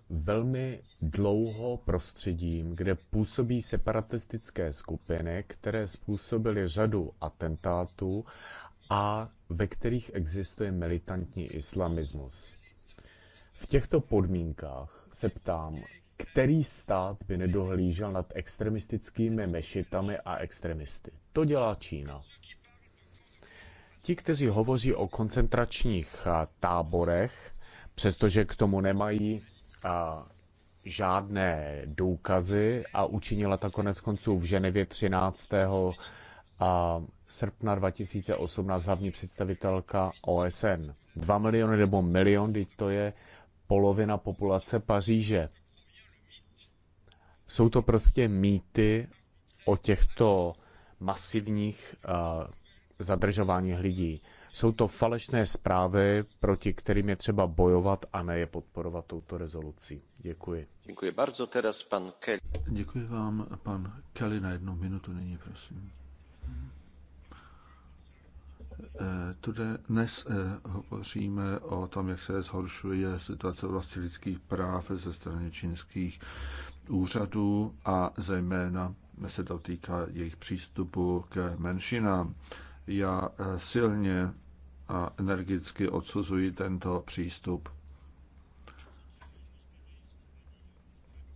velmi dlouho prostředím, kde působí separatistické skupiny, které způsobily řadu atentátů a ve kterých existuje militantní islamismus. V těchto podmínkách se ptám, který stát by nedohlížel nad extremistickými mešitami a extremisty? To dělá Čína. Ti, kteří hovoří o koncentračních táborech, přestože k tomu nemají a, žádné důkazy a učinila to konec konců v Ženevě 13. A, srpna 2018 hlavní představitelka OSN. Dva miliony nebo milion, teď to je polovina populace Paříže. Jsou to prostě mýty o těchto masivních uh, zadržováních lidí. Jsou to falešné zprávy, proti kterým je třeba bojovat a ne je podporovat touto rezolucí. Děkuji. Děkuji bardzo. Teraz pan Kelly. Děkuji vám, pan Kelly, na jednu minutu nyní, prosím. Eh, Tudy dnes eh, hovoříme o tom, jak se zhoršuje situace vlastně lidských práv ze strany čínských úřadů a zejména se to týká jejich přístupu k menšinám. Já eh, silně a energicky odsuzuji tento přístup.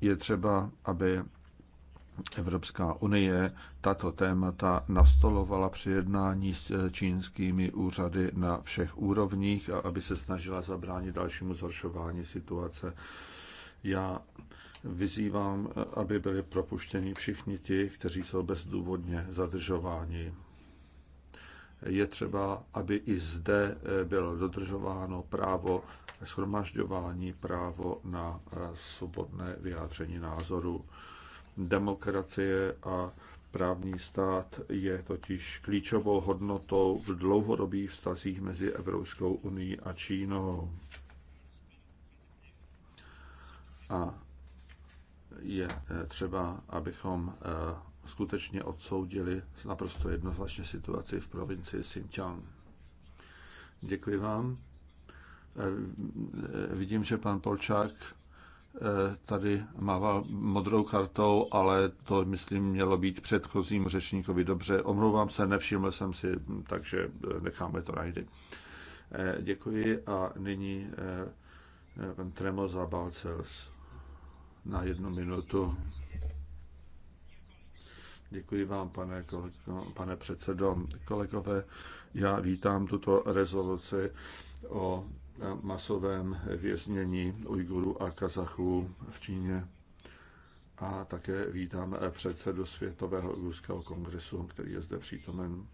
Je třeba, aby Evropská unie tato témata nastolovala při jednání s eh, čínskými úřady na všech úrovních a aby se snažila zabránit dalšímu zhoršování situace. Já Vyzývám, aby byli propuštěni všichni ti, kteří jsou bezdůvodně zadržováni. Je třeba, aby i zde eh, bylo dodržováno právo shromažďování, právo na eh, svobodné vyjádření názoru. Demokracie a Právní stát je totiž klíčovou hodnotou v dlouhodobých vztazích mezi Evropskou unii a Čínou. A je eh, třeba, abychom eh, skutečně odsoudili naprosto jednoznačně situaci v provincii Xinjiang. Děkuji vám. Eh, vidím, že pan Polčák tady mává modrou kartou, ale to, myslím, mělo být předchozím řečníkovi dobře. Omlouvám se, nevšiml jsem si, takže necháme to najdy. Děkuji a nyní pan Tremoza Balcels na jednu minutu. Děkuji vám, pane, kolego, pane předsedo. Kolegové, já vítám tuto rezoluci o masovém věznění Ujgurů a Kazachů v Číně. A také vítám předsedu Světového ruského kongresu, který je zde přítomen.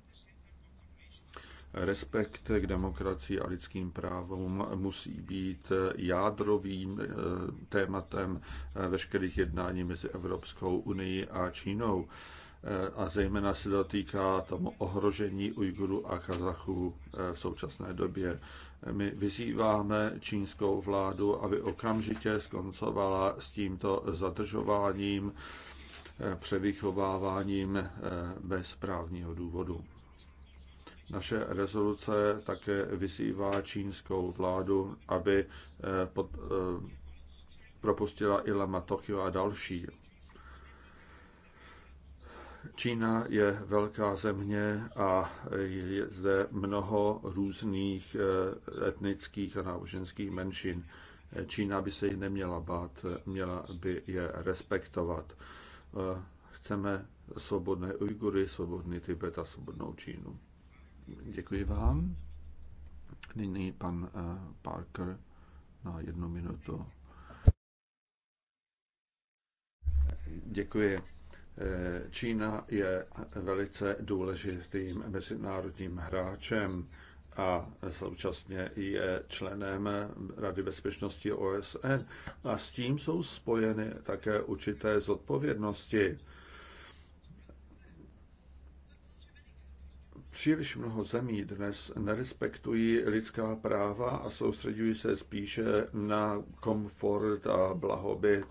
Respekt k demokracii a lidským právům musí být jádrovým eh, tématem eh, veškerých jednání mezi Evropskou unii a Čínou. Eh, a zejména se dotýká tomu ohrožení Ujgurů a Kazachů v současné době. My vyzýváme čínskou vládu, aby okamžitě skoncovala s tímto zadržováním, převychováváním bez právního důvodu. Naše rezoluce také vyzývá čínskou vládu, aby eh, pod, eh, propustila Ilama Tokio a další. Čína je velká země a je zde mnoho různých eh, etnických a náboženských menšin. Čína by se jich neměla bát, měla by je respektovat. Chceme svobodné Ujgury, svobodný Tibet a svobodnou Čínu. Děkuji vám. Nyní pan eh, Parker na jednu minutu. Děkuji. Eh, Čína je velice důležitým mezinárodním hráčem a současně je členem Rady bezpečnosti OSN. A s tím jsou spojeny také určité zodpovědnosti Příliš mnoho zemí dnes nerespektují lidská práva a soustředují se spíše na komfort a blahobyt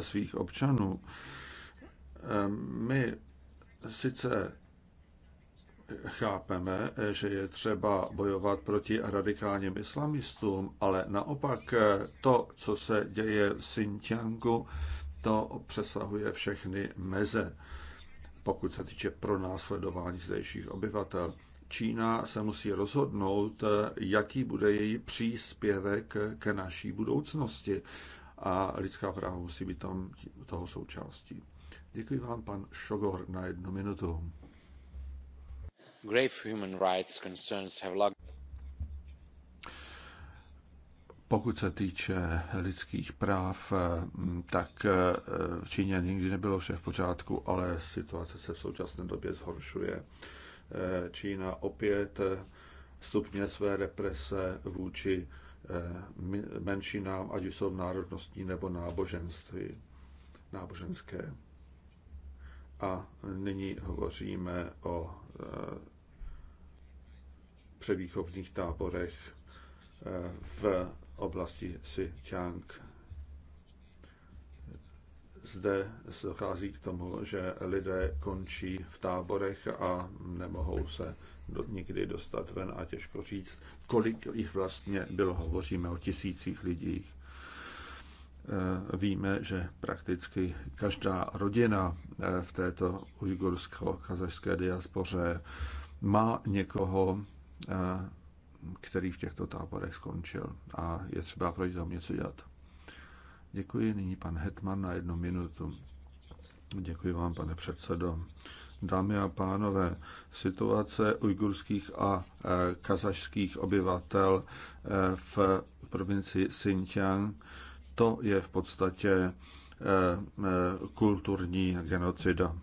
svých občanů. My sice chápeme, že je třeba bojovat proti radikálním islamistům, ale naopak to, co se děje v Xinjiangu, to přesahuje všechny meze pokud se týče pronásledování zdejších obyvatel. Čína se musí rozhodnout, jaký bude její příspěvek k naší budoucnosti a lidská práva musí být tam toho součástí. Děkuji vám, pan Šogor, na jednu minutu. Grave human rights concerns have pokud se týče lidských práv, mm, tak e, v Číně nikdy nebylo vše v pořádku, ale situace se v současné době zhoršuje. E, Čína opět e, stupně své represe vůči menšinám, ať už jsou národnostní nebo náboženství, náboženské. A nyní hovoříme o převýchovných táborech v oblasti Xinjiang. Zde dochází k tomu, že lidé končí v táborech a nemohou se do, nikdy dostat ven a těžko říct, kolik jich vlastně bylo. Hovoříme o tisících lidí. E, víme, že prakticky každá rodina e, v této ujgursko-kazašské diaspoře má někoho e, který v těchto táborech skončil a je třeba proti tomu něco dělat. Děkuji nyní pan Hetman na jednu minutu. Děkuji vám, pane předsedo. Dámy a pánové, situace ujgurských a e, kazašských obyvatel e, v provincii Xinjiang, to je v podstatě e, kulturní genocida.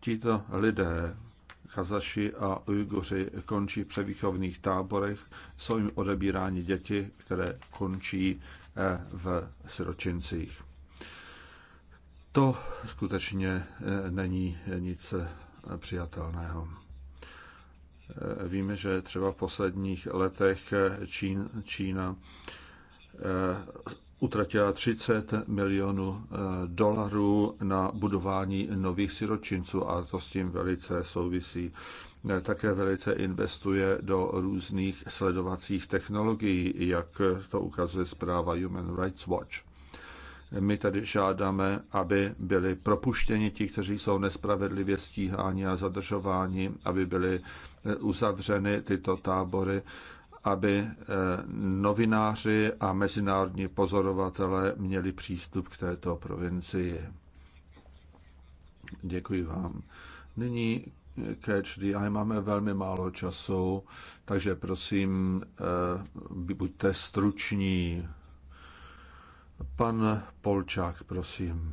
Tito lidé Kazaši a Ujguři končí v převýchovných táborech, jsou jim odebíráni děti, které končí eh, v siročincích. To skutečně eh, není nic eh, přijatelného. Víme, že třeba v posledních letech Čín, Čína utratila 30 milionů eh, dolarů na budování nových siročinců a to s tím velice souvisí. Eh, také velice investuje do různých sledovacích technologií, jak to ukazuje zpráva Human Rights Watch. My tady žádáme, aby byli propuštěni ti, kteří jsou nespravedlivě stíháni a zadržováni, aby byly eh, uzavřeny tyto tábory aby eh, novináři a mezinárodní pozorovatelé měli přístup k této provincii. Děkuji vám. Nyní eh, catch the Máme velmi málo času, takže prosím, eh, buďte struční. Pan Polčák, prosím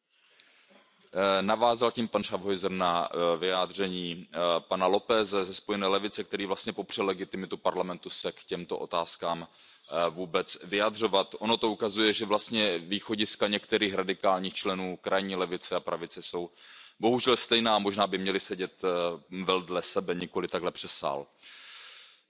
Eh, navázal tím pan schaffhauser na eh, vyjádření eh, pana lópeze ze spojené levice který vlastně popřel legitimitu parlamentu se k těmto otázkám vůbec vyjadřovat. ono to ukazuje že vlastně východiska některých radikálních členů krajní levice a pravice jsou bohužel stejná možná by měli sedět vedle sebe nikoliv takhle přes sál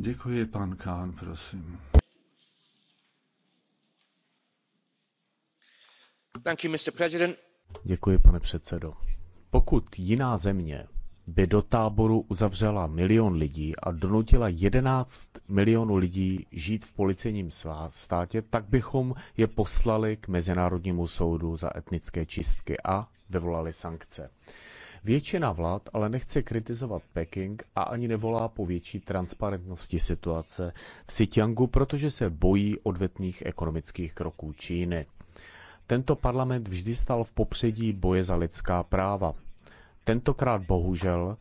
Děkuji, pan Kán, prosím. Thank you, Mr. President. Děkuji, pane předsedo. Pokud jiná země by do táboru uzavřela milion lidí a donutila 11 milionů lidí žít v policejním státě, tak bychom je poslali k Mezinárodnímu soudu za etnické čistky a vyvolali sankce. Většina vlád ale nechce kritizovat Peking a ani nevolá po větší transparentnosti situace v Sitiangu, protože se bojí odvetných ekonomických kroků Číny. Tento parlament vždy stal v popředí boje za lidská práva. Tentokrát bohužel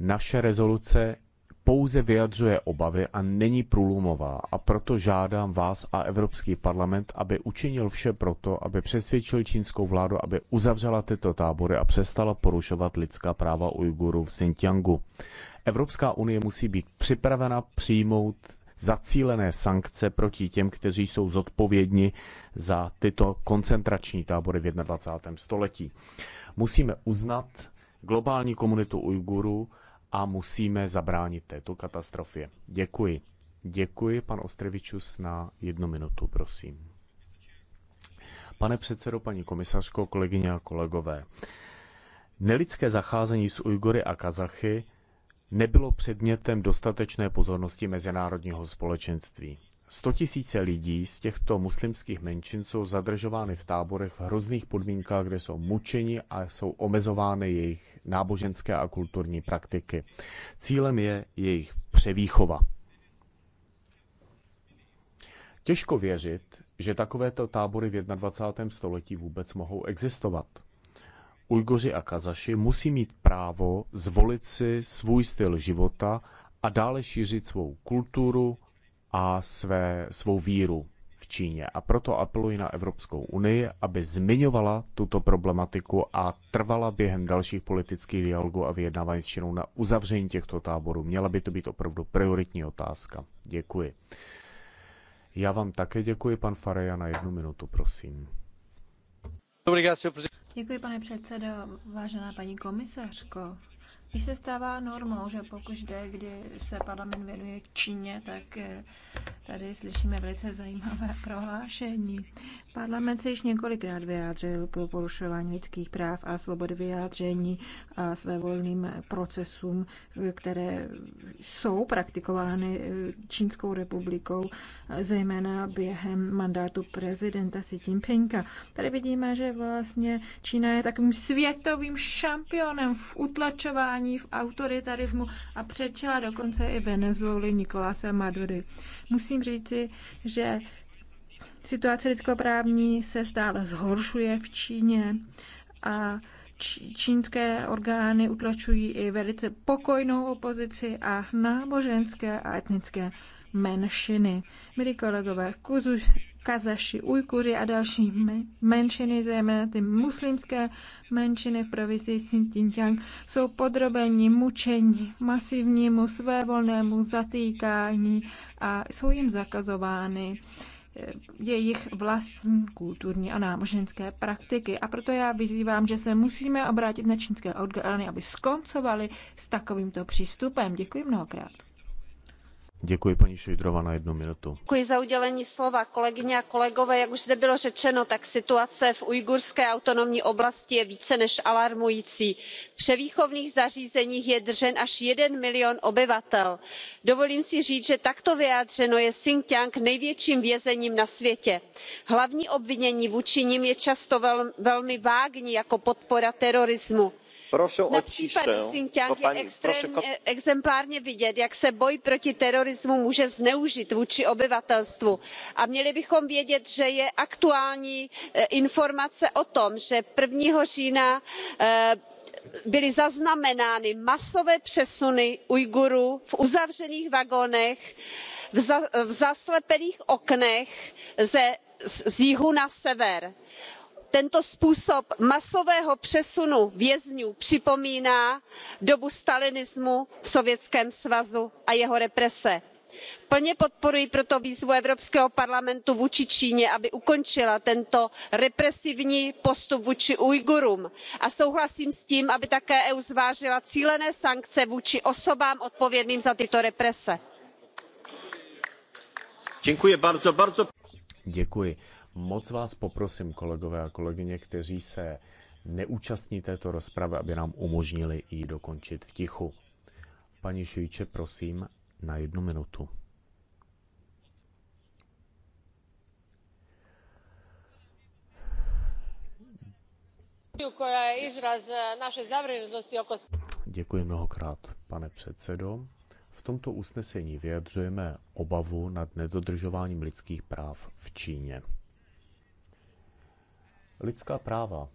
naše rezoluce pouze vyjadřuje obavy a není průlomová. A proto žádám vás a Evropský parlament, aby učinil vše proto, aby přesvědčil čínskou vládu, aby uzavřela tyto tábory a přestala porušovat lidská práva Ujgurů v Xinjiangu. Evropská unie musí být připravena přijmout zacílené sankce proti těm, kteří jsou zodpovědni za tyto koncentrační tábory v 21. století. Musíme uznat globální komunitu Ujgurů, a musíme zabránit této katastrofě. Děkuji. Děkuji, pan Ostrevičus, na jednu minutu, prosím. Pane předsedo, paní komisařko, kolegyně a kolegové, nelidské zacházení s Ujgory a Kazachy nebylo předmětem dostatečné pozornosti mezinárodního společenství. 100 tisíce lidí z těchto muslimských menšin jsou zadržovány v táborech v hrozných podmínkách, kde jsou mučeni a jsou omezovány jejich náboženské a kulturní praktiky. Cílem je jejich převýchova. Těžko věřit, že takovéto tábory v 21. století vůbec mohou existovat. Ujgoři a Kazaši musí mít právo zvolit si svůj styl života a dále šířit svou kulturu, a své, svou víru v Číně. A proto apeluji na Evropskou unii, aby zmiňovala tuto problematiku a trvala během dalších politických dialogů a vyjednávání s Čínou na uzavření těchto táborů. Měla by to být opravdu prioritní otázka. Děkuji. Já vám také děkuji, pan Fareja, na jednu minutu, prosím. Děkuji, pane předsedo. Vážená paní komisařko, když se stává normou, že pokud jde, kdy se parlament věnuje k Číně, tak eh, tady slyšíme velice zajímavé prohlášení. Parlament se již několikrát vyjádřil k porušování lidských práv a svobody vyjádření a své volným procesům, které jsou praktikovány eh, Čínskou republikou, zejména během mandátu prezidenta Xi Jinpinga. Tady vidíme, že vlastně Čína je takovým světovým šampionem v utlačování pokračování v autoritarismu a předčila dokonce i Venezueli Nikolase Madury. Musím říci, že situace lidskoprávní se stále zhoršuje v Číně a čínské orgány utlačují i velice pokojnou opozici a náboženské a etnické menšiny. Milí kolegové, Kazaši, Ujkuři a další menšiny, zejména ty muslimské menšiny v provincii Xinjiang, jsou podrobeni mučení, masivnímu svévolnému zatýkání a jsou jim zakazovány eh, jejich vlastní kulturní a náboženské praktiky. A proto já vyzývám, že se musíme obrátit na čínské orgány, aby skoncovali s takovýmto přístupem. Děkuji mnohokrát. Děkuji paní Šejdrova na jednu minutu. Děkuji za udělení slova. Kolegyně a kolegové, jak už zde bylo řečeno, tak situace v ujgurské autonomní oblasti je více než alarmující. V převýchovných zařízeních je držen až jeden milion obyvatel. Dovolím si říct, že takto vyjádřeno je ťiang největším vězením na světě. Hlavní obvinění vůči nim je často velmi vágní jako podpora terorismu na případu sin ťangu je exemplárně vidět jak se boj proti terorismu může zneužít vůči obyvatelstvu a měli bychom vědět že je aktuální eh, informace o tom že prvního října eh, byly zaznamenány masové přesuny ujgurů v uzavřených vagonech v zaslepených oknech z jihu na sever tento způsob masového přesunu vězňů připomíná dobu stalinismu v sovětském svazu a jeho represe. plně podporuji proto výzvu evropského parlamentu vůči číně aby ukončila tento represivní postup vůči ujgurům a souhlasím s tím aby také eu zvážila cílené sankce vůči osobám odpovědným za tyto represe. Děkuji. Moc vás poprosím, kolegové a kolegyně, kteří se neúčastní této rozpravy, aby nám umožnili ji dokončit v tichu. Paní Šujče, prosím, na jednu minutu. Děkuji mnohokrát, pane předsedo. V tomto usnesení vyjadřujeme obavu nad nedodržováním lidských práv v Číně. Lidská práva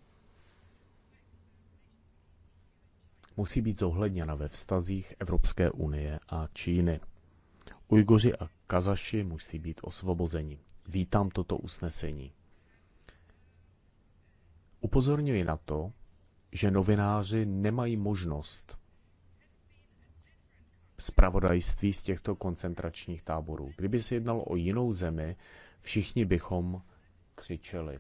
musí být zohledněna ve vztazích Evropské unie a Číny. Ujgoři a Kazaši musí být osvobozeni. Vítám toto usnesení. Upozorňuji na to, že novináři nemají možnost zpravodajství z těchto koncentračních táborů. Kdyby se jednalo o jinou zemi, všichni bychom křičeli.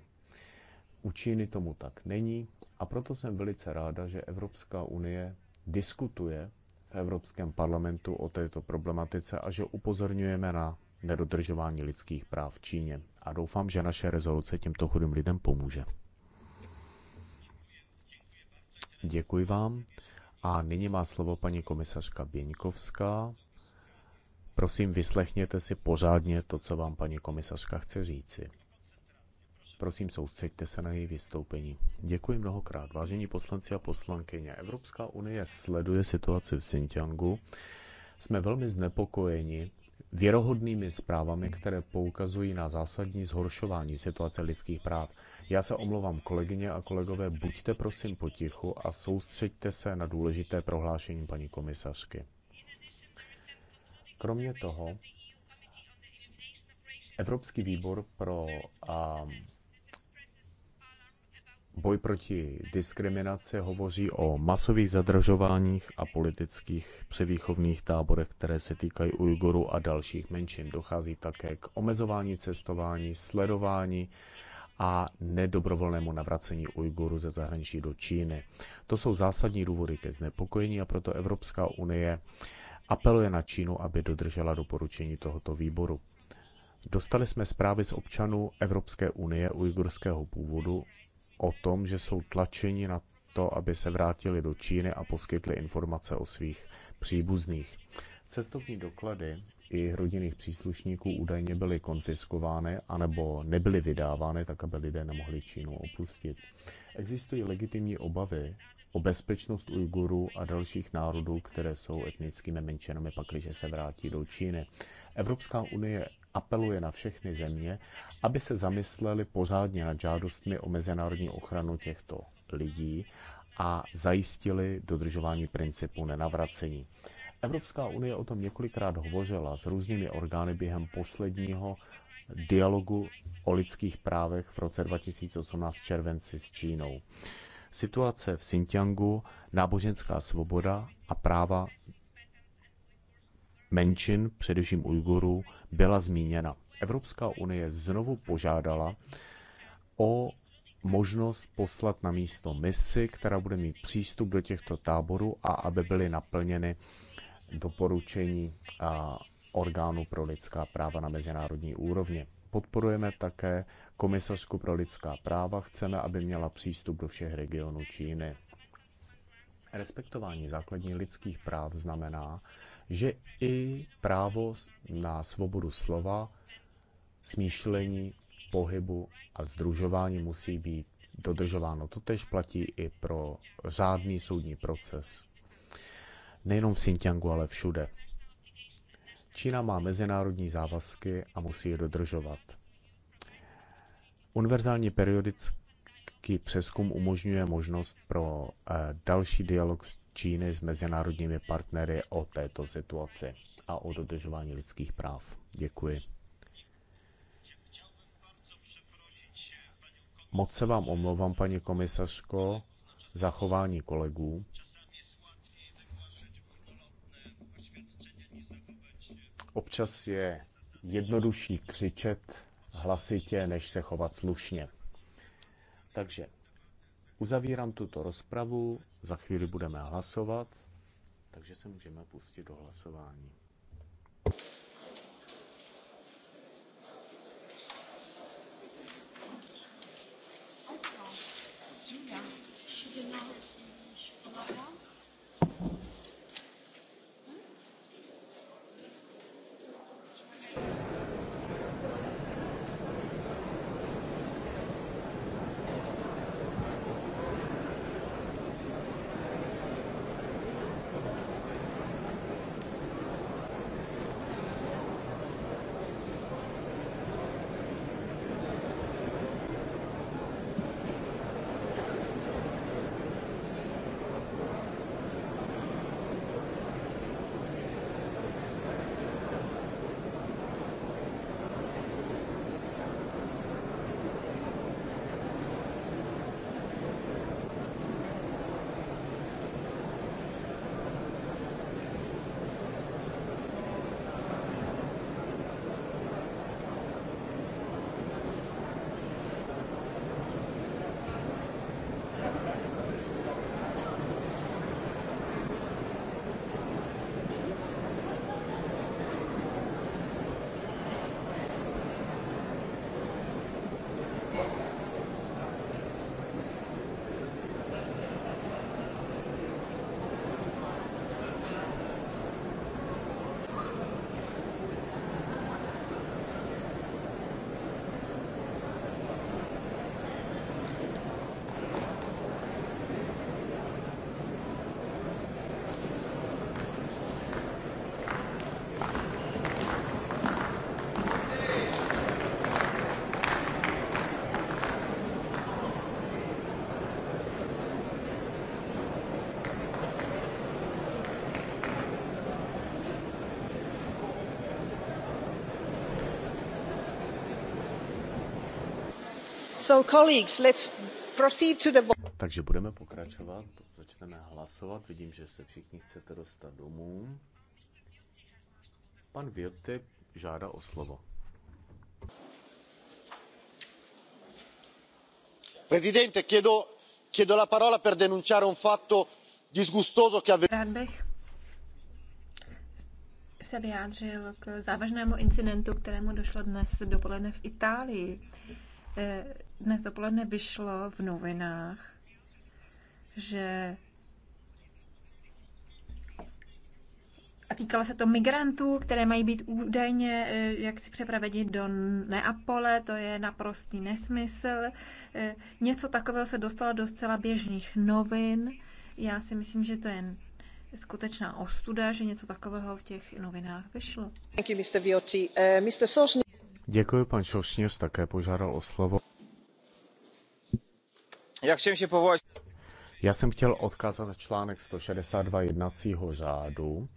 U Číny tomu tak není a proto jsem velice ráda, že Evropská unie diskutuje v Evropském parlamentu o této problematice a že upozorňujeme na nedodržování lidských práv v Číně. A doufám, že naše rezoluce těmto chudým lidem pomůže. Děkuji vám. A nyní má slovo paní komisařka Běňkovská. Prosím, vyslechněte si pořádně to, co vám paní komisařka chce říci. Prosím, soustřeďte se na její vystoupení. Děkuji mnohokrát. Vážení poslanci a poslankyně, Evropská unie sleduje situaci v Xinjiangu. Jsme velmi znepokojeni věrohodnými zprávami, které poukazují na zásadní zhoršování situace lidských práv. Já se omlouvám, kolegyně a kolegové, buďte prosím potichu a soustřeďte se na důležité prohlášení paní komisařky. Kromě toho, Evropský výbor pro a, boj proti diskriminaci hovoří o masových zadržováních a politických převýchovných táborech, které se týkají ujguru a dalších menšin. Dochází také k omezování cestování, sledování a nedobrovolnému navracení ujguru ze zahraničí do Číny. To jsou zásadní důvody ke znepokojení a proto Evropská unie apeluje na Čínu, aby dodržela doporučení tohoto výboru. Dostali jsme zprávy z občanů Evropské unie ujgurského původu o tom, že jsou tlačeni na to, aby se vrátili do Číny a poskytli informace o svých příbuzných. Cestovní doklady i rodinných příslušníků údajně byly konfiskovány anebo nebyly vydávány, tak aby lidé nemohli Čínu opustit. Existují legitimní obavy o bezpečnost Ujgurů a dalších národů, které jsou etnickými menšinami, pakliže se vrátí do Číny. Evropská unie apeluje na všechny země, aby se zamysleli pořádně nad žádostmi o mezinárodní ochranu těchto lidí a zajistili dodržování principu nenavracení. Evropská unie o tom několikrát hovořila s různými orgány během posledního dialogu o lidských právech v roce 2018 v červenci s Čínou. Situace v Xinjiangu, náboženská svoboda a práva menšin, především Ujgurů, byla zmíněna. Evropská unie znovu požádala o možnost poslat na místo misi, která bude mít přístup do těchto táborů a aby byly naplněny doporučení orgánu pro lidská práva na mezinárodní úrovni. Podporujeme také komisařku pro lidská práva, chceme, aby měla přístup do všech regionů Číny. Respektování základních lidských práv znamená, že i právo na svobodu slova, smýšlení, pohybu a združování musí být dodržováno. To tež platí i pro řádný soudní proces. Nejenom v Xinjiangu, ale všude. Čína má mezinárodní závazky a musí je dodržovat. Univerzální periodický přeskum umožňuje možnost pro eh, další dialog s Číny s mezinárodními partnery o této situaci a o dodržování lidských práv. Děkuji. Moc se vám omlouvám, paní komisařko, za chování kolegů. Občas je jednodušší křičet hlasitě, než se chovat slušně. Takže uzavírám tuto rozpravu. Za chvíli budeme hlasovat, takže se můžeme pustit do hlasování. Thank you. So, colleagues, let's proceed to the... Takže budeme pokračovat, začneme hlasovat. Vidím, že se všichni chcete dostat domů. Pan Vioty žádá o slovo. Prezidente, chiedo, chiedo la parola per denunciare un fatto disgustoso che avveniva. Rád bych se vyjádřil k závažnému incidentu, kterému došlo dnes dopoledne v Itálii. Eh, dnes dopoledne vyšlo v novinách, že A týkalo se to migrantů, které mají být údajně eh, jak si přepraveni do Neapole, to je naprostý nesmysl. Eh, něco takového se dostalo do zcela běžných novin. Já si myslím, že to je skutečná ostuda, že něco takového v těch novinách vyšlo. Thank you, Mr. Viotti. Uh, Mr. Sosny... Děkuji, pan Šošněř také požádal o slovo. Já chci se povolat. Já jsem chtěl odkázat na článek 162 jednacího řádu.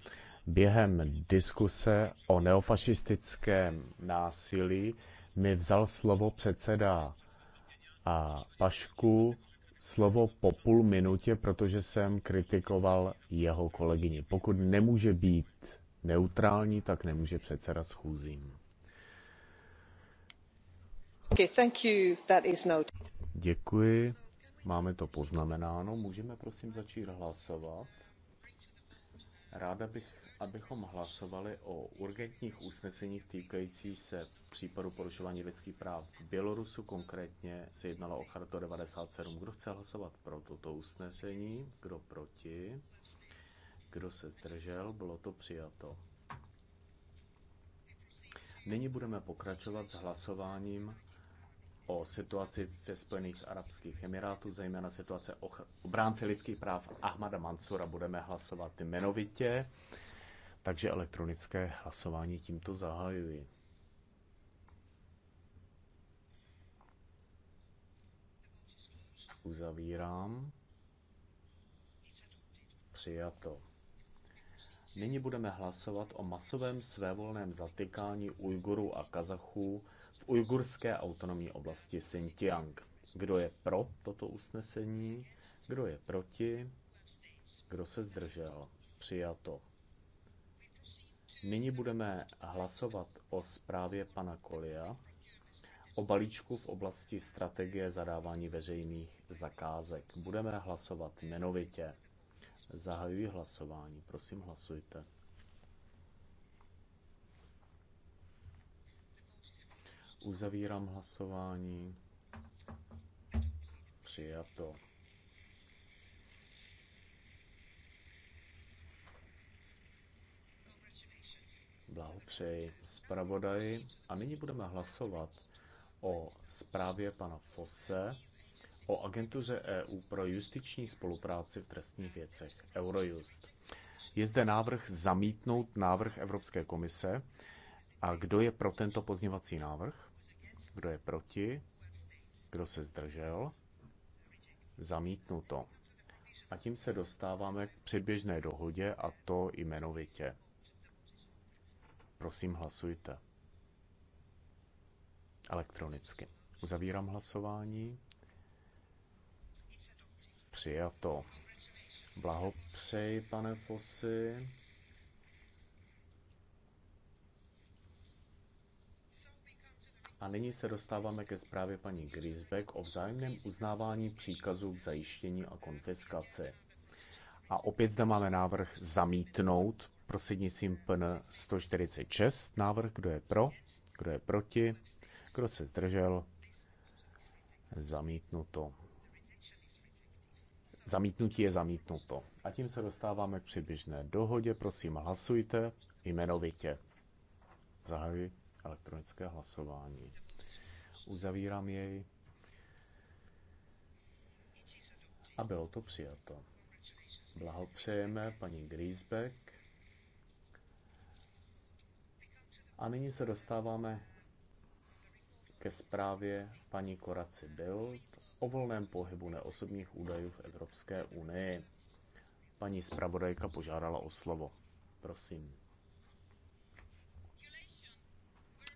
Během diskuse o neofašistickém násilí mi vzal slovo předseda a Pašku slovo po půl minutě, protože jsem kritikoval jeho kolegyni. Pokud nemůže být neutrální, tak nemůže předsedat schůzím. Děkuji. Máme to poznamenáno. Můžeme prosím začít hlasovat. Ráda bych, abychom hlasovali o urgentních usneseních týkající se případu porušování lidských práv v Bělorusu. Konkrétně se jednalo o chartu 97. Kdo chce hlasovat pro toto usnesení? Kdo proti? Kdo se zdržel? Bylo to přijato. Nyní budeme pokračovat s hlasováním o situaci ve Spojených Arabských Emirátů, zejména situace obránce lidských práv Ahmada Mansura. Budeme hlasovat jmenovitě, takže elektronické hlasování tímto zahajuji. Uzavírám. Přijato. Nyní budeme hlasovat o masovém svévolném zatykání Ujgurů a Kazachů ujgurské autonomní oblasti Xinjiang. Kdo je pro toto usnesení? Kdo je proti? Kdo se zdržel? Přijato. Nyní budeme hlasovat o zprávě pana Kolia o balíčku v oblasti strategie zadávání veřejných zakázek. Budeme hlasovat jmenovitě. Zahajuji hlasování. Prosím, hlasujte. Uzavírám hlasování. Přijato. Blahopřeji zpravodaji a nyní budeme hlasovat o zprávě pana Fosse o agentuře EU pro justiční spolupráci v trestních věcech Eurojust. Je zde návrh zamítnout návrh Evropské komise. A kdo je pro tento pozněvací návrh? Kdo je proti? Kdo se zdržel? Zamítnuto. A tím se dostáváme k předběžné dohodě a to jmenovitě. Prosím, hlasujte. Elektronicky. Uzavírám hlasování. Přijato. Blahopřeji, pane Fosy. A nyní se dostáváme ke zprávě paní Grisbeck o vzájemném uznávání příkazů k zajištění a konfiskaci. A opět zde máme návrh zamítnout prostřednictvím PN 146. Návrh, kdo je pro, kdo je proti, kdo se zdržel, zamítnuto. Zamítnutí je zamítnuto. A tím se dostáváme k přibližné dohodě. Prosím, hlasujte jmenovitě. Zahajuji elektronické hlasování. Uzavírám jej. A bylo to přijato. Blahopřejeme paní Griesbeck. A nyní se dostáváme ke zprávě paní Koraci Bild o volném pohybu neosobních údajů v Evropské unii. Paní zpravodajka požádala o slovo. Prosím.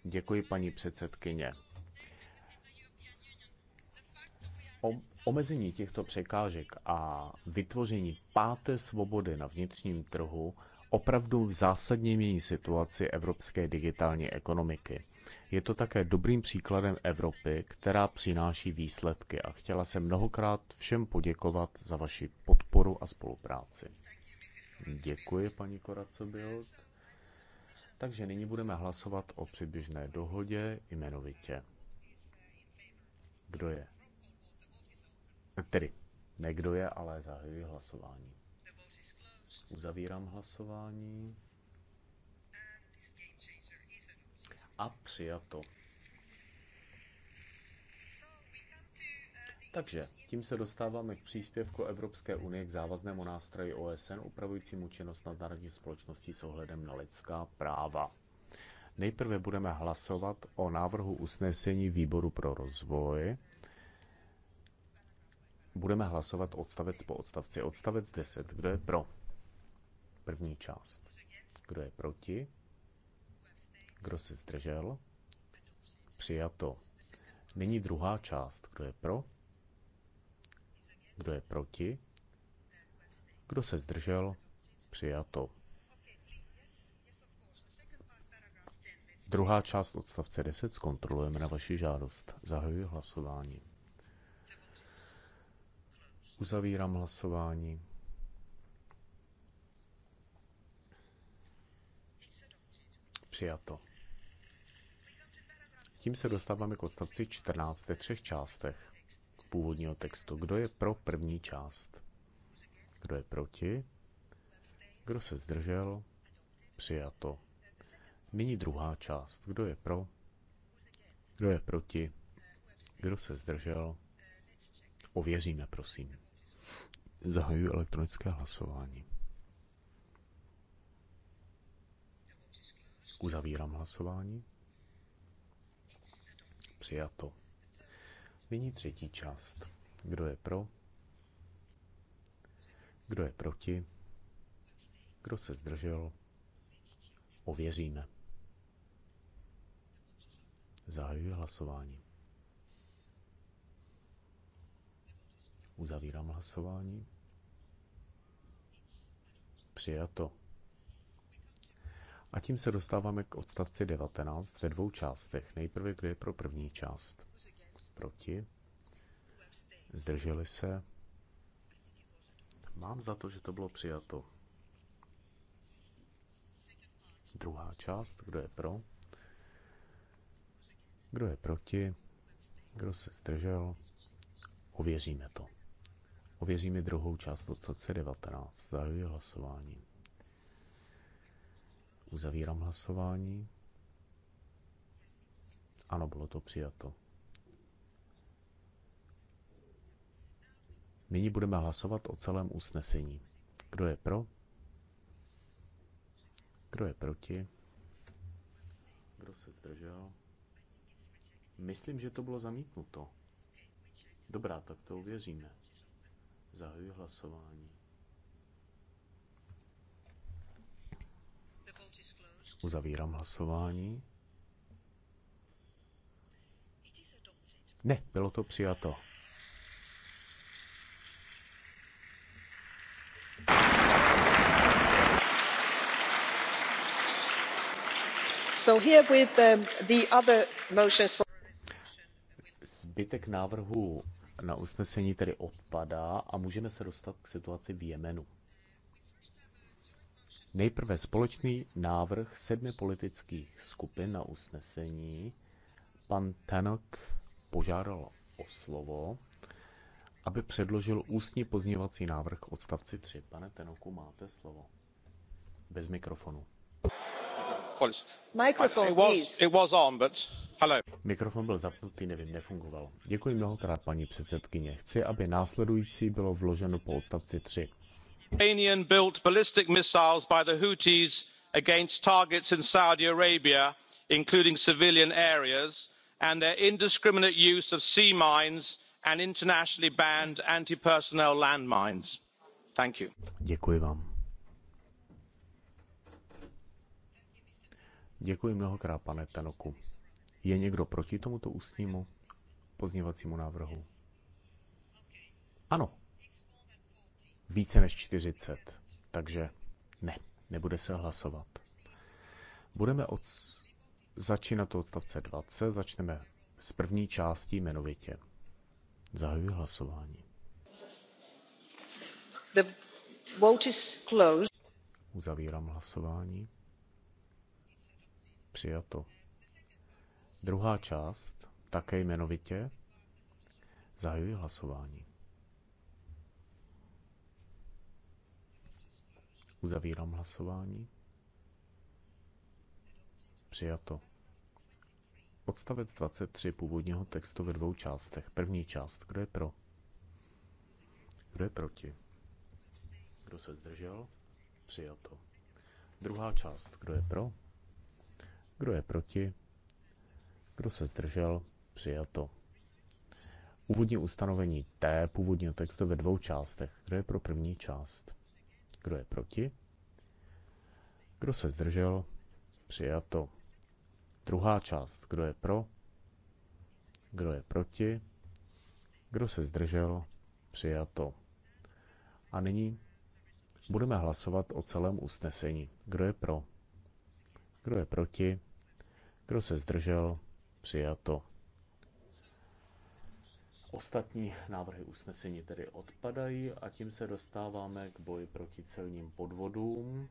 Děkuji, paní předsedkyně. O omezení těchto překážek a vytvoření páté svobody na vnitřním trhu opravdu zásadně mění situaci evropské digitální ekonomiky. Je to také dobrým příkladem Evropy, která přináší výsledky a chtěla se mnohokrát všem poděkovat za vaši podporu a spolupráci. Děkuji, paní Koracobilt. Takže nyní budeme hlasovat o předběžné dohodě jmenovitě. Kdo je? Tedy, ne kdo je, ale zahajuji hlasování. Uzavírám hlasování. A přijato. Takže tím se dostáváme k příspěvku Evropské unie k závaznému nástroji OSN upravujícímu činnost nadnárodní společností s ohledem na lidská práva. Nejprve budeme hlasovat o návrhu usnesení výboru pro rozvoj. Budeme hlasovat odstavec po odstavci. Odstavec 10. Kdo je pro? První část. Kdo je proti? Kdo se zdržel? Přijato. Nyní druhá část. Kdo je pro? Kdo je proti? Kdo se zdržel? Přijato. Druhá část odstavce 10 zkontrolujeme na vaši žádost. Zahajuji hlasování. Uzavírám hlasování. Přijato. Tím se dostáváme k odstavci 14 ve třech částech původního textu. Kdo je pro první část? Kdo je proti? Kdo se zdržel? Přijato. Nyní druhá část. Kdo je pro? Kdo je proti? Kdo se zdržel? Ověříme, prosím. Zahajuji elektronické hlasování. Uzavírám hlasování. Přijato. Nyní třetí část. Kdo je pro? Kdo je proti? Kdo se zdržel? Ověříme. Zahajuji hlasování. Uzavírám hlasování. Přijato. A tím se dostáváme k odstavci 19 ve dvou částech. Nejprve, kdo je pro první část. 13 proti. Zdrželi se. Mám za to, že to bylo přijato. Druhá část, kdo je pro? Kdo je proti? Kdo se zdržel? Ověříme to. Ověříme druhou část odstavce 19. Zahajuji hlasování. Uzavírám hlasování. Ano, bylo to přijato. Nyní budeme hlasovat o celém usnesení. Kdo je pro? Kdo je proti? Kdo se zdržel? Myslím, že to bylo zamítnuto. Dobrá, tak to uvěříme. Zahajuji hlasování. Uzavírám hlasování. Ne, bylo to přijato. Um, Zbytek návrhu na usnesení tedy odpadá a můžeme se dostat k situaci v Jemenu. Nejprve společný návrh sedmi politických skupin na usnesení. Pan Tanok požádal o slovo, aby předložil ústní pozměňovací návrh k odstavci 3. Pane Tenoku, máte slovo. Bez mikrofonu. Mikrofon byl zapnutý, nevím, nefungoval. Děkuji mnohokrát, paní předsedkyně. Chci, aby následující bylo vloženo po odstavci 3. Iranian built ballistic missiles by the Houthis against targets in Saudi Arabia, including civilian areas, and their indiscriminate use of sea mines and internationally banned anti personnel landmines. Thank you. Děkuji vám. Děkuji mnohokrát, pane Tanoku. Je někdo proti tomuto ústnímu pozněvacímu návrhu? Ano. Více než 40. Takže ne, nebude se hlasovat. Budeme od... začínat od odstavce 20, začneme s první částí jmenovitě. Zahajuji hlasování. The vote is closed. Uzavírám hlasování. Přijato. Druhá část, také jmenovitě, zahajuji hlasování. Uzavírám hlasování. Přijato. Odstavec 23 původního textu ve dvou částech. První část, kdo je pro? Kdo je proti? Kdo se zdržel? Přijato. Druhá část, kdo je pro? Kdo je proti? Kdo se zdržel? Přijato. Úvodní ustanovení T původního textu ve dvou částech. Kdo je pro první část? Kdo je proti? Kdo se zdržel? Přijato. Druhá část. Kdo je pro? Kdo je proti? Kdo se zdržel? Přijato. A nyní budeme hlasovat o celém usnesení. Kdo je pro? Kdo je proti? Kdo se zdržel? Přijato. Ostatní návrhy usnesení tedy odpadají a tím se dostáváme k boji proti celním podvodům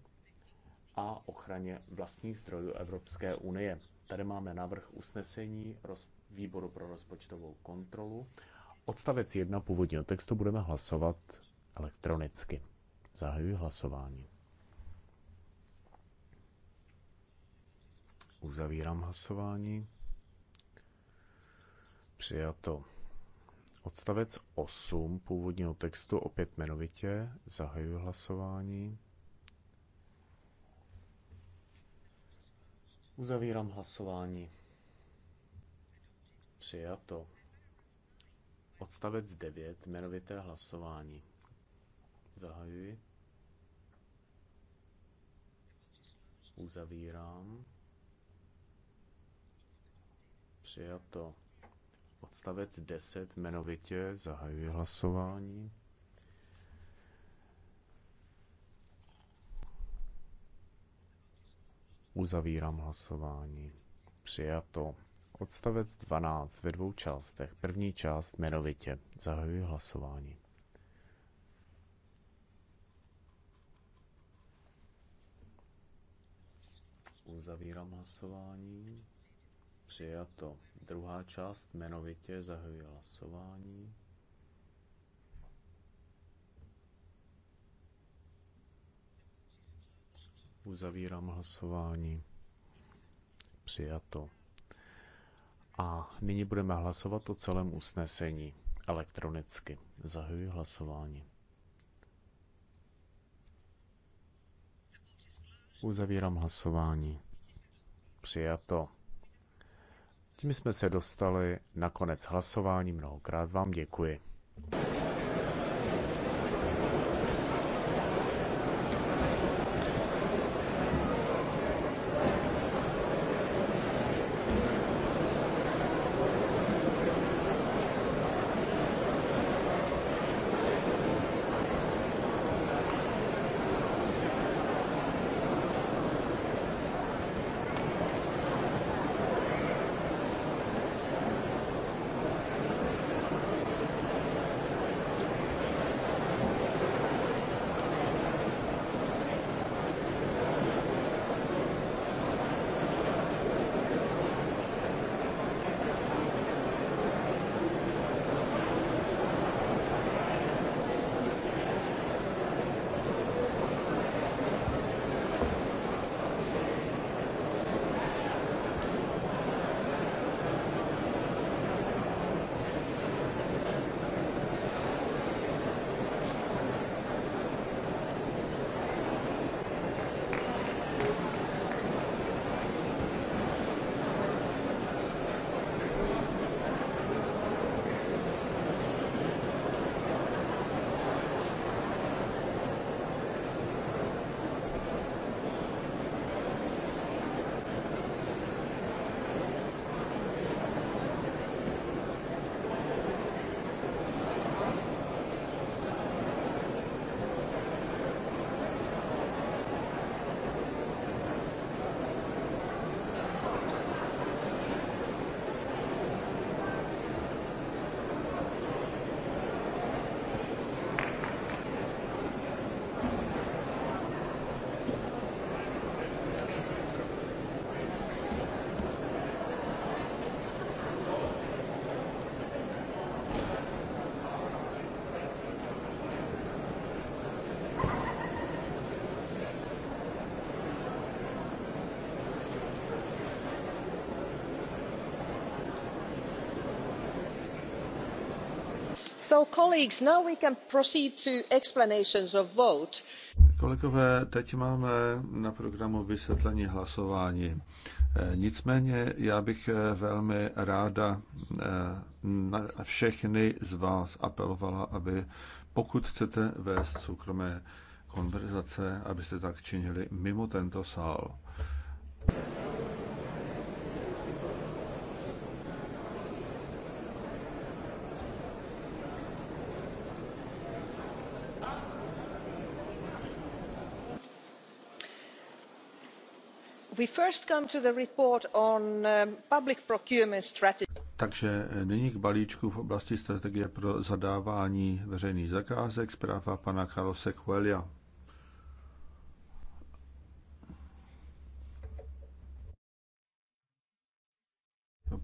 a ochraně vlastních zdrojů Evropské unie. Tady máme návrh usnesení roz... výboru pro rozpočtovou kontrolu. Odstavec 1 původního textu budeme hlasovat elektronicky. Zahajuji hlasování. Uzavírám hlasování. Přijato. Odstavec 8 původního textu opět jmenovitě. Zahajuji hlasování. Uzavírám hlasování. Přijato. Odstavec 9 jmenovité hlasování. Zahajuji. Uzavírám. Přijato. Odstavec 10 jmenovitě zahajuje hlasování. Uzavírám hlasování. Přijato. Odstavec 12 ve dvou částech. První část jmenovitě. zahajuje hlasování. Uzavírám hlasování. Přijato. Druhá část jmenovitě zahajuje hlasování. Uzavírám hlasování. Přijato. A nyní budeme hlasovat o celém usnesení elektronicky. Zahajuji hlasování. Uzavírám hlasování. Přijato. Tím jsme se dostali na konec hlasování, mnohokrát vám děkuji. So, Kolegové, teď máme na programu vysvětlení hlasování. Eh, nicméně já bych eh, velmi ráda eh, na všechny z vás apelovala, aby pokud chcete vést soukromé konverzace, abyste tak činili mimo tento sál. Takže nyní k balíčku v oblasti strategie pro zadávání veřejných zakázek, zpráva pana Carlose Coelia.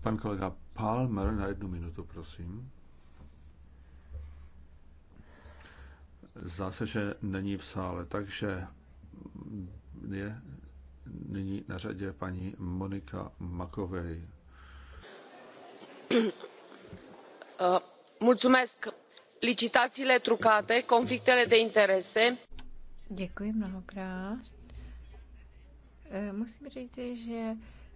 Pan kolega Palmer na jednu minutu, prosím. Zdá se, že není v sále, takže je nyní na řadě paní Monika Makovej. Eh, mulțumesc. Licitațiile trucate, conflictele de interese. Děkuji mnohokrát. Eh, musím říct, že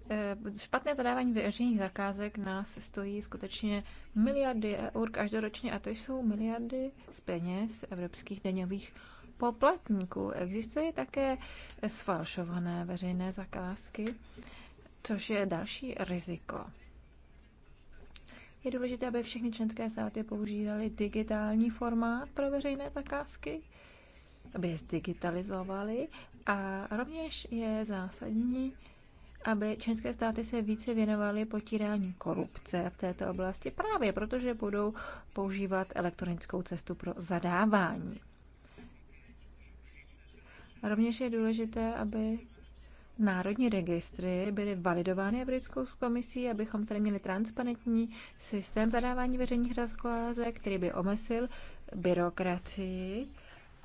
eh, Špatné zadávání veřejných zakázek nás stojí skutečně miliardy eur každoročně a to jsou miliardy z peněz evropských daňových poplatníků. Existuje také sfalšované veřejné zakázky, což je další riziko. Je důležité, aby všechny členské státy používaly digitální formát pro veřejné zakázky, aby je zdigitalizovaly a rovněž je zásadní, aby členské státy se více věnovaly potírání korupce v této oblasti, právě protože budou používat elektronickou cestu pro zadávání. Rovněž je důležité, aby národní registry byly validovány Evropskou komisí, abychom tady měli transparentní systém zadávání veřejných zakázek, který by omezil byrokracii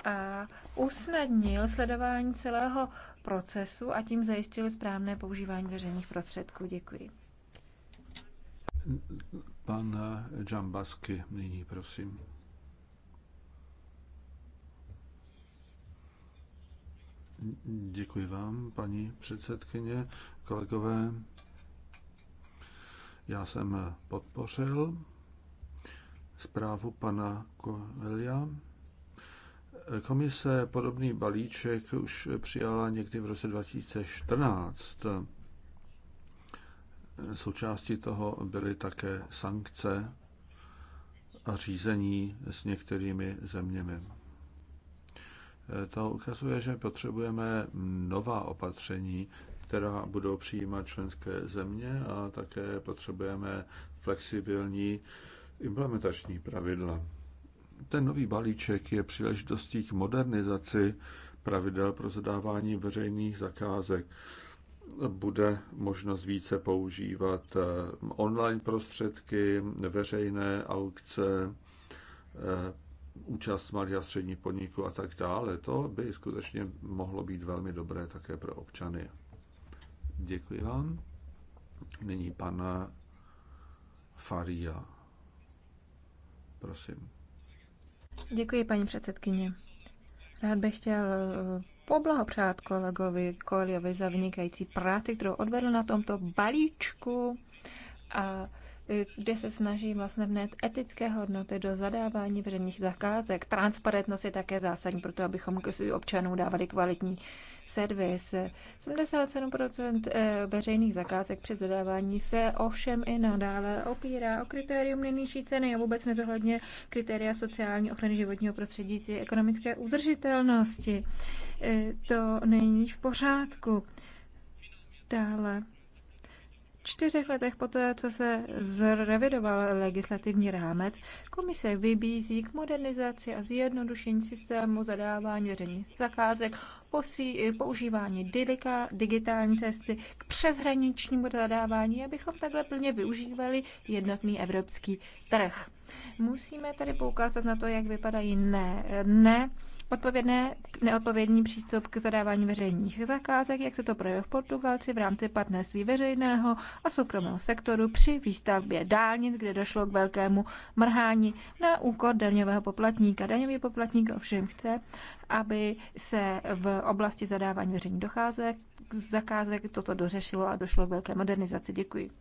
a usnadnil sledování celého procesu a tím zajistil správné používání veřejných prostředků. Děkuji. Pan Džambasky nyní, prosím. Děkuji vám, paní předsedkyně, kolegové. Já jsem podpořil zprávu pana Koelia. Komise podobný balíček už přijala někdy v roce 2014. Součástí toho byly také sankce a řízení s některými zeměmi to ukazuje, že potřebujeme nová opatření, která budou přijímat členské země a také potřebujeme flexibilní implementační pravidla. Ten nový balíček je příležitostí k modernizaci pravidel pro zadávání veřejných zakázek. Bude možnost více používat eh, online prostředky, veřejné aukce, eh, účast malých a středních podniků a tak dále. To by skutečně mohlo být velmi dobré také pro občany. Děkuji vám. Nyní pan Faria. Prosím. Děkuji, paní předsedkyně. Rád bych chtěl eh, poblahopřát kolegovi Koliovi za vynikající práci, kterou odvedl na tomto balíčku. A Eh, kde se snaží vlastně vnést etické hodnoty do zadávání veřejných zakázek. Transparentnost je také zásadní pro to, abychom občanům dávali kvalitní servis. 77% eh, veřejných zakázek při zadávání se ovšem i nadále opírá o kritérium nejnižší ceny a vůbec nezohledně kritéria sociální ochrany životního prostředí či ekonomické udržitelnosti. Eh, to není v pořádku. Dále čtyřech letech poté, co se zrevidoval legislativní rámec, komise vybízí k modernizaci a zjednodušení systému zadávání veřejných zakázek, posí, používání dilika, digitální cesty k přeshraničnímu zadávání, abychom takhle plně využívali jednotný evropský trh. Musíme tady poukázat na to, jak vypadají ne, ne Odpovědné, neodpovědní přístup k zadávání veřejných zakázek, jak se to projevuje v Portugalci v rámci partnerství veřejného a soukromého sektoru při výstavbě dálnic, kde došlo k velkému mrhání na úkor daňového poplatníka. Daňový poplatník ovšem chce, aby se v oblasti zadávání veřejných docházek, zakázek toto dořešilo a došlo k velké modernizaci. Děkuji.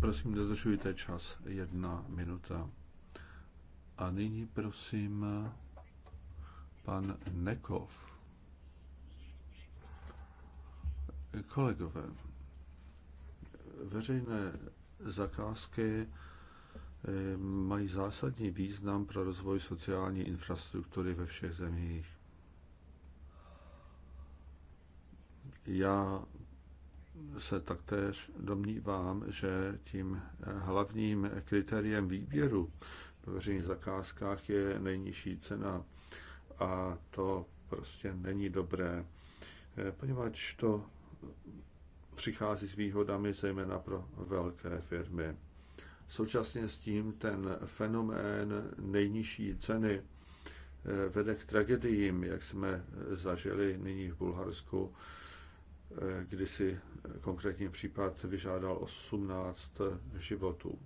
Prosím, dodržujte čas. Jedna minuta. A nyní prosím pan Nekov. Kolegové, veřejné zakázky eh, mají zásadní význam pro rozvoj sociální infrastruktury ve všech zemích. Já se taktéž domnívám, že tím hlavním kritériem výběru veřejných zakázkách je nejnižší cena. A to prostě není dobré, eh, poněvadž to přichází s výhodami zejména pro velké firmy. Současně s tím ten fenomén nejnižší ceny eh, vede k tragediím, jak jsme eh, zažili nyní v Bulharsku, kdy si konkrétní případ vyžádal 18 životů.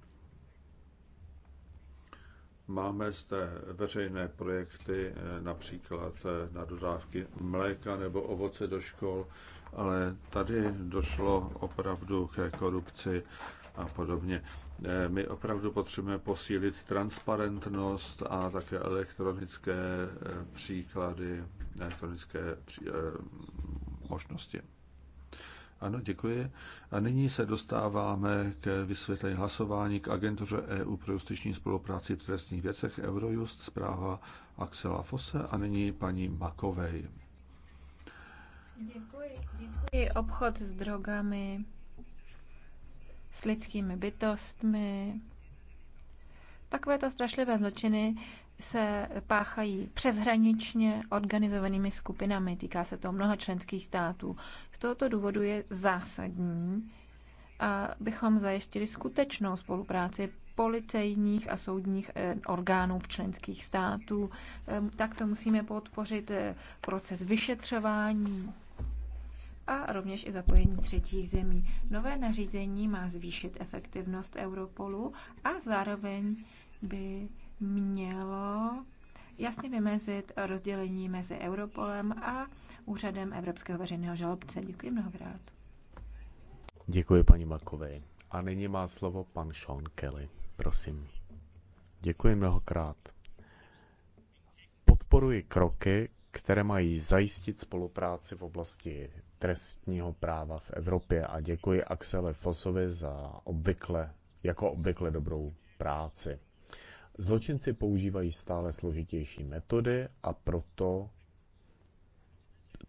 Máme zde veřejné projekty, eh, například eh, na dodávky mléka nebo ovoce do škol, ale tady došlo opravdu ke korupci a podobně. Eh, my opravdu potřebujeme posílit transparentnost a také elektronické příklady, elektronické možnosti. Ano, děkuji. A nyní se dostáváme k vysvětlení hlasování k agentuře EU pro justiční spolupráci v trestních věcech Eurojust, zpráva Axela Fosse a nyní paní Makovej. Děkuji, děkuji. Obchod s drogami, s lidskými bytostmi, takovéto strašlivé zločiny se páchají přeshraničně organizovanými skupinami. Týká se to mnoha členských států. Z tohoto důvodu je zásadní, abychom zajistili skutečnou spolupráci policejních a soudních eh, orgánů v členských států. Ehm, Takto musíme podpořit eh, proces vyšetřování a rovněž i zapojení třetích zemí. Nové nařízení má zvýšit efektivnost Europolu a zároveň by mělo jasně vymezit rozdělení mezi Europolem a Úřadem Evropského veřejného žalobce. Děkuji mnohokrát. Děkuji paní Makové. A nyní má slovo pan Sean Kelly. Prosím. Děkuji mnohokrát. Podporuji kroky, které mají zajistit spolupráci v oblasti trestního práva v Evropě a děkuji Axele Fosovi za obvykle, jako obvykle dobrou práci. Zločinci používají stále složitější metody a proto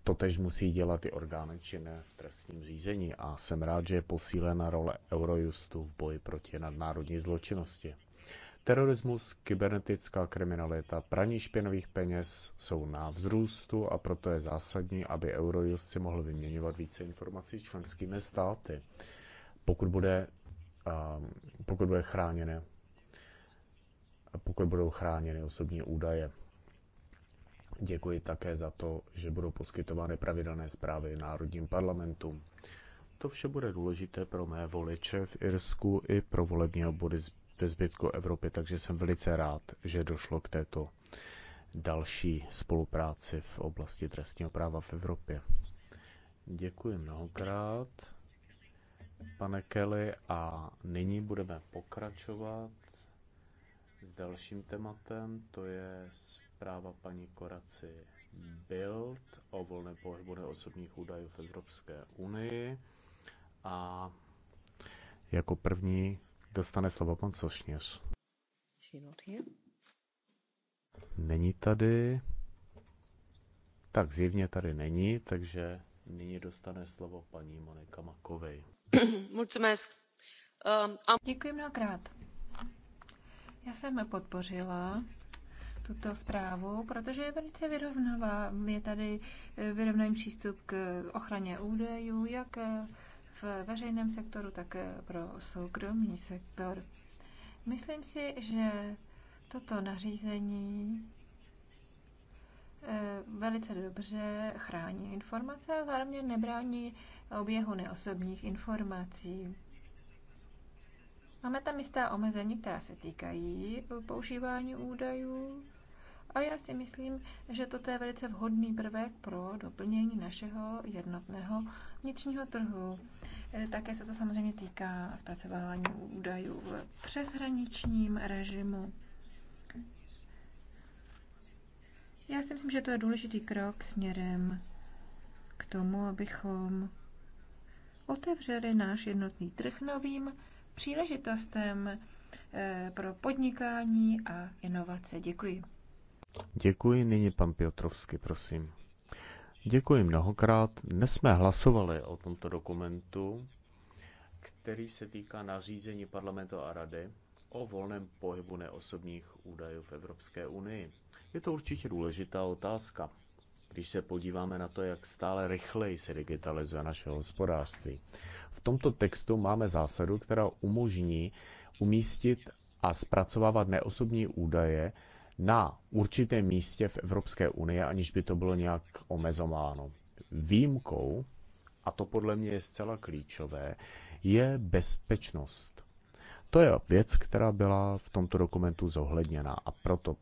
to tež musí dělat i orgány činné v trestním řízení a jsem rád, že je posílena role Eurojustu v boji proti nadnárodní zločinnosti. Terorismus, kybernetická kriminalita, praní špinavých peněz jsou na vzrůstu a proto je zásadní, aby Eurojust si mohl vyměňovat více informací s členskými státy, pokud bude, um, pokud bude chráněné pokud budou chráněny osobní údaje. Děkuji také za to, že budou poskytovány pravidelné zprávy národním parlamentům. To vše bude důležité pro mé voliče v Irsku i pro volební obvody ve zbytku Evropy, takže jsem velice rád, že došlo k této další spolupráci v oblasti trestního práva v Evropě. Děkuji mnohokrát, pane Kelly, a nyní budeme pokračovat s dalším tématem, to je zpráva paní Koraci Bild o volné pohybu osobních údajů v Evropské unii. A jako první dostane slovo pan Sošněř. Není tady. Tak zjevně tady není, takže nyní dostane slovo paní Monika Makovej. Um, Děkuji mnohokrát. Já jsem podpořila tuto zprávu, protože je velice vyrovnavá. Je tady eh, vyrovnaný přístup k ochraně údajů, jak eh, v veřejném sektoru, tak eh, pro soukromý sektor. Myslím si, že toto nařízení velice dobře chrání informace a zároveň nebrání oběhu neosobních informací. Máme tam jistá omezení, která se týkají eh, používání údajů. A já si myslím, že toto je velice vhodný prvek pro doplnění našeho jednotného vnitřního trhu. Eh, také se to samozřejmě týká zpracování údajů v přeshraničním režimu. Já si myslím, že to je důležitý krok směrem k tomu, abychom otevřeli náš jednotný trh novým příležitostem eh, pro podnikání a inovace. Děkuji. Děkuji nyní pan Piotrovsky, prosím. Děkuji mnohokrát. Dnes jsme hlasovali o tomto dokumentu, který se týká nařízení parlamentu a rady o volném pohybu neosobních údajů v Evropské unii. Je to určitě důležitá otázka když se podíváme na to, jak stále rychleji se digitalizuje naše hospodářství. V tomto textu máme zásadu, která umožní umístit a zpracovávat neosobní údaje na určitém místě v Evropské unii, aniž by to bylo nějak omezováno. Výjimkou, a to podle mě je zcela klíčové, je bezpečnost. To je věc, která byla v tomto dokumentu zohledněna a proto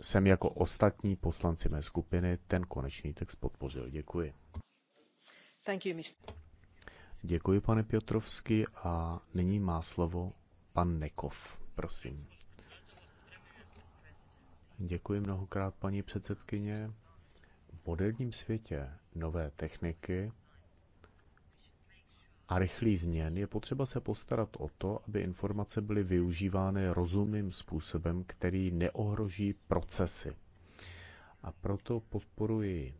jsem jako ostatní poslanci mé skupiny ten konečný text podpořil. Děkuji. Thank you, Děkuji, pane Piotrovsky, a nyní má slovo pan Nekov, prosím. Děkuji mnohokrát, paní předsedkyně. V moderním světě nové techniky a rychlých změn je potřeba se postarat o to, aby informace byly využívány rozumným způsobem, který neohroží procesy. A proto podporuji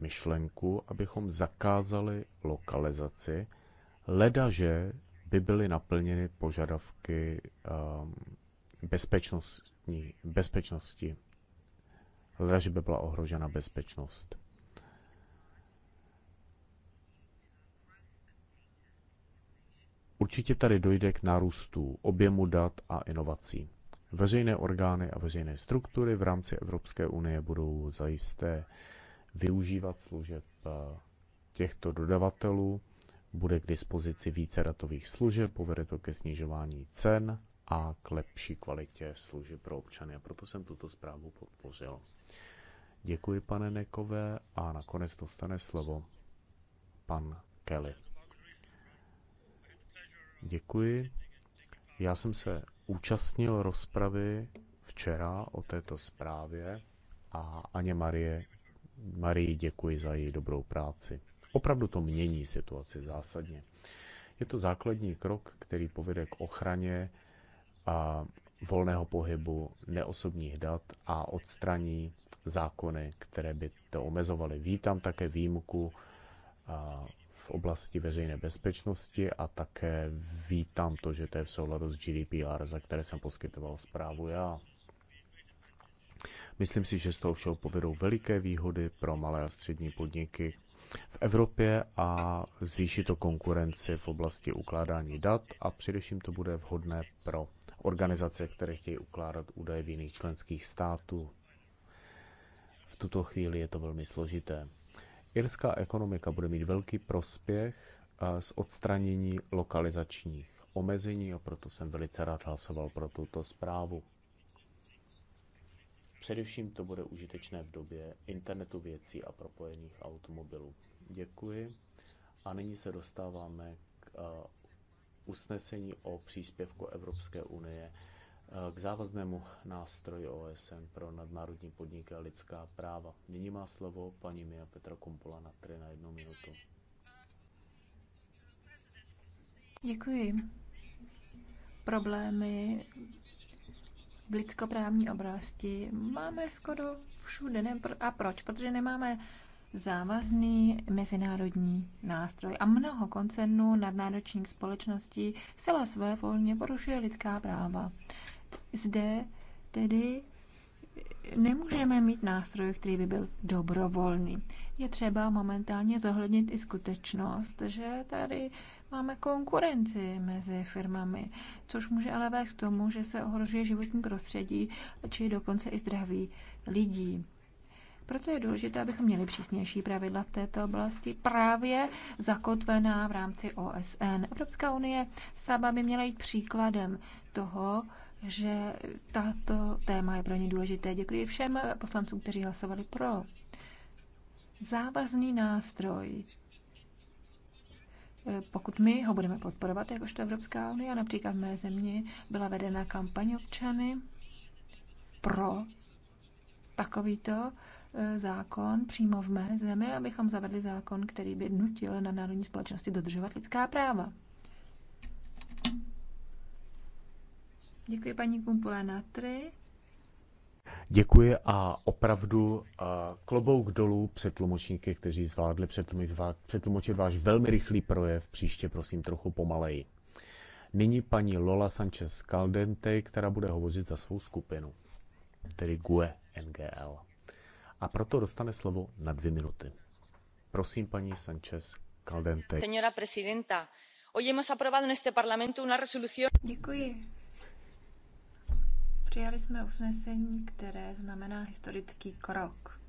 myšlenku, abychom zakázali lokalizaci, ledaže by byly naplněny požadavky ehm, bezpečnosti, bezpečnosti. Ledaže by byla ohrožena bezpečnost. Určitě tady dojde k nárůstu objemu dat a inovací. Veřejné orgány a veřejné struktury v rámci Evropské unie budou zajisté využívat služeb eh, těchto dodavatelů, bude k dispozici více datových služeb, povede to ke snižování cen a k lepší kvalitě služeb pro občany. A proto jsem tuto zprávu podpořil. Děkuji, pane Nekové, a nakonec dostane slovo pan Kelly. Děkuji. Já jsem se účastnil rozpravy včera o této zprávě a Aně Marie, Marie děkuji za její dobrou práci. Opravdu to mění situaci zásadně. Je to základní krok, který povede k ochraně a volného pohybu neosobních dat a odstraní zákony, které by to omezovaly. Vítám také výjimku v oblasti veřejné bezpečnosti a také vítám to, že to je v souladu s GDPR, za které jsem poskytoval zprávu já. Myslím si, že z toho všeho povedou veliké výhody pro malé a střední podniky v Evropě a zvýší to konkurenci v oblasti ukládání dat a především to bude vhodné pro organizace, které chtějí ukládat údaje v jiných členských států. V tuto chvíli je to velmi složité. Irská ekonomika bude mít velký prospěch eh, z odstranění lokalizačních omezení a proto jsem velice rád hlasoval pro tuto zprávu. Především to bude užitečné v době internetu věcí a propojených automobilů. Děkuji. A nyní se dostáváme k eh, usnesení o příspěvku Evropské unie Eh, k závaznému nástroji OSN pro nadnárodní podniky a lidská práva. Nyní má slovo paní Mia Petra Kumpola na 3 na jednu minutu. Děkuji. Problémy v lidskoprávní oblasti máme skoro všude. A proč? Protože nemáme závazný mezinárodní nástroj a mnoho koncernů nadnáročních společností zcela své volně porušuje lidská práva zde tedy nemůžeme mít nástroj, který by byl dobrovolný. Je třeba momentálně zohlednit i skutečnost, že tady máme konkurenci mezi firmami, což může ale vést k tomu, že se ohrožuje životní prostředí, či dokonce i zdraví lidí. Proto je důležité, abychom měli přísnější pravidla v této oblasti, právě zakotvená v rámci OSN. Evropská unie sama by měla jít příkladem toho, že tato téma je pro ně důležité. Děkuji všem poslancům, kteří hlasovali pro. Závazný nástroj pokud my ho budeme podporovat, jakožto Evropská unie, například v mé zemi byla vedena kampaň občany pro takovýto e, zákon přímo v mé zemi, abychom zavedli zákon, který by nutil na národní společnosti dodržovat lidská práva. Děkuji paní Kumpula Natry. Děkuji a opravdu eh, klobouk dolů před tlumočníky, kteří zvládli přetlumočit váš velmi rychlý projev. Příště prosím trochu pomaleji. Nyní paní Lola Sanchez Caldente, která bude hovořit za svou skupinu, tedy GUE NGL. A proto dostane slovo na dvě minuty. Prosím, paní Sanchez Caldente. Señora prezidenta, hoy hemos aprobado en este parlamento una resolución. Děkuji. Přijali jsme usnesení, které znamená historický krok.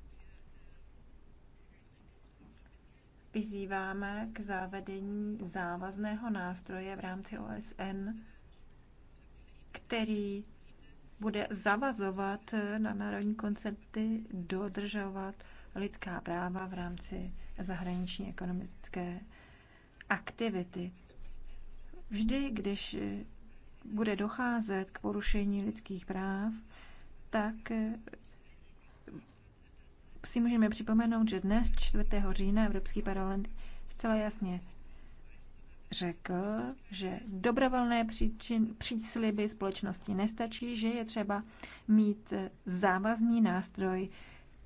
Vyzýváme k zavedení závazného nástroje v rámci OSN, který bude zavazovat na národní koncerty dodržovat lidská práva v rámci zahraniční ekonomické aktivity. Vždy, když bude docházet k porušení lidských práv, tak eh, si můžeme připomenout, že dnes 4. října Evropský parlament zcela jasně řekl, že dobrovolné příčin, přísliby společnosti nestačí, že je třeba mít eh, závazný nástroj,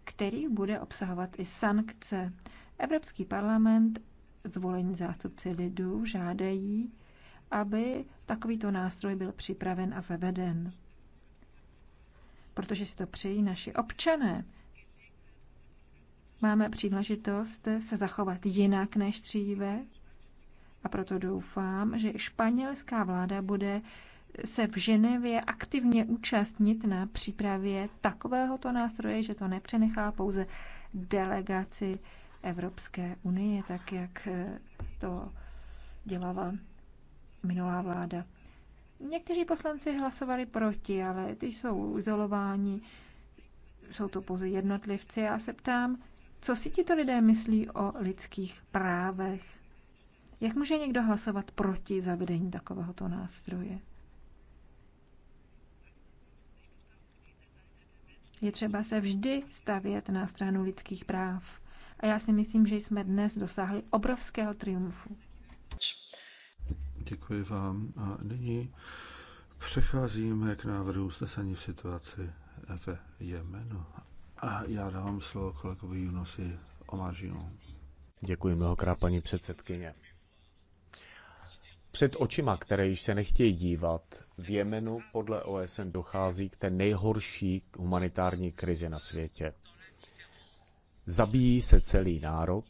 který bude obsahovat i sankce. Evropský parlament, zvolení zástupci lidů, žádají, aby takovýto nástroj byl připraven a zaveden. Protože si to přejí naši občané. Máme příležitost se zachovat jinak než dříve a proto doufám, že španělská vláda bude se v Ženevě aktivně účastnit na přípravě takovéhoto nástroje, že to nepřenechá pouze delegaci Evropské unie, tak jak to dělala minulá vláda. Někteří poslanci hlasovali proti, ale ty jsou izolováni, jsou to pouze jednotlivci. Já se ptám, co si tito lidé myslí o lidských právech? Jak může někdo hlasovat proti zavedení takovéhoto nástroje? Je třeba se vždy stavět na stranu lidských práv. A já si myslím, že jsme dnes dosáhli obrovského triumfu. Děkuji vám. A nyní přecházíme k návrhu usnesení v situaci ve Jemenu. A já dávám slovo kolegovi Junosi Omažinu. Děkuji mnohokrát, paní předsedkyně. Před očima, které již se nechtějí dívat, v Jemenu podle OSN dochází k té nejhorší humanitární krizi na světě. Zabíjí se celý národ,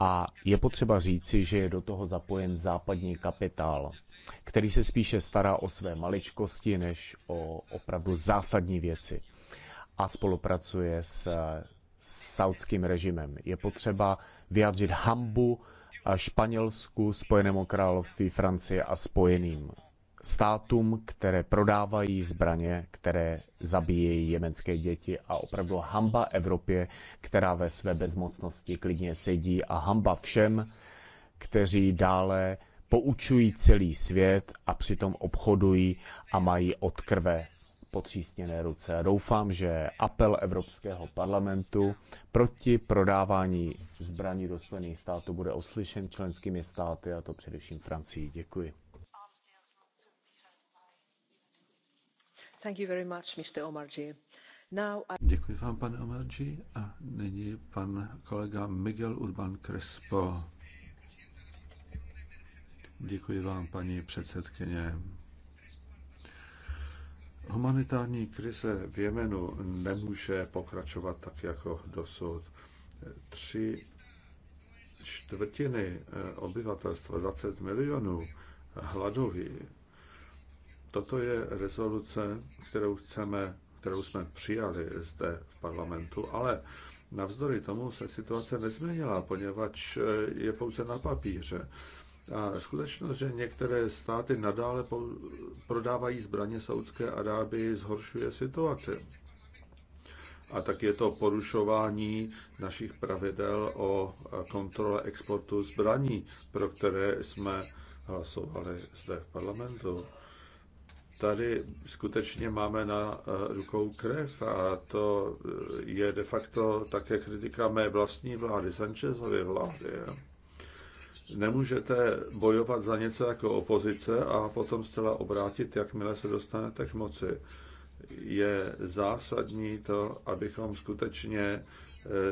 a je potřeba říci, že je do toho zapojen západní kapitál, který se spíše stará o své maličkosti než o opravdu zásadní věci a spolupracuje s saudským režimem. Je potřeba vyjádřit hambu Španělsku, Spojenému království, Francie a Spojeným státům, které prodávají zbraně, které zabíjejí jemenské děti a opravdu hamba Evropě, která ve své bezmocnosti klidně sedí a hamba všem, kteří dále poučují celý svět a přitom obchodují a mají od krve potřísněné ruce. Doufám, že apel Evropského parlamentu proti prodávání zbraní do Spojených států bude oslyšen členskými státy, a to především Francii. Děkuji. Děkuji vám, pane Omarji. A nyní pan kolega Miguel Urban Crespo. Děkuji vám, paní předsedkyně. Humanitární krize v Jemenu nemůže pokračovat tak jako dosud. Tři čtvrtiny obyvatelstva, 20 milionů, hladoví. Toto je rezoluce, kterou chceme, kterou jsme přijali zde v parlamentu, ale navzdory tomu se situace nezměnila, poněvadž eh, je pouze na papíře. A skutečnost, že některé státy nadále prodávají zbraně Saudské Arábii, zhoršuje situaci. A tak je to porušování našich pravidel o eh, kontrole exportu zbraní, pro které jsme hlasovali zde v parlamentu tady skutečně máme na eh, rukou krev a to eh, je de facto také kritika mé vlastní vlády, Sanchezovy vlády. Nemůžete bojovat za něco jako opozice a potom zcela obrátit, jakmile se dostanete k moci. Je zásadní to, abychom skutečně eh,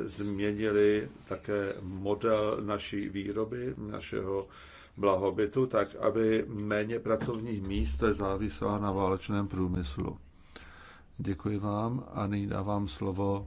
změnili také model naší výroby, našeho blahobytu, tak aby méně pracovních míst závisela na válečném průmyslu. Děkuji vám a nyní dávám slovo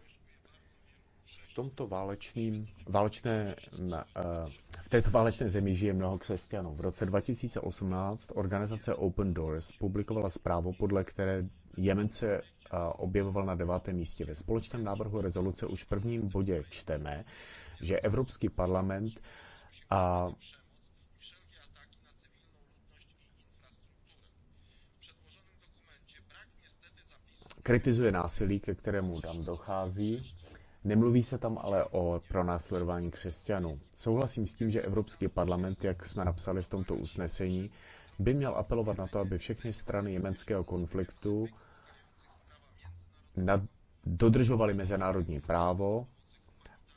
v tomto válečným, válečné, eh, v této válečné zemi žije mnoho křesťanů. V roce 2018 organizace Open Doors publikovala zprávu, podle které Jemen se eh, objevoval na devátém místě. Ve společném návrhu rezoluce už v prvním bodě čteme, že Evropský parlament a kritizuje násilí, ke kterému tam dochází Nemluví se tam ale o pronásledování křesťanů. Souhlasím s tím, že Evropský parlament, jak jsme napsali v tomto usnesení, by měl apelovat na to, aby všechny strany jemenského konfliktu nad, dodržovali mezinárodní právo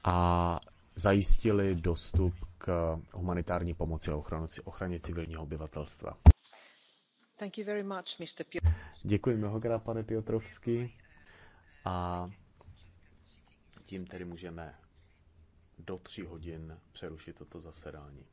a zajistili dostup k humanitární pomoci a ochraně civilního obyvatelstva. Thank you very much, Mr. Děkuji mnohokrát, pane Piotrovský. A tím tedy můžeme do tří hodin přerušit toto zasedání.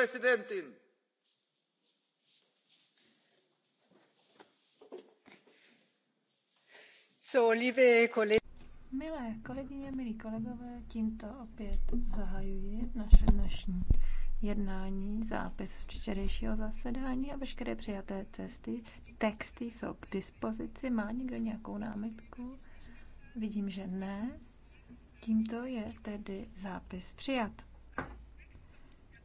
prezidentin Milé kolegyně, milí kolegové, tímto opět zahajuji naše dnešní jednání, zápis včerejšího zasedání a veškeré přijaté cesty. Texty jsou k dispozici. Má někdo nějakou námitku? Vidím, že ne. Tímto je tedy zápis přijat.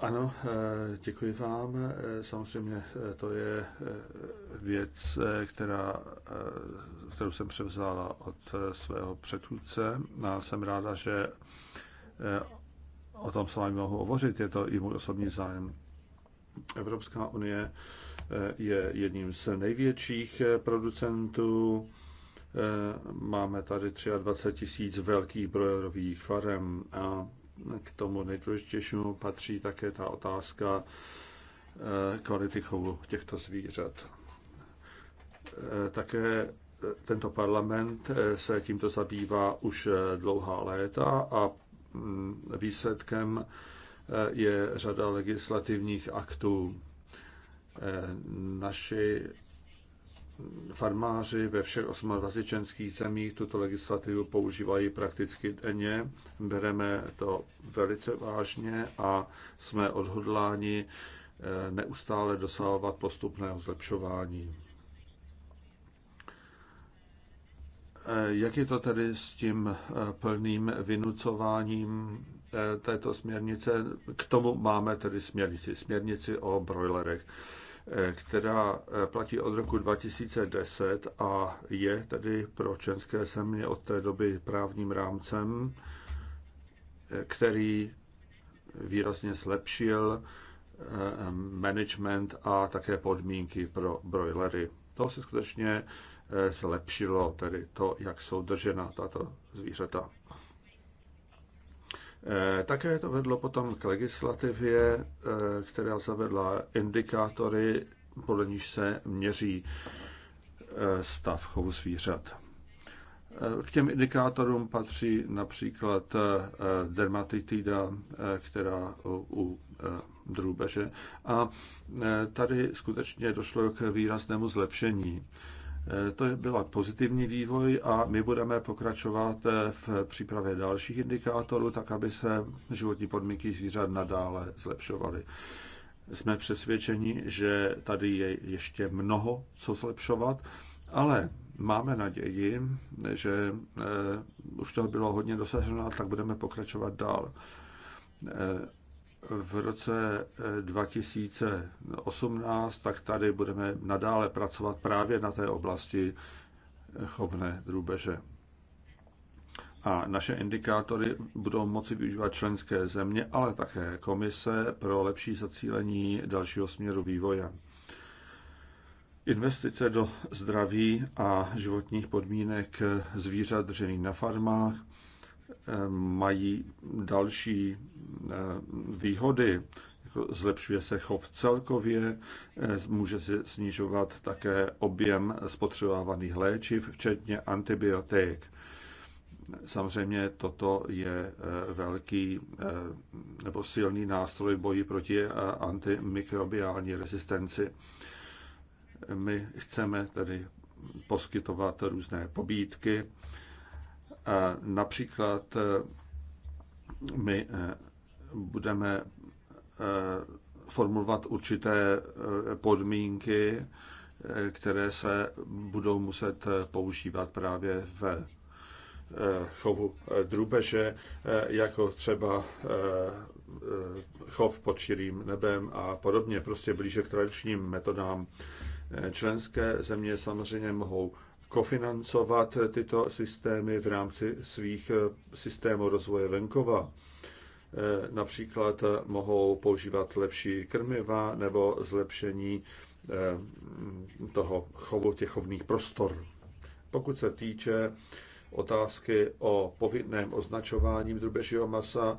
ano, eh, děkuji vám. Eh, samozřejmě eh, to je věc, která, kterou jsem převzala od svého předchůdce a jsem ráda, že o tom s vámi mohu hovořit. Je to i můj osobní zájem. Evropská unie je jedním z největších producentů. Máme tady 23 tisíc velkých brojerových farem a k tomu nejdůležitějšímu patří také ta otázka eh, kvality chovu těchto zvířat. Eh, také eh, tento parlament se tímto zabývá už dlouhá léta a mm, výsledkem je řada legislativních aktů. Naši farmáři ve všech 28 členských zemích tuto legislativu používají prakticky denně. Bereme to velice vážně a jsme odhodláni eh, neustále dosahovat postupného zlepšování. Eh, jak je to tedy s tím eh, plným vynucováním této směrnice? K tomu máme tedy směrnici, směrnici o brojlerech. Eh, která eh, platí od roku 2010 a je tedy pro české země od té doby právním rámcem, eh, který výrazně zlepšil management a také podmínky pro brojlery. To se skutečně zlepšilo, tedy to, jak jsou držena tato zvířata. Eh, také to vedlo potom k legislativě, eh, která zavedla indikátory, podle níž se měří eh, stav chovu zvířat. K těm indikátorům patří například dermatitida, která u drůbeže. A tady skutečně došlo k výraznému zlepšení. Eh, to byla pozitivní vývoj a my budeme pokračovat eh, v přípravě dalších indikátorů, tak aby se životní podmínky zvířat nadále zlepšovaly. Jsme přesvědčeni, že tady je ještě mnoho co zlepšovat, ale máme naději, že eh, už toho bylo hodně dosaženo, tak budeme pokračovat dál v roce 2018, eh, tak tady budeme nadále pracovat právě na té oblasti eh, chovné drůbeže. A naše indikátory budou moci využívat členské země, ale také komise pro lepší zacílení dalšího směru vývoje. Investice do zdraví a životních podmínek eh, zvířat dřených na farmách, Eh, mají další eh, výhody. Jako zlepšuje se chov celkově, eh, může se snižovat také objem spotřebovaných léčiv, včetně antibiotik. Samozřejmě toto je velký nebo silný nástroj v boji proti antimikrobiální rezistenci. My chceme tedy poskytovat různé pobídky, Například eh, my eh, budeme eh, formulovat určité podmínky, které se budou muset používat právě v chovu drubeže, jako třeba chov pod širým nebem a podobně, prostě blíže k tradičním metodám. Členské země samozřejmě mohou kofinancovat tyto systémy v rámci svých eh, systémů rozvoje venkova. Eh, například eh, mohou používat lepší krmiva nebo zlepšení toho chovu těch prostor. Pokud se týče otázky o povinném označování drubežího masa,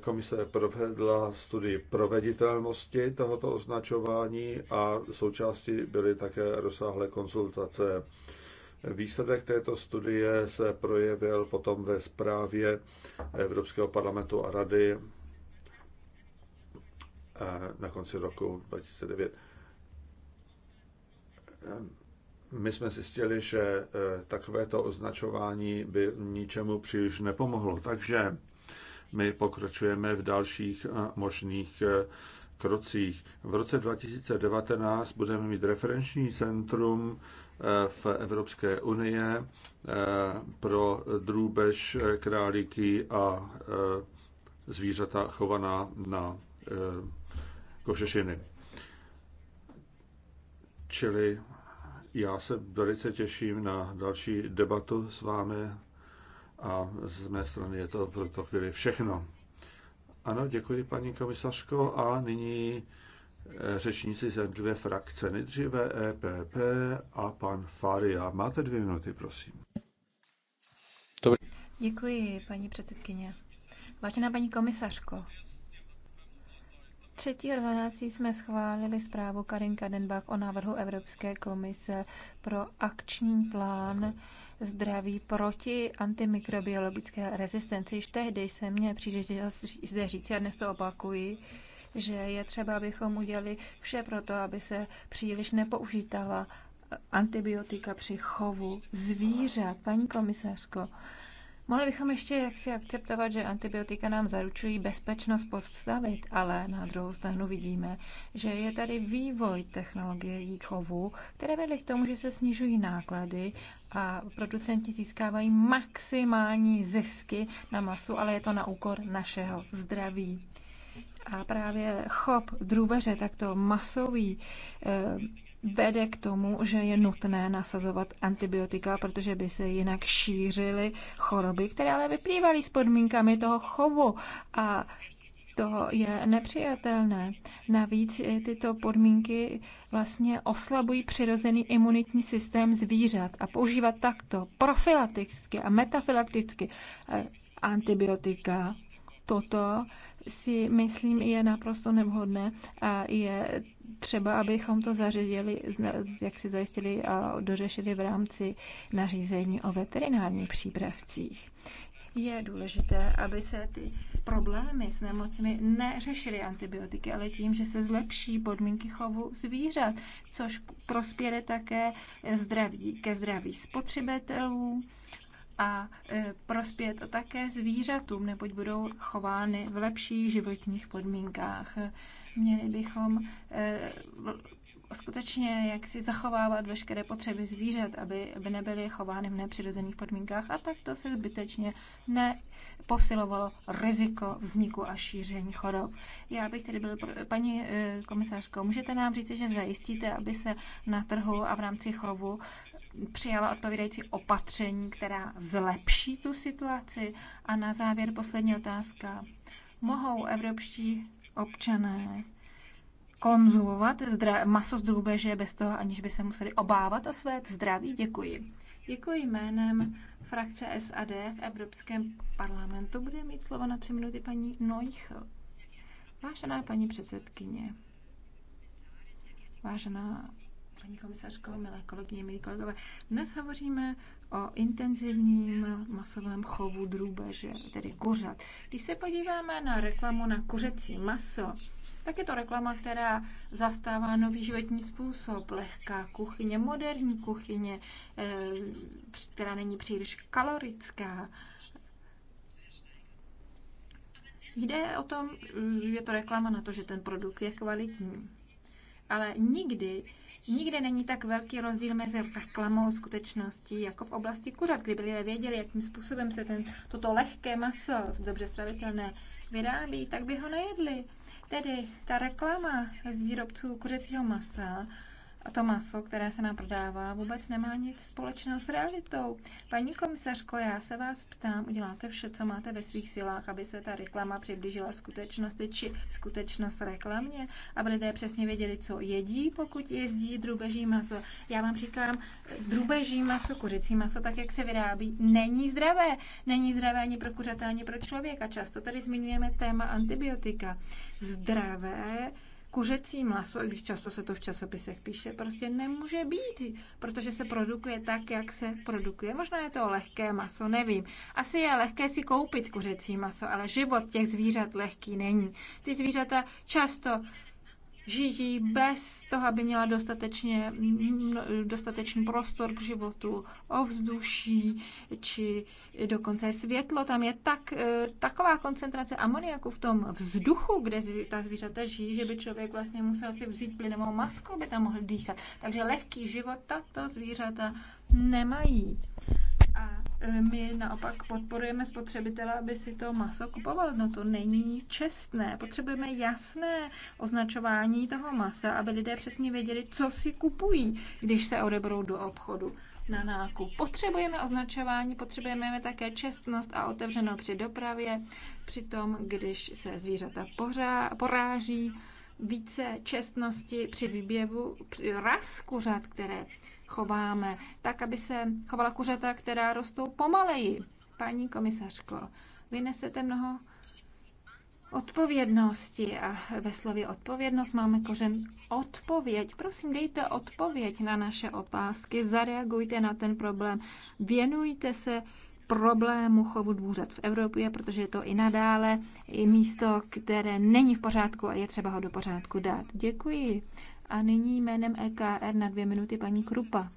komise provedla studii proveditelnosti tohoto označování a součástí byly také rozsáhlé konzultace Výsledek této studie se projevil potom ve zprávě Evropského parlamentu a rady eh, na konci roku 2009. Eh, my jsme zjistili, že eh, takovéto označování by ničemu příliš nepomohlo, takže my pokračujeme v dalších možných krocích. V roce 2019 budeme mít referenční centrum v Evropské unie eh, pro drůbež, eh, králíky a eh, zvířata chovaná na kožešiny. Čili já se velice těším na další debatu s vámi a z mé strany je to pro to chvíli všechno. Ano, děkuji paní komisařko a nyní řečníci ze dvě frakce, nejdříve EPP a pan Faria. Máte dvě minuty, prosím. Dobrý. Děkuji, paní předsedkyně. Vážená paní komisařko, 3.12. jsme schválili zprávu Karin Kadenbach o návrhu Evropské komise pro akční plán zdraví proti antimikrobiologické rezistenci. Již tehdy se mě příležitost zde říct, já dnes to opakuji, že je třeba, abychom udělali vše pro to, aby se příliš nepoužítala eh, antibiotika při chovu zvířat. Paní komisařko, mohli bychom ještě jaksi akceptovat, že antibiotika nám zaručují bezpečnost postavit, ale na druhou stranu vidíme, že je tady vývoj technologie chovu, které vedly k tomu, že se snižují náklady a producenti získávají maximální zisky na masu, ale je to na úkor našeho zdraví. A právě chop drůbeře, takto masový, eh, vede k tomu, že je nutné nasazovat antibiotika, protože by se jinak šířily choroby, které ale vyplývaly s podmínkami toho chovu. A to je nepřijatelné. Navíc eh, tyto podmínky vlastně oslabují přirozený imunitní systém zvířat a používat takto profilakticky a metafilakticky eh, antibiotika toto si myslím je naprosto nevhodné a je třeba, abychom to zařídili, jak si zajistili a dořešili v rámci nařízení o veterinárních přípravcích je důležité, aby se ty problémy s nemocmi neřešily antibiotiky, ale tím, že se zlepší podmínky chovu zvířat, což prospěje také zdraví, ke zdraví spotřebitelů, a e, prospět také zvířatům, neboť budou chovány v lepších životních podmínkách. Měli bychom e, skutečně jak si zachovávat veškeré potřeby zvířat, aby, aby nebyly chovány v nepřirozených podmínkách a tak to se zbytečně neposilovalo riziko vzniku a šíření chorob. Já bych tedy byl, paní e, komisářko, můžete nám říct, že zajistíte, aby se na trhu a v rámci chovu přijala odpovídající opatření, která zlepší tu situaci? A na závěr poslední otázka. Mohou evropští občané konzumovat maso z drůbeže bez toho, aniž by se museli obávat o své zdraví? Děkuji. Děkuji jménem frakce SAD v Evropském parlamentu. Bude mít slovo na tři minuty paní Noich. Vážená paní předsedkyně, vážená paní komisařko, milé kolegyně, milí kolegové. Dnes hovoříme o intenzivním masovém chovu drůbeže, tedy kuřat. Když se podíváme na reklamu na kuřecí maso, tak je to reklama, která zastává nový životní způsob, lehká kuchyně, moderní kuchyně, eh, která není příliš kalorická. Jde o tom, eh, je to reklama na to, že ten produkt je kvalitní. Ale nikdy Nikde není tak velký rozdíl mezi reklamou a skutečností, jako v oblasti kuřat, kdyby lidé věděli, jakým způsobem se ten, toto lehké maso, dobře stravitelné, vyrábí, tak by ho nejedli. Tedy ta reklama výrobců kuřecího masa a to maso, které se nám prodává, vůbec nemá nic společného s realitou. Paní komisařko, já se vás ptám, uděláte vše, co máte ve svých silách, aby se ta reklama přiblížila skutečnosti či skutečnost reklamě, aby lidé přesně věděli, co jedí, pokud jezdí drubeží maso. Já vám říkám, drubeží maso, kuřecí maso, tak jak se vyrábí, není zdravé. Není zdravé ani pro kuřata, ani pro člověka. Často tady zmiňujeme téma antibiotika. Zdravé kuřecí maso, i když často se to v časopisech píše, prostě nemůže být, protože se produkuje tak, jak se produkuje. Možná je to lehké maso, nevím. Asi je lehké si koupit kuřecí maso, ale život těch zvířat lehký není. Ty zvířata často žijí bez toho, aby měla dostatečně, dostatečný prostor k životu, ovzduší či dokonce světlo. Tam je tak, e, taková koncentrace amoniaku v tom vzduchu, kde ta zvířata žijí, že by člověk vlastně musel si vzít plynovou masku, aby tam mohl dýchat. Takže lehký život tato zvířata nemají. Eh, my naopak podporujeme spotřebitele, aby si to maso kupoval. No to není čestné. Potřebujeme jasné označování toho masa, aby lidé přesně věděli, co si kupují, když se odebrou do obchodu na nákup. Potřebujeme označování, potřebujeme také čestnost a otevřenou při dopravě, při tom, když se zvířata pořá, poráží, více čestnosti při při ras kuřat, které chováme, tak, aby se chovala kuřata, která rostou pomaleji. Paní komisařko, vy nesete mnoho odpovědnosti a ve slově odpovědnost máme kořen odpověď. Prosím, dejte odpověď na naše otázky, zareagujte na ten problém, věnujte se problému chovu dvůřat v Evropě, protože je to i nadále i místo, které není v pořádku a je třeba ho do pořádku dát. Děkuji. A nyní jménem EKR na dvě minuty paní Krupa.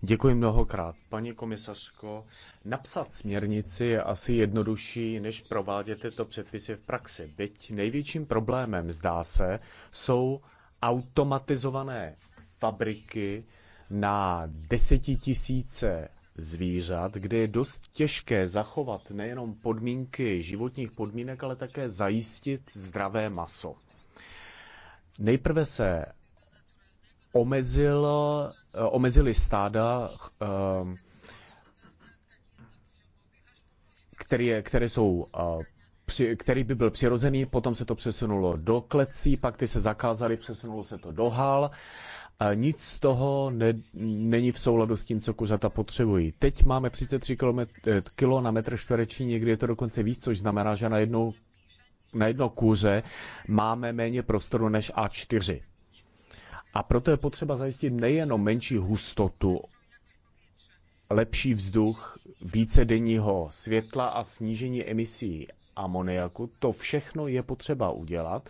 Děkuji mnohokrát. Paní komisařko, napsat směrnici je asi jednodušší, než provádět tyto předpisy v praxi. Byť největším problémem, zdá se, jsou automatizované fabriky na desetitisíce zvířat, kde je dost těžké zachovat nejenom podmínky životních podmínek, ale také zajistit zdravé maso. Nejprve se omezil, eh, omezili stáda, ehm, které, které jsou eh, při, který by byl přirozený, potom se to přesunulo do klecí, pak ty se zakázaly, přesunulo se to do hal. Nic z toho ne, není v souladu s tím, co kuřata potřebují. Teď máme 33 km, eh, kilo na metr čtvereční, někdy je to dokonce víc, což znamená, že na jednou na jedno kůře máme méně prostoru než A4. A proto je potřeba zajistit nejenom menší hustotu, lepší vzduch, více denního světla a snížení emisí amoniaku. To všechno je potřeba udělat,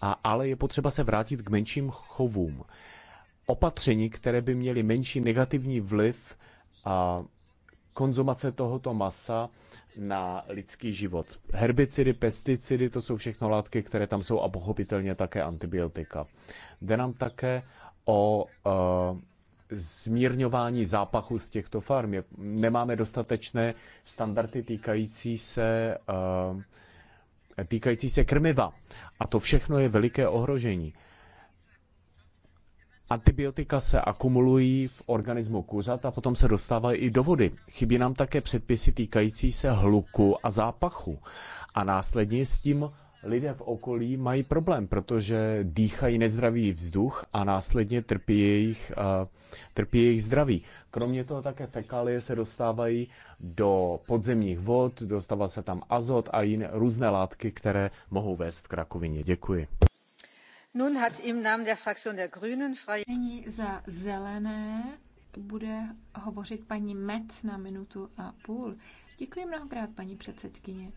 a, ale je potřeba se vrátit k menším chovům. Opatření, které by měly menší negativní vliv a konzumace tohoto masa, na lidský život. Herbicidy, pesticidy, to jsou všechno látky, které tam jsou a pochopitelně také antibiotika. Jde nám také o uh, zmírňování zápachu z těchto farm. Nemáme dostatečné standardy týkající se, uh, týkající se krmiva. A to všechno je veliké ohrožení. Antibiotika se akumulují v organismu kuřat a potom se dostávají i do vody. Chybí nám také předpisy týkající se hluku a zápachu. A následně s tím lidé v okolí mají problém, protože dýchají nezdravý vzduch a následně trpí jejich, uh, trpí jejich zdraví. Kromě toho také fekálie se dostávají do podzemních vod, dostává se tam azot a jiné různé látky, které mohou vést k rakovině. Děkuji. Nyní za zelené bude hovořit paní Metz na minutu a půl. Děkuji mnohokrát, paní předsedkyně.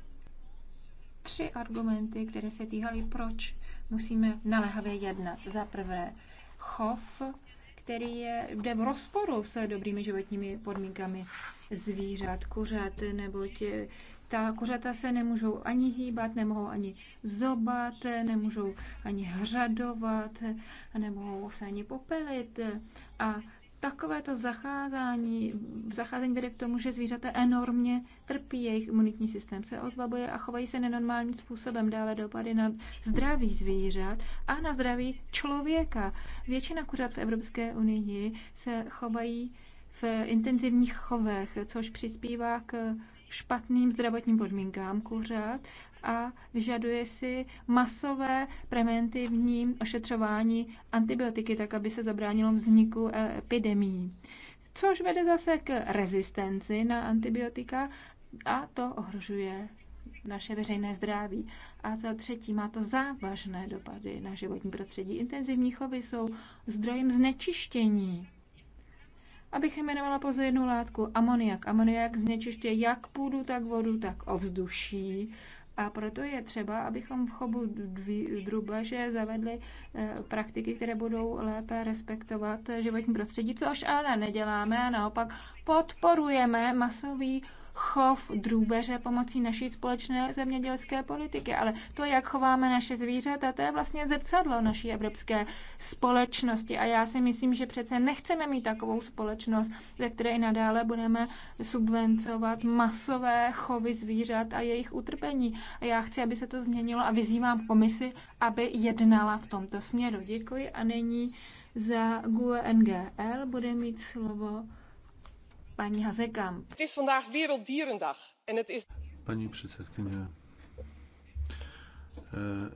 Tři argumenty, které se týhaly, proč musíme naléhavě jednat. Za prvé, chov, který je, jde v rozporu s dobrými životními podmínkami zvířat, kuřat, nebo tě, eh, ta kuřata se nemůžou ani hýbat, nemohou ani zobat, nemůžou ani hřadovat, nemohou se ani popelit. A takovéto zacházání, zacházení vede k tomu, že zvířata enormně trpí, jejich imunitní systém se odbabuje a chovají se nenormálním způsobem. Dále dopady na zdraví zvířat a na zdraví člověka. Většina kuřat v Evropské unii se chovají v intenzivních chovech, což přispívá k špatným zdravotním podmínkám kuřat a vyžaduje si masové preventivní ošetřování antibiotiky, tak aby se zabránilo vzniku eh, epidemí. Což vede zase k rezistenci na antibiotika a to ohrožuje naše veřejné zdraví. A za třetí má to závažné dopady na životní prostředí. Intenzivní chovy jsou zdrojem znečištění Abych jmenovala pouze jednu látku, amoniak. Amoniak znečišťuje jak půdu, tak vodu, tak ovzduší. A proto je třeba, abychom v chobu drubaže zavedli eh, praktiky, které budou lépe respektovat životní prostředí, což ale neděláme a naopak podporujeme masový chov drůbeře pomocí naší společné zemědělské politiky. Ale to, jak chováme naše zvířata, to je vlastně zrcadlo naší evropské společnosti. A já si myslím, že přece nechceme mít takovou společnost, ve které i nadále budeme subvencovat masové chovy zvířat a jejich utrpení. A já chci, aby se to změnilo a vyzývám komisi, aby jednala v tomto směru. Děkuji a nyní za GUE NGL bude mít slovo Paní Hazekam. Paní předsedkyně, eh,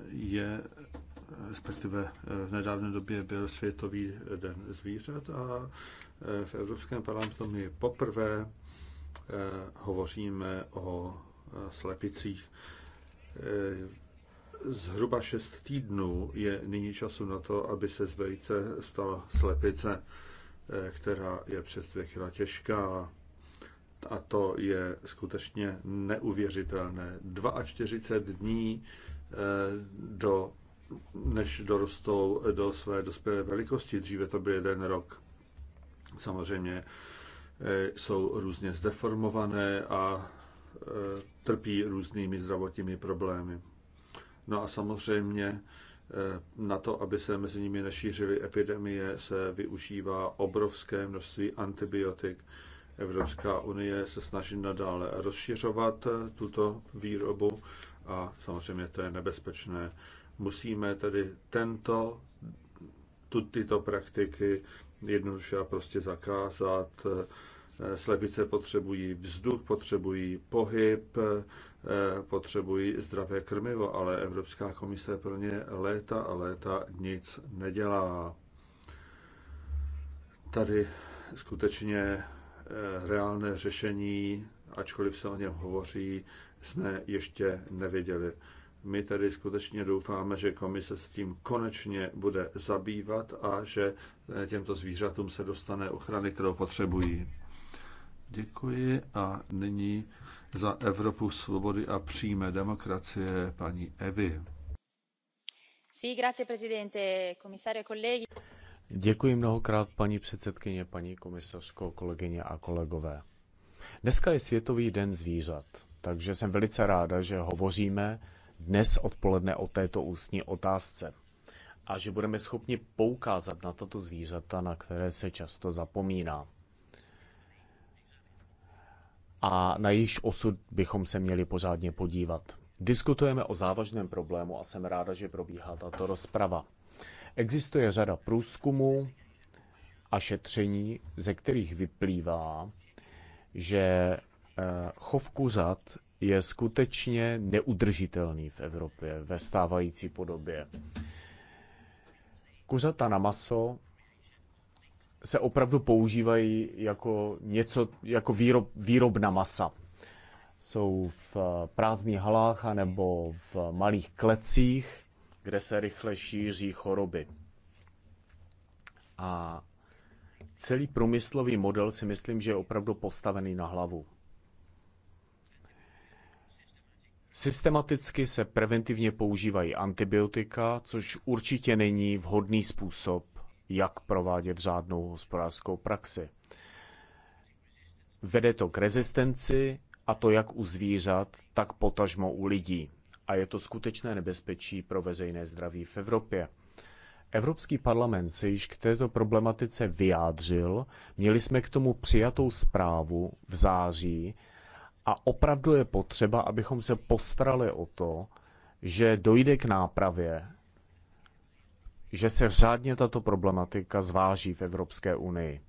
je eh, respektive eh, v nedávné době byl Světový den zvířat a v Evropském parlamentu my poprvé hovoříme o slepicích. Zhruba šest týdnů je nyní času na to, aby se z vejce stala slepice. Eh, která je přes dvě těžká. A to je skutečně neuvěřitelné. 42 dní eh, do, než dorostou eh, do své dospělé velikosti. Dříve to byl jeden rok. Samozřejmě jsou různě zdeformované a trpí různými zdravotními problémy. No a samozřejmě Eh, na to, aby se mezi nimi nešířily epidemie, se využívá obrovské množství antibiotik. Evropská unie se snaží nadále rozšiřovat eh, tuto výrobu a samozřejmě to je nebezpečné. Musíme tedy tento, tu, tyto praktiky jednoduše a prostě zakázat. Eh, slepice potřebují vzduch, potřebují pohyb, potřebují zdravé krmivo, ale Evropská komise pro ně léta a léta nic nedělá. Tady skutečně eh, reálné řešení, ačkoliv se o něm hovoří, jsme ještě neviděli. My tedy skutečně doufáme, že komise s tím konečně bude zabývat a že eh, těmto zvířatům se dostane ochrany, kterou potřebují. Děkuji a nyní za Evropu svobody a přímé demokracie paní Evy. Děkuji mnohokrát, paní předsedkyně, paní komisařko, kolegyně a kolegové. Dneska je Světový den zvířat, takže jsem velice ráda, že hovoříme dnes odpoledne o této ústní otázce a že budeme schopni poukázat na tato zvířata, na které se často zapomíná a na jejíž osud bychom se měli pořádně podívat. Diskutujeme o závažném problému a jsem ráda, že probíhá tato rozprava. Existuje řada průzkumů a šetření, ze kterých vyplývá, že eh, chov kuřat je skutečně neudržitelný v Evropě ve stávající podobě. Kuřata na maso se opravdu používají jako něco, jako výrob, výrobna masa. Jsou v eh, prázdných halách anebo v malých klecích, kde se rychle šíří choroby. A celý průmyslový model si myslím, že je opravdu postavený na hlavu. Systematicky se preventivně používají antibiotika, což určitě není vhodný způsob, jak provádět řádnou hospodářskou praxi. Vede to k rezistenci, a to jak u zvířat, tak potažmo u lidí. A je to skutečné nebezpečí pro veřejné zdraví v Evropě. Evropský parlament se již k této problematice vyjádřil, měli jsme k tomu přijatou zprávu v září a opravdu je potřeba, abychom se postarali o to, že dojde k nápravě že se řádně tato problematika zváží v Evropské unii.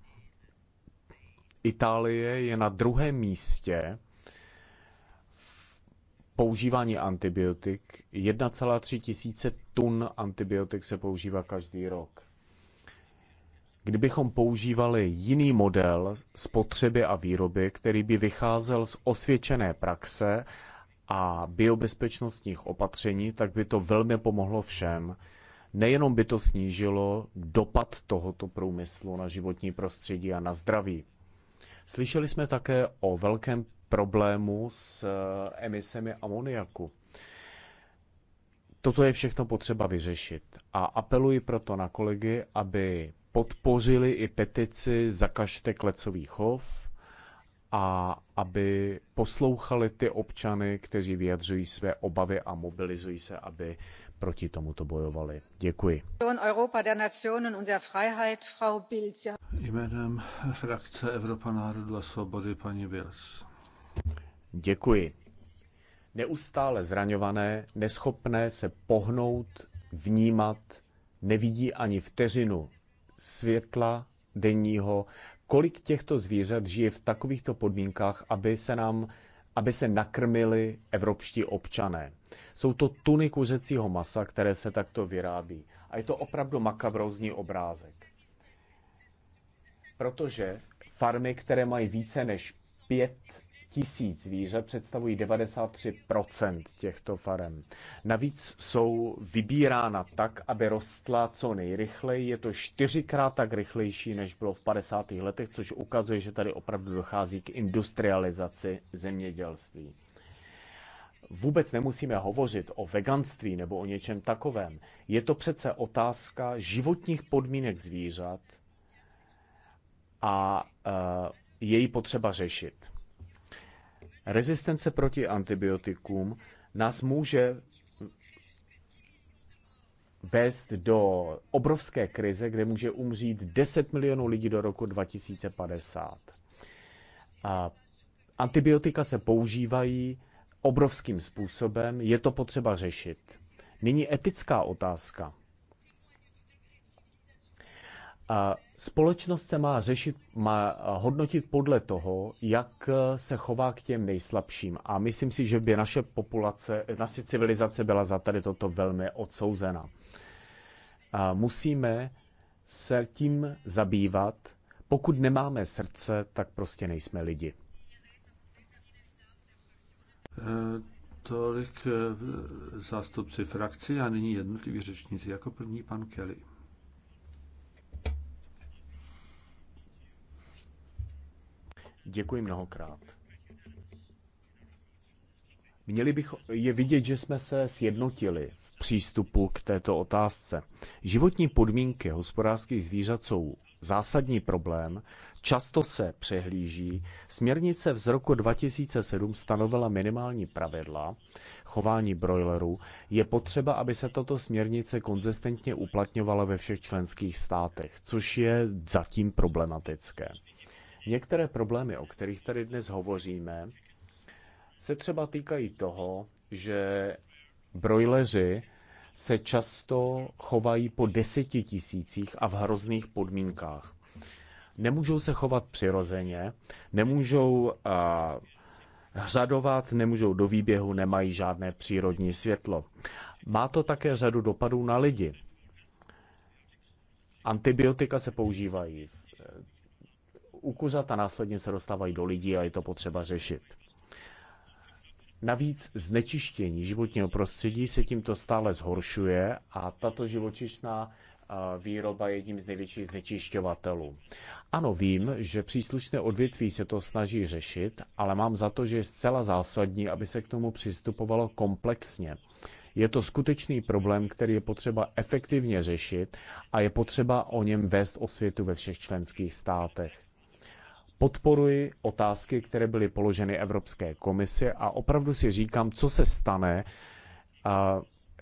Itálie je na druhém místě používání antibiotik. 1,3 tisíce tun antibiotik se používá každý rok. Kdybychom používali jiný model spotřeby a výroby, který by vycházel z osvědčené praxe a biobezpečnostních opatření, tak by to velmi pomohlo všem. Nejenom by to snížilo dopad tohoto průmyslu na životní prostředí a na zdraví. Slyšeli jsme také o velkém problému s eh, emisemi amoniaku. Toto je všechno potřeba vyřešit a apeluji proto na kolegy, aby podpořili i petici Zakažte klecový chov a aby poslouchali ty občany, kteří vyjadřují své obavy a mobilizují se, aby proti tomuto bojovali. Děkuji. Jménem frakce Evropa národů a svobody paní Bils. Děkuji. Neustále zraňované, neschopné se pohnout, vnímat, nevidí ani vteřinu světla denního, kolik těchto zvířat žije v takovýchto podmínkách, aby se nám aby se nakrmili evropští občané. Jsou to tuny kuřecího masa, které se takto vyrábí. A je to opravdu makabrozní obrázek. Protože farmy, které mají více než pět tisíc zvířat představují 93% těchto farem. Navíc jsou vybírána tak, aby rostla co nejrychleji. Je to čtyřikrát tak rychlejší, než bylo v 50. letech, což ukazuje, že tady opravdu dochází k industrializaci zemědělství. Vůbec nemusíme hovořit o veganství nebo o něčem takovém. Je to přece otázka životních podmínek zvířat a eh, je její potřeba řešit. Rezistence proti antibiotikům nás může vést do obrovské krize, kde může umřít 10 milionů lidí do roku 2050. A antibiotika se používají obrovským způsobem, je to potřeba řešit. Nyní etická otázka. A Společnost se má řešit, má eh, hodnotit podle toho, jak eh, se chová k těm nejslabším. A myslím si, že by naše populace, eh, naše civilizace byla za tady toto velmi odsouzena. A musíme se tím zabývat. Pokud nemáme srdce, tak prostě nejsme lidi. Tolik zástupci frakce a nyní jednotliví řečníci. Jako první pan Kelly. Děkuji mnohokrát. Měli bych je vidět, že jsme se sjednotili v přístupu k této otázce. Životní podmínky hospodářských zvířat jsou zásadní problém, často se přehlíží. Směrnice z roku 2007 stanovila minimální pravidla chování brojlerů. Je potřeba, aby se tato směrnice konzistentně uplatňovala ve všech členských státech, což je zatím problematické. Některé problémy, o kterých tady dnes hovoříme, se třeba týkají toho, že brojleři se často chovají po deseti tisících a v hrozných podmínkách. Nemůžou se chovat přirozeně, nemůžou a, hřadovat, nemůžou do výběhu, nemají žádné přírodní světlo. Má to také řadu dopadů na lidi. Antibiotika se používají ukuřat a následně se dostávají do lidí a je to potřeba řešit. Navíc znečištění životního prostředí se tímto stále zhoršuje a tato živočišná eh, výroba je jedním z největších znečišťovatelů. Ano, vím, že příslušné odvětví se to snaží řešit, ale mám za to, že je zcela zásadní, aby se k tomu přistupovalo komplexně. Je to skutečný problém, který je potřeba efektivně řešit a je potřeba o něm vést osvětu ve všech členských státech podporuji otázky, které byly položeny Evropské komisi a opravdu si říkám, co se stane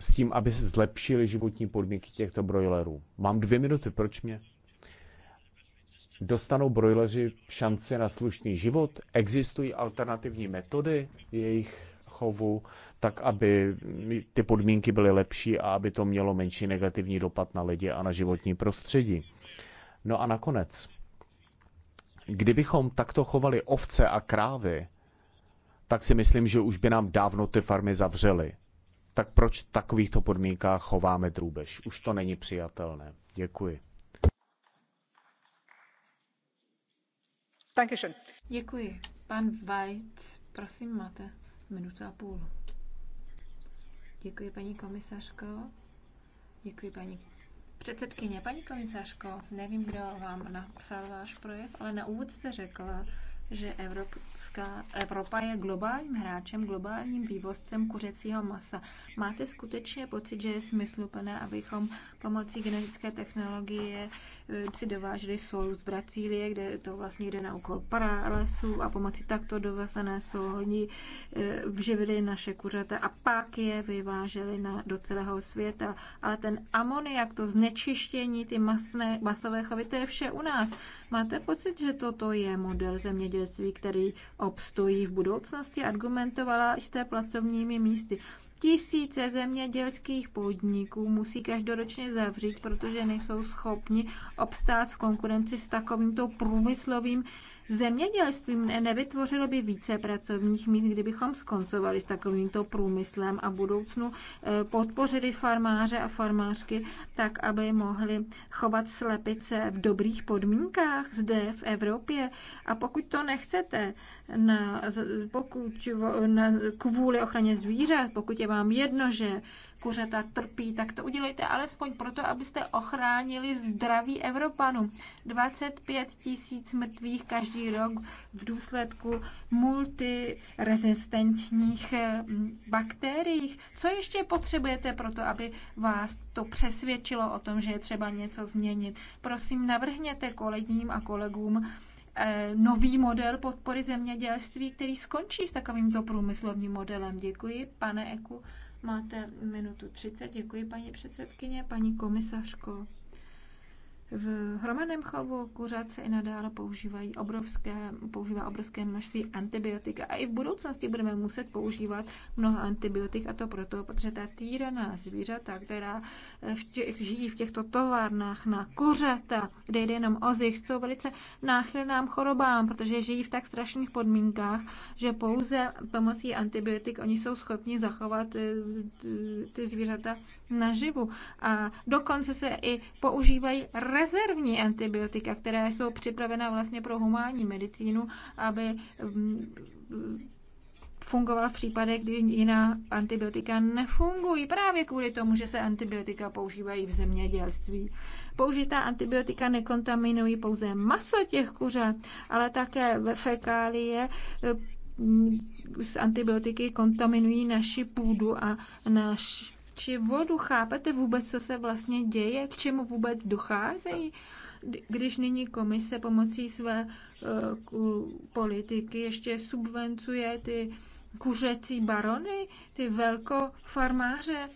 s tím, aby se zlepšily životní podmínky těchto brojlerů. Mám dvě minuty, proč mě? Dostanou brojleři šance na slušný život? Existují alternativní metody jejich chovu, tak aby ty podmínky byly lepší a aby to mělo menší negativní dopad na lidi a na životní prostředí? No a nakonec, Kdybychom takto chovali ovce a krávy, tak si myslím, že už by nám dávno ty farmy zavřely. Tak proč v takovýchto podmínkách chováme drůbež? Už to není přijatelné. Děkuji. Děkuji. Pan Vajc, prosím, máte minutu a půl. Děkuji, paní komisařko. Děkuji, paní Předsedkyně, paní komisařko, nevím, kdo vám napsal váš projev, ale na úvod jste řekla, že Evropská, Evropa je globálním hráčem, globálním vývozcem kuřecího masa. Máte skutečně pocit, že je smysluplné, abychom pomocí genetické technologie si dováželi sol z Brazílie, kde to vlastně jde na úkol paralesů a pomocí takto dovezené solní eh, vživili naše kuřata a pak je vyváželi na, do celého světa. Ale ten amoniak, to znečištění, ty masné, masové chovy, to je vše u nás. Máte pocit, že toto je model zemědělství, který obstojí v budoucnosti? Argumentovala jste pracovními místy. Tisíce zemědělských podniků musí každoročně zavřít, protože nejsou schopni obstát v konkurenci s takovýmto průmyslovým Zemědělstvím nevytvořilo by více pracovních míst, kdybychom skoncovali s takovýmto průmyslem a budoucnu eh, podpořili farmáře a farmářky tak, aby mohli chovat slepice v dobrých podmínkách zde v Evropě. A pokud to nechcete, na, pokud, na, kvůli ochraně zvířat, pokud je vám jedno, že kuřata trpí, tak to udělejte alespoň proto, abyste ochránili zdraví Evropanů. 25 tisíc mrtvých každý rok v důsledku multirezistentních mm, bakterií. Co ještě potřebujete pro to, aby vás to přesvědčilo o tom, že je třeba něco změnit? Prosím, navrhněte kolegním a kolegům eh, nový model podpory zemědělství, který skončí s takovýmto průmyslovým modelem. Děkuji, pane Eku. Máte minutu 30. Děkuji, paní předsedkyně, paní komisařko. V hromadném chovu kuřat se i nadále používají obrovské, používá obrovské množství antibiotik a i v budoucnosti budeme muset používat mnoho antibiotik a to proto, protože ta týraná zvířata, která v těch, žijí v těchto továrnách na kuřata, kde jde jenom o zich, jsou velice náchylnám chorobám, protože žijí v tak strašných podmínkách, že pouze pomocí antibiotik oni jsou schopni zachovat eh, ty zvířata naživu. A dokonce se i používají rezervní antibiotika, které jsou připravena vlastně pro humánní medicínu, aby mm, fungovala v případě, kdy jiná antibiotika nefungují. Právě kvůli tomu, že se antibiotika používají v zemědělství. Použitá antibiotika nekontaminují pouze maso těch kuřat, ale také ve fekálie mm, z antibiotiky kontaminují naši půdu a náš či vodu. Chápete vůbec, co se vlastně děje, k čemu vůbec dochází, když nyní komise pomocí své uh, politiky ještě subvencuje ty kuřecí barony, ty velkofarmáře,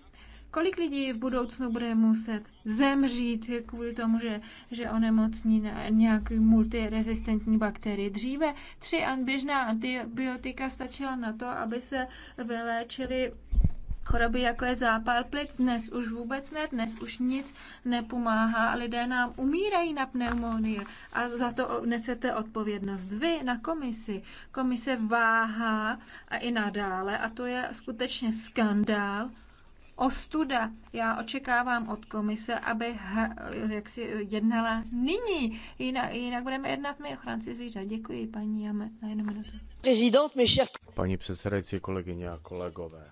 kolik lidí v budoucnu bude muset zemřít kvůli tomu, že, že onemocní na nějaký multirezistentní bakterie Dříve tři běžná antibiotika stačila na to, aby se vyléčili Choroby, jako je zápal plic, dnes už vůbec ne, dnes už nic nepomáhá. Lidé nám umírají na pneumonii a za to nesete odpovědnost vy na komisi. Komise váhá a i nadále a to je skutečně skandál ostuda. Já očekávám od komise, aby ha, jak si jednala nyní. Jinak, jinak budeme jednat my, ochranci zvířat. Děkuji, paní Jame, na jednu minutu. Paní předsedající, kolegyně a kolegové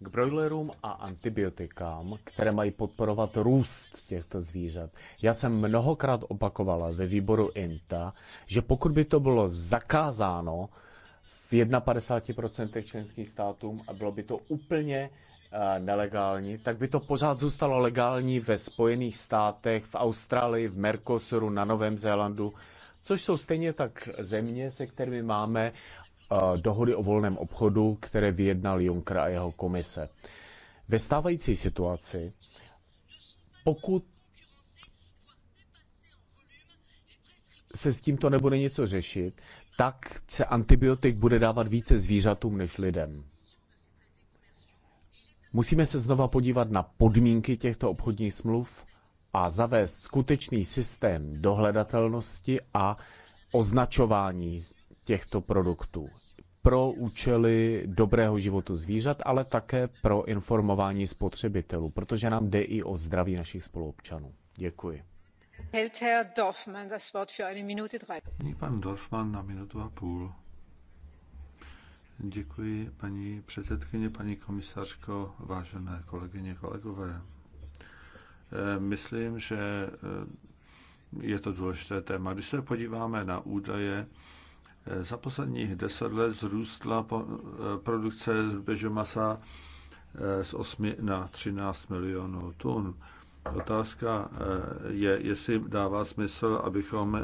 k brojlerům a antibiotikám, které mají podporovat růst těchto zvířat. Já jsem mnohokrát opakovala ve výboru INTA, že pokud by to bylo zakázáno v 51% členských státům a bylo by to úplně eh, nelegální, tak by to pořád zůstalo legální ve Spojených státech, v Austrálii, v Mercosuru, na Novém Zélandu, což jsou stejně tak země, se kterými máme dohody o volném obchodu, které vyjednal Juncker a jeho komise. Ve stávající situaci, pokud se s tímto nebude něco řešit, tak se antibiotik bude dávat více zvířatům než lidem. Musíme se znova podívat na podmínky těchto obchodních smluv a zavést skutečný systém dohledatelnosti a označování těchto produktů pro účely dobrého životu zvířat, ale také pro informování spotřebitelů, protože nám jde i o zdraví našich spoluobčanů. Děkuji. Nyní pan Dorfman na minutu a půl. Děkuji, paní předsedkyně, paní komisařko, vážené kolegyně, kolegové. Eh, myslím, že eh, je to důležité téma. Když se podíváme na údaje, za posledních deset let zrůstla eh, produkce drůbežího masa eh, z 8 na 13 milionů tun. Otázka eh, je, jestli dává smysl, abychom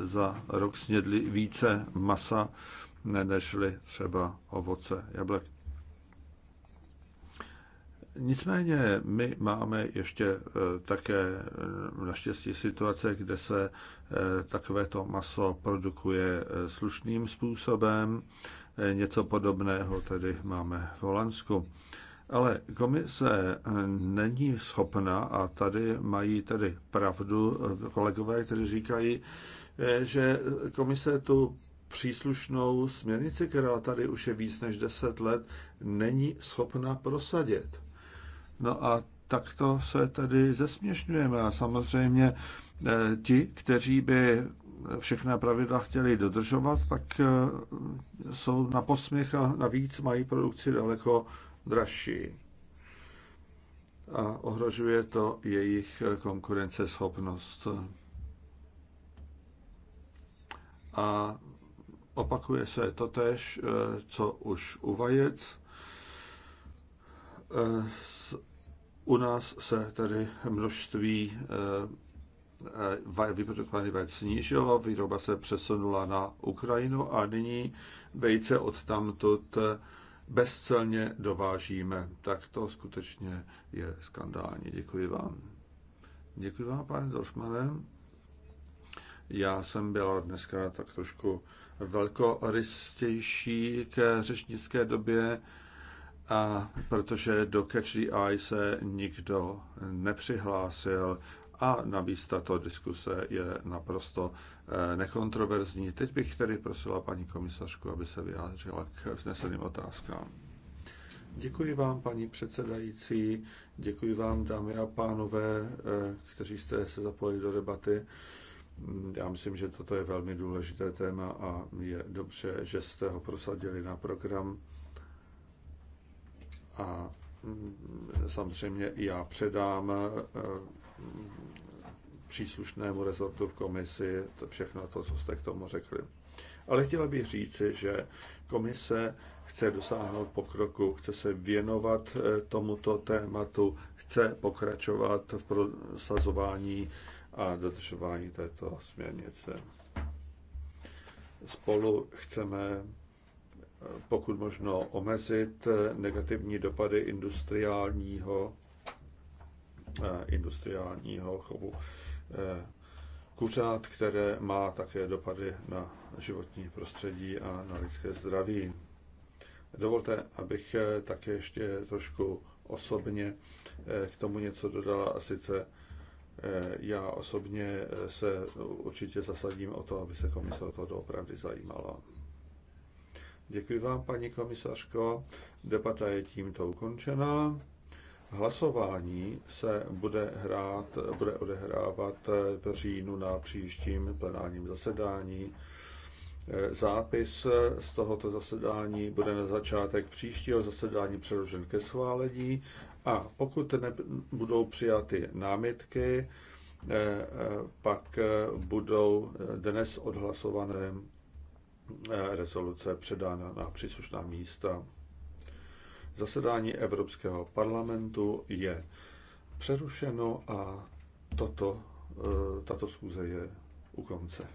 za rok snědli více masa, než třeba ovoce, jablek. Nicméně my máme ještě eh, také eh, naštěstí situace, kde se eh, takovéto maso produkuje slušným způsobem. Něco podobného tedy máme v Holandsku. Ale komise není schopna, a tady mají tedy pravdu kolegové, kteří říkají, že komise tu příslušnou směrnici, která tady už je víc než 10 let, není schopna prosadit. No a takto se tedy zesměšňujeme a samozřejmě eh, ti, kteří by všechna pravidla chtěli dodržovat, tak eh, jsou na posměch a navíc mají produkci daleko dražší. A ohrožuje to jejich konkurenceschopnost. A opakuje se to tež, eh, co už u vajec u nás se tedy množství eh, eh, vyprodukovaných vajec snížilo, výroba se přesunula na Ukrajinu a nyní vejce od tamtud bezcelně dovážíme. Tak to skutečně je skandální. Děkuji vám. Děkuji vám, pane Dorfmane. Já jsem byl dneska tak trošku velkoristější k řečnické době. A protože do Catch the Eye se nikdo nepřihlásil a navíc tato diskuse je naprosto eh, nekontroverzní. Teď bych tedy prosila paní komisařku, aby se vyjádřila k vzneseným otázkám. Děkuji vám, paní předsedající, děkuji vám, dámy a pánové, eh, kteří jste se zapojili do debaty. Já myslím, že toto je velmi důležité téma a je dobře, že jste ho prosadili na program. A mm, samozřejmě já předám e, e, příslušnému rezortu v komisi to všechno to, co jste k tomu řekli. Ale chtěla bych říci, že komise chce dosáhnout pokroku, chce se věnovat e, tomuto tématu, chce pokračovat v prosazování a dodržování této směrnice. Spolu chceme pokud možno omezit negativní dopady industriálního, eh, industriálního chovu eh, kuřát, které má také dopady na životní prostředí a na lidské zdraví. Dovolte, abych eh, také ještě trošku osobně k tomu něco dodala a sice já osobně se určitě zasadím o to, aby se komise o to doopravdy zajímala. Děkuji vám, paní komisařko. Debata je tímto ukončena. Hlasování se bude, hrát, bude odehrávat v říjnu na příštím plenárním zasedání. Zápis z tohoto zasedání bude na začátek příštího zasedání předložen ke schválení a pokud nebudou přijaty námitky, eh, eh, pak budou dnes odhlasované Eh, rezoluce předána na příslušná místa. Zasedání Evropského parlamentu je přerušeno a toto, eh, tato schůze je u konce.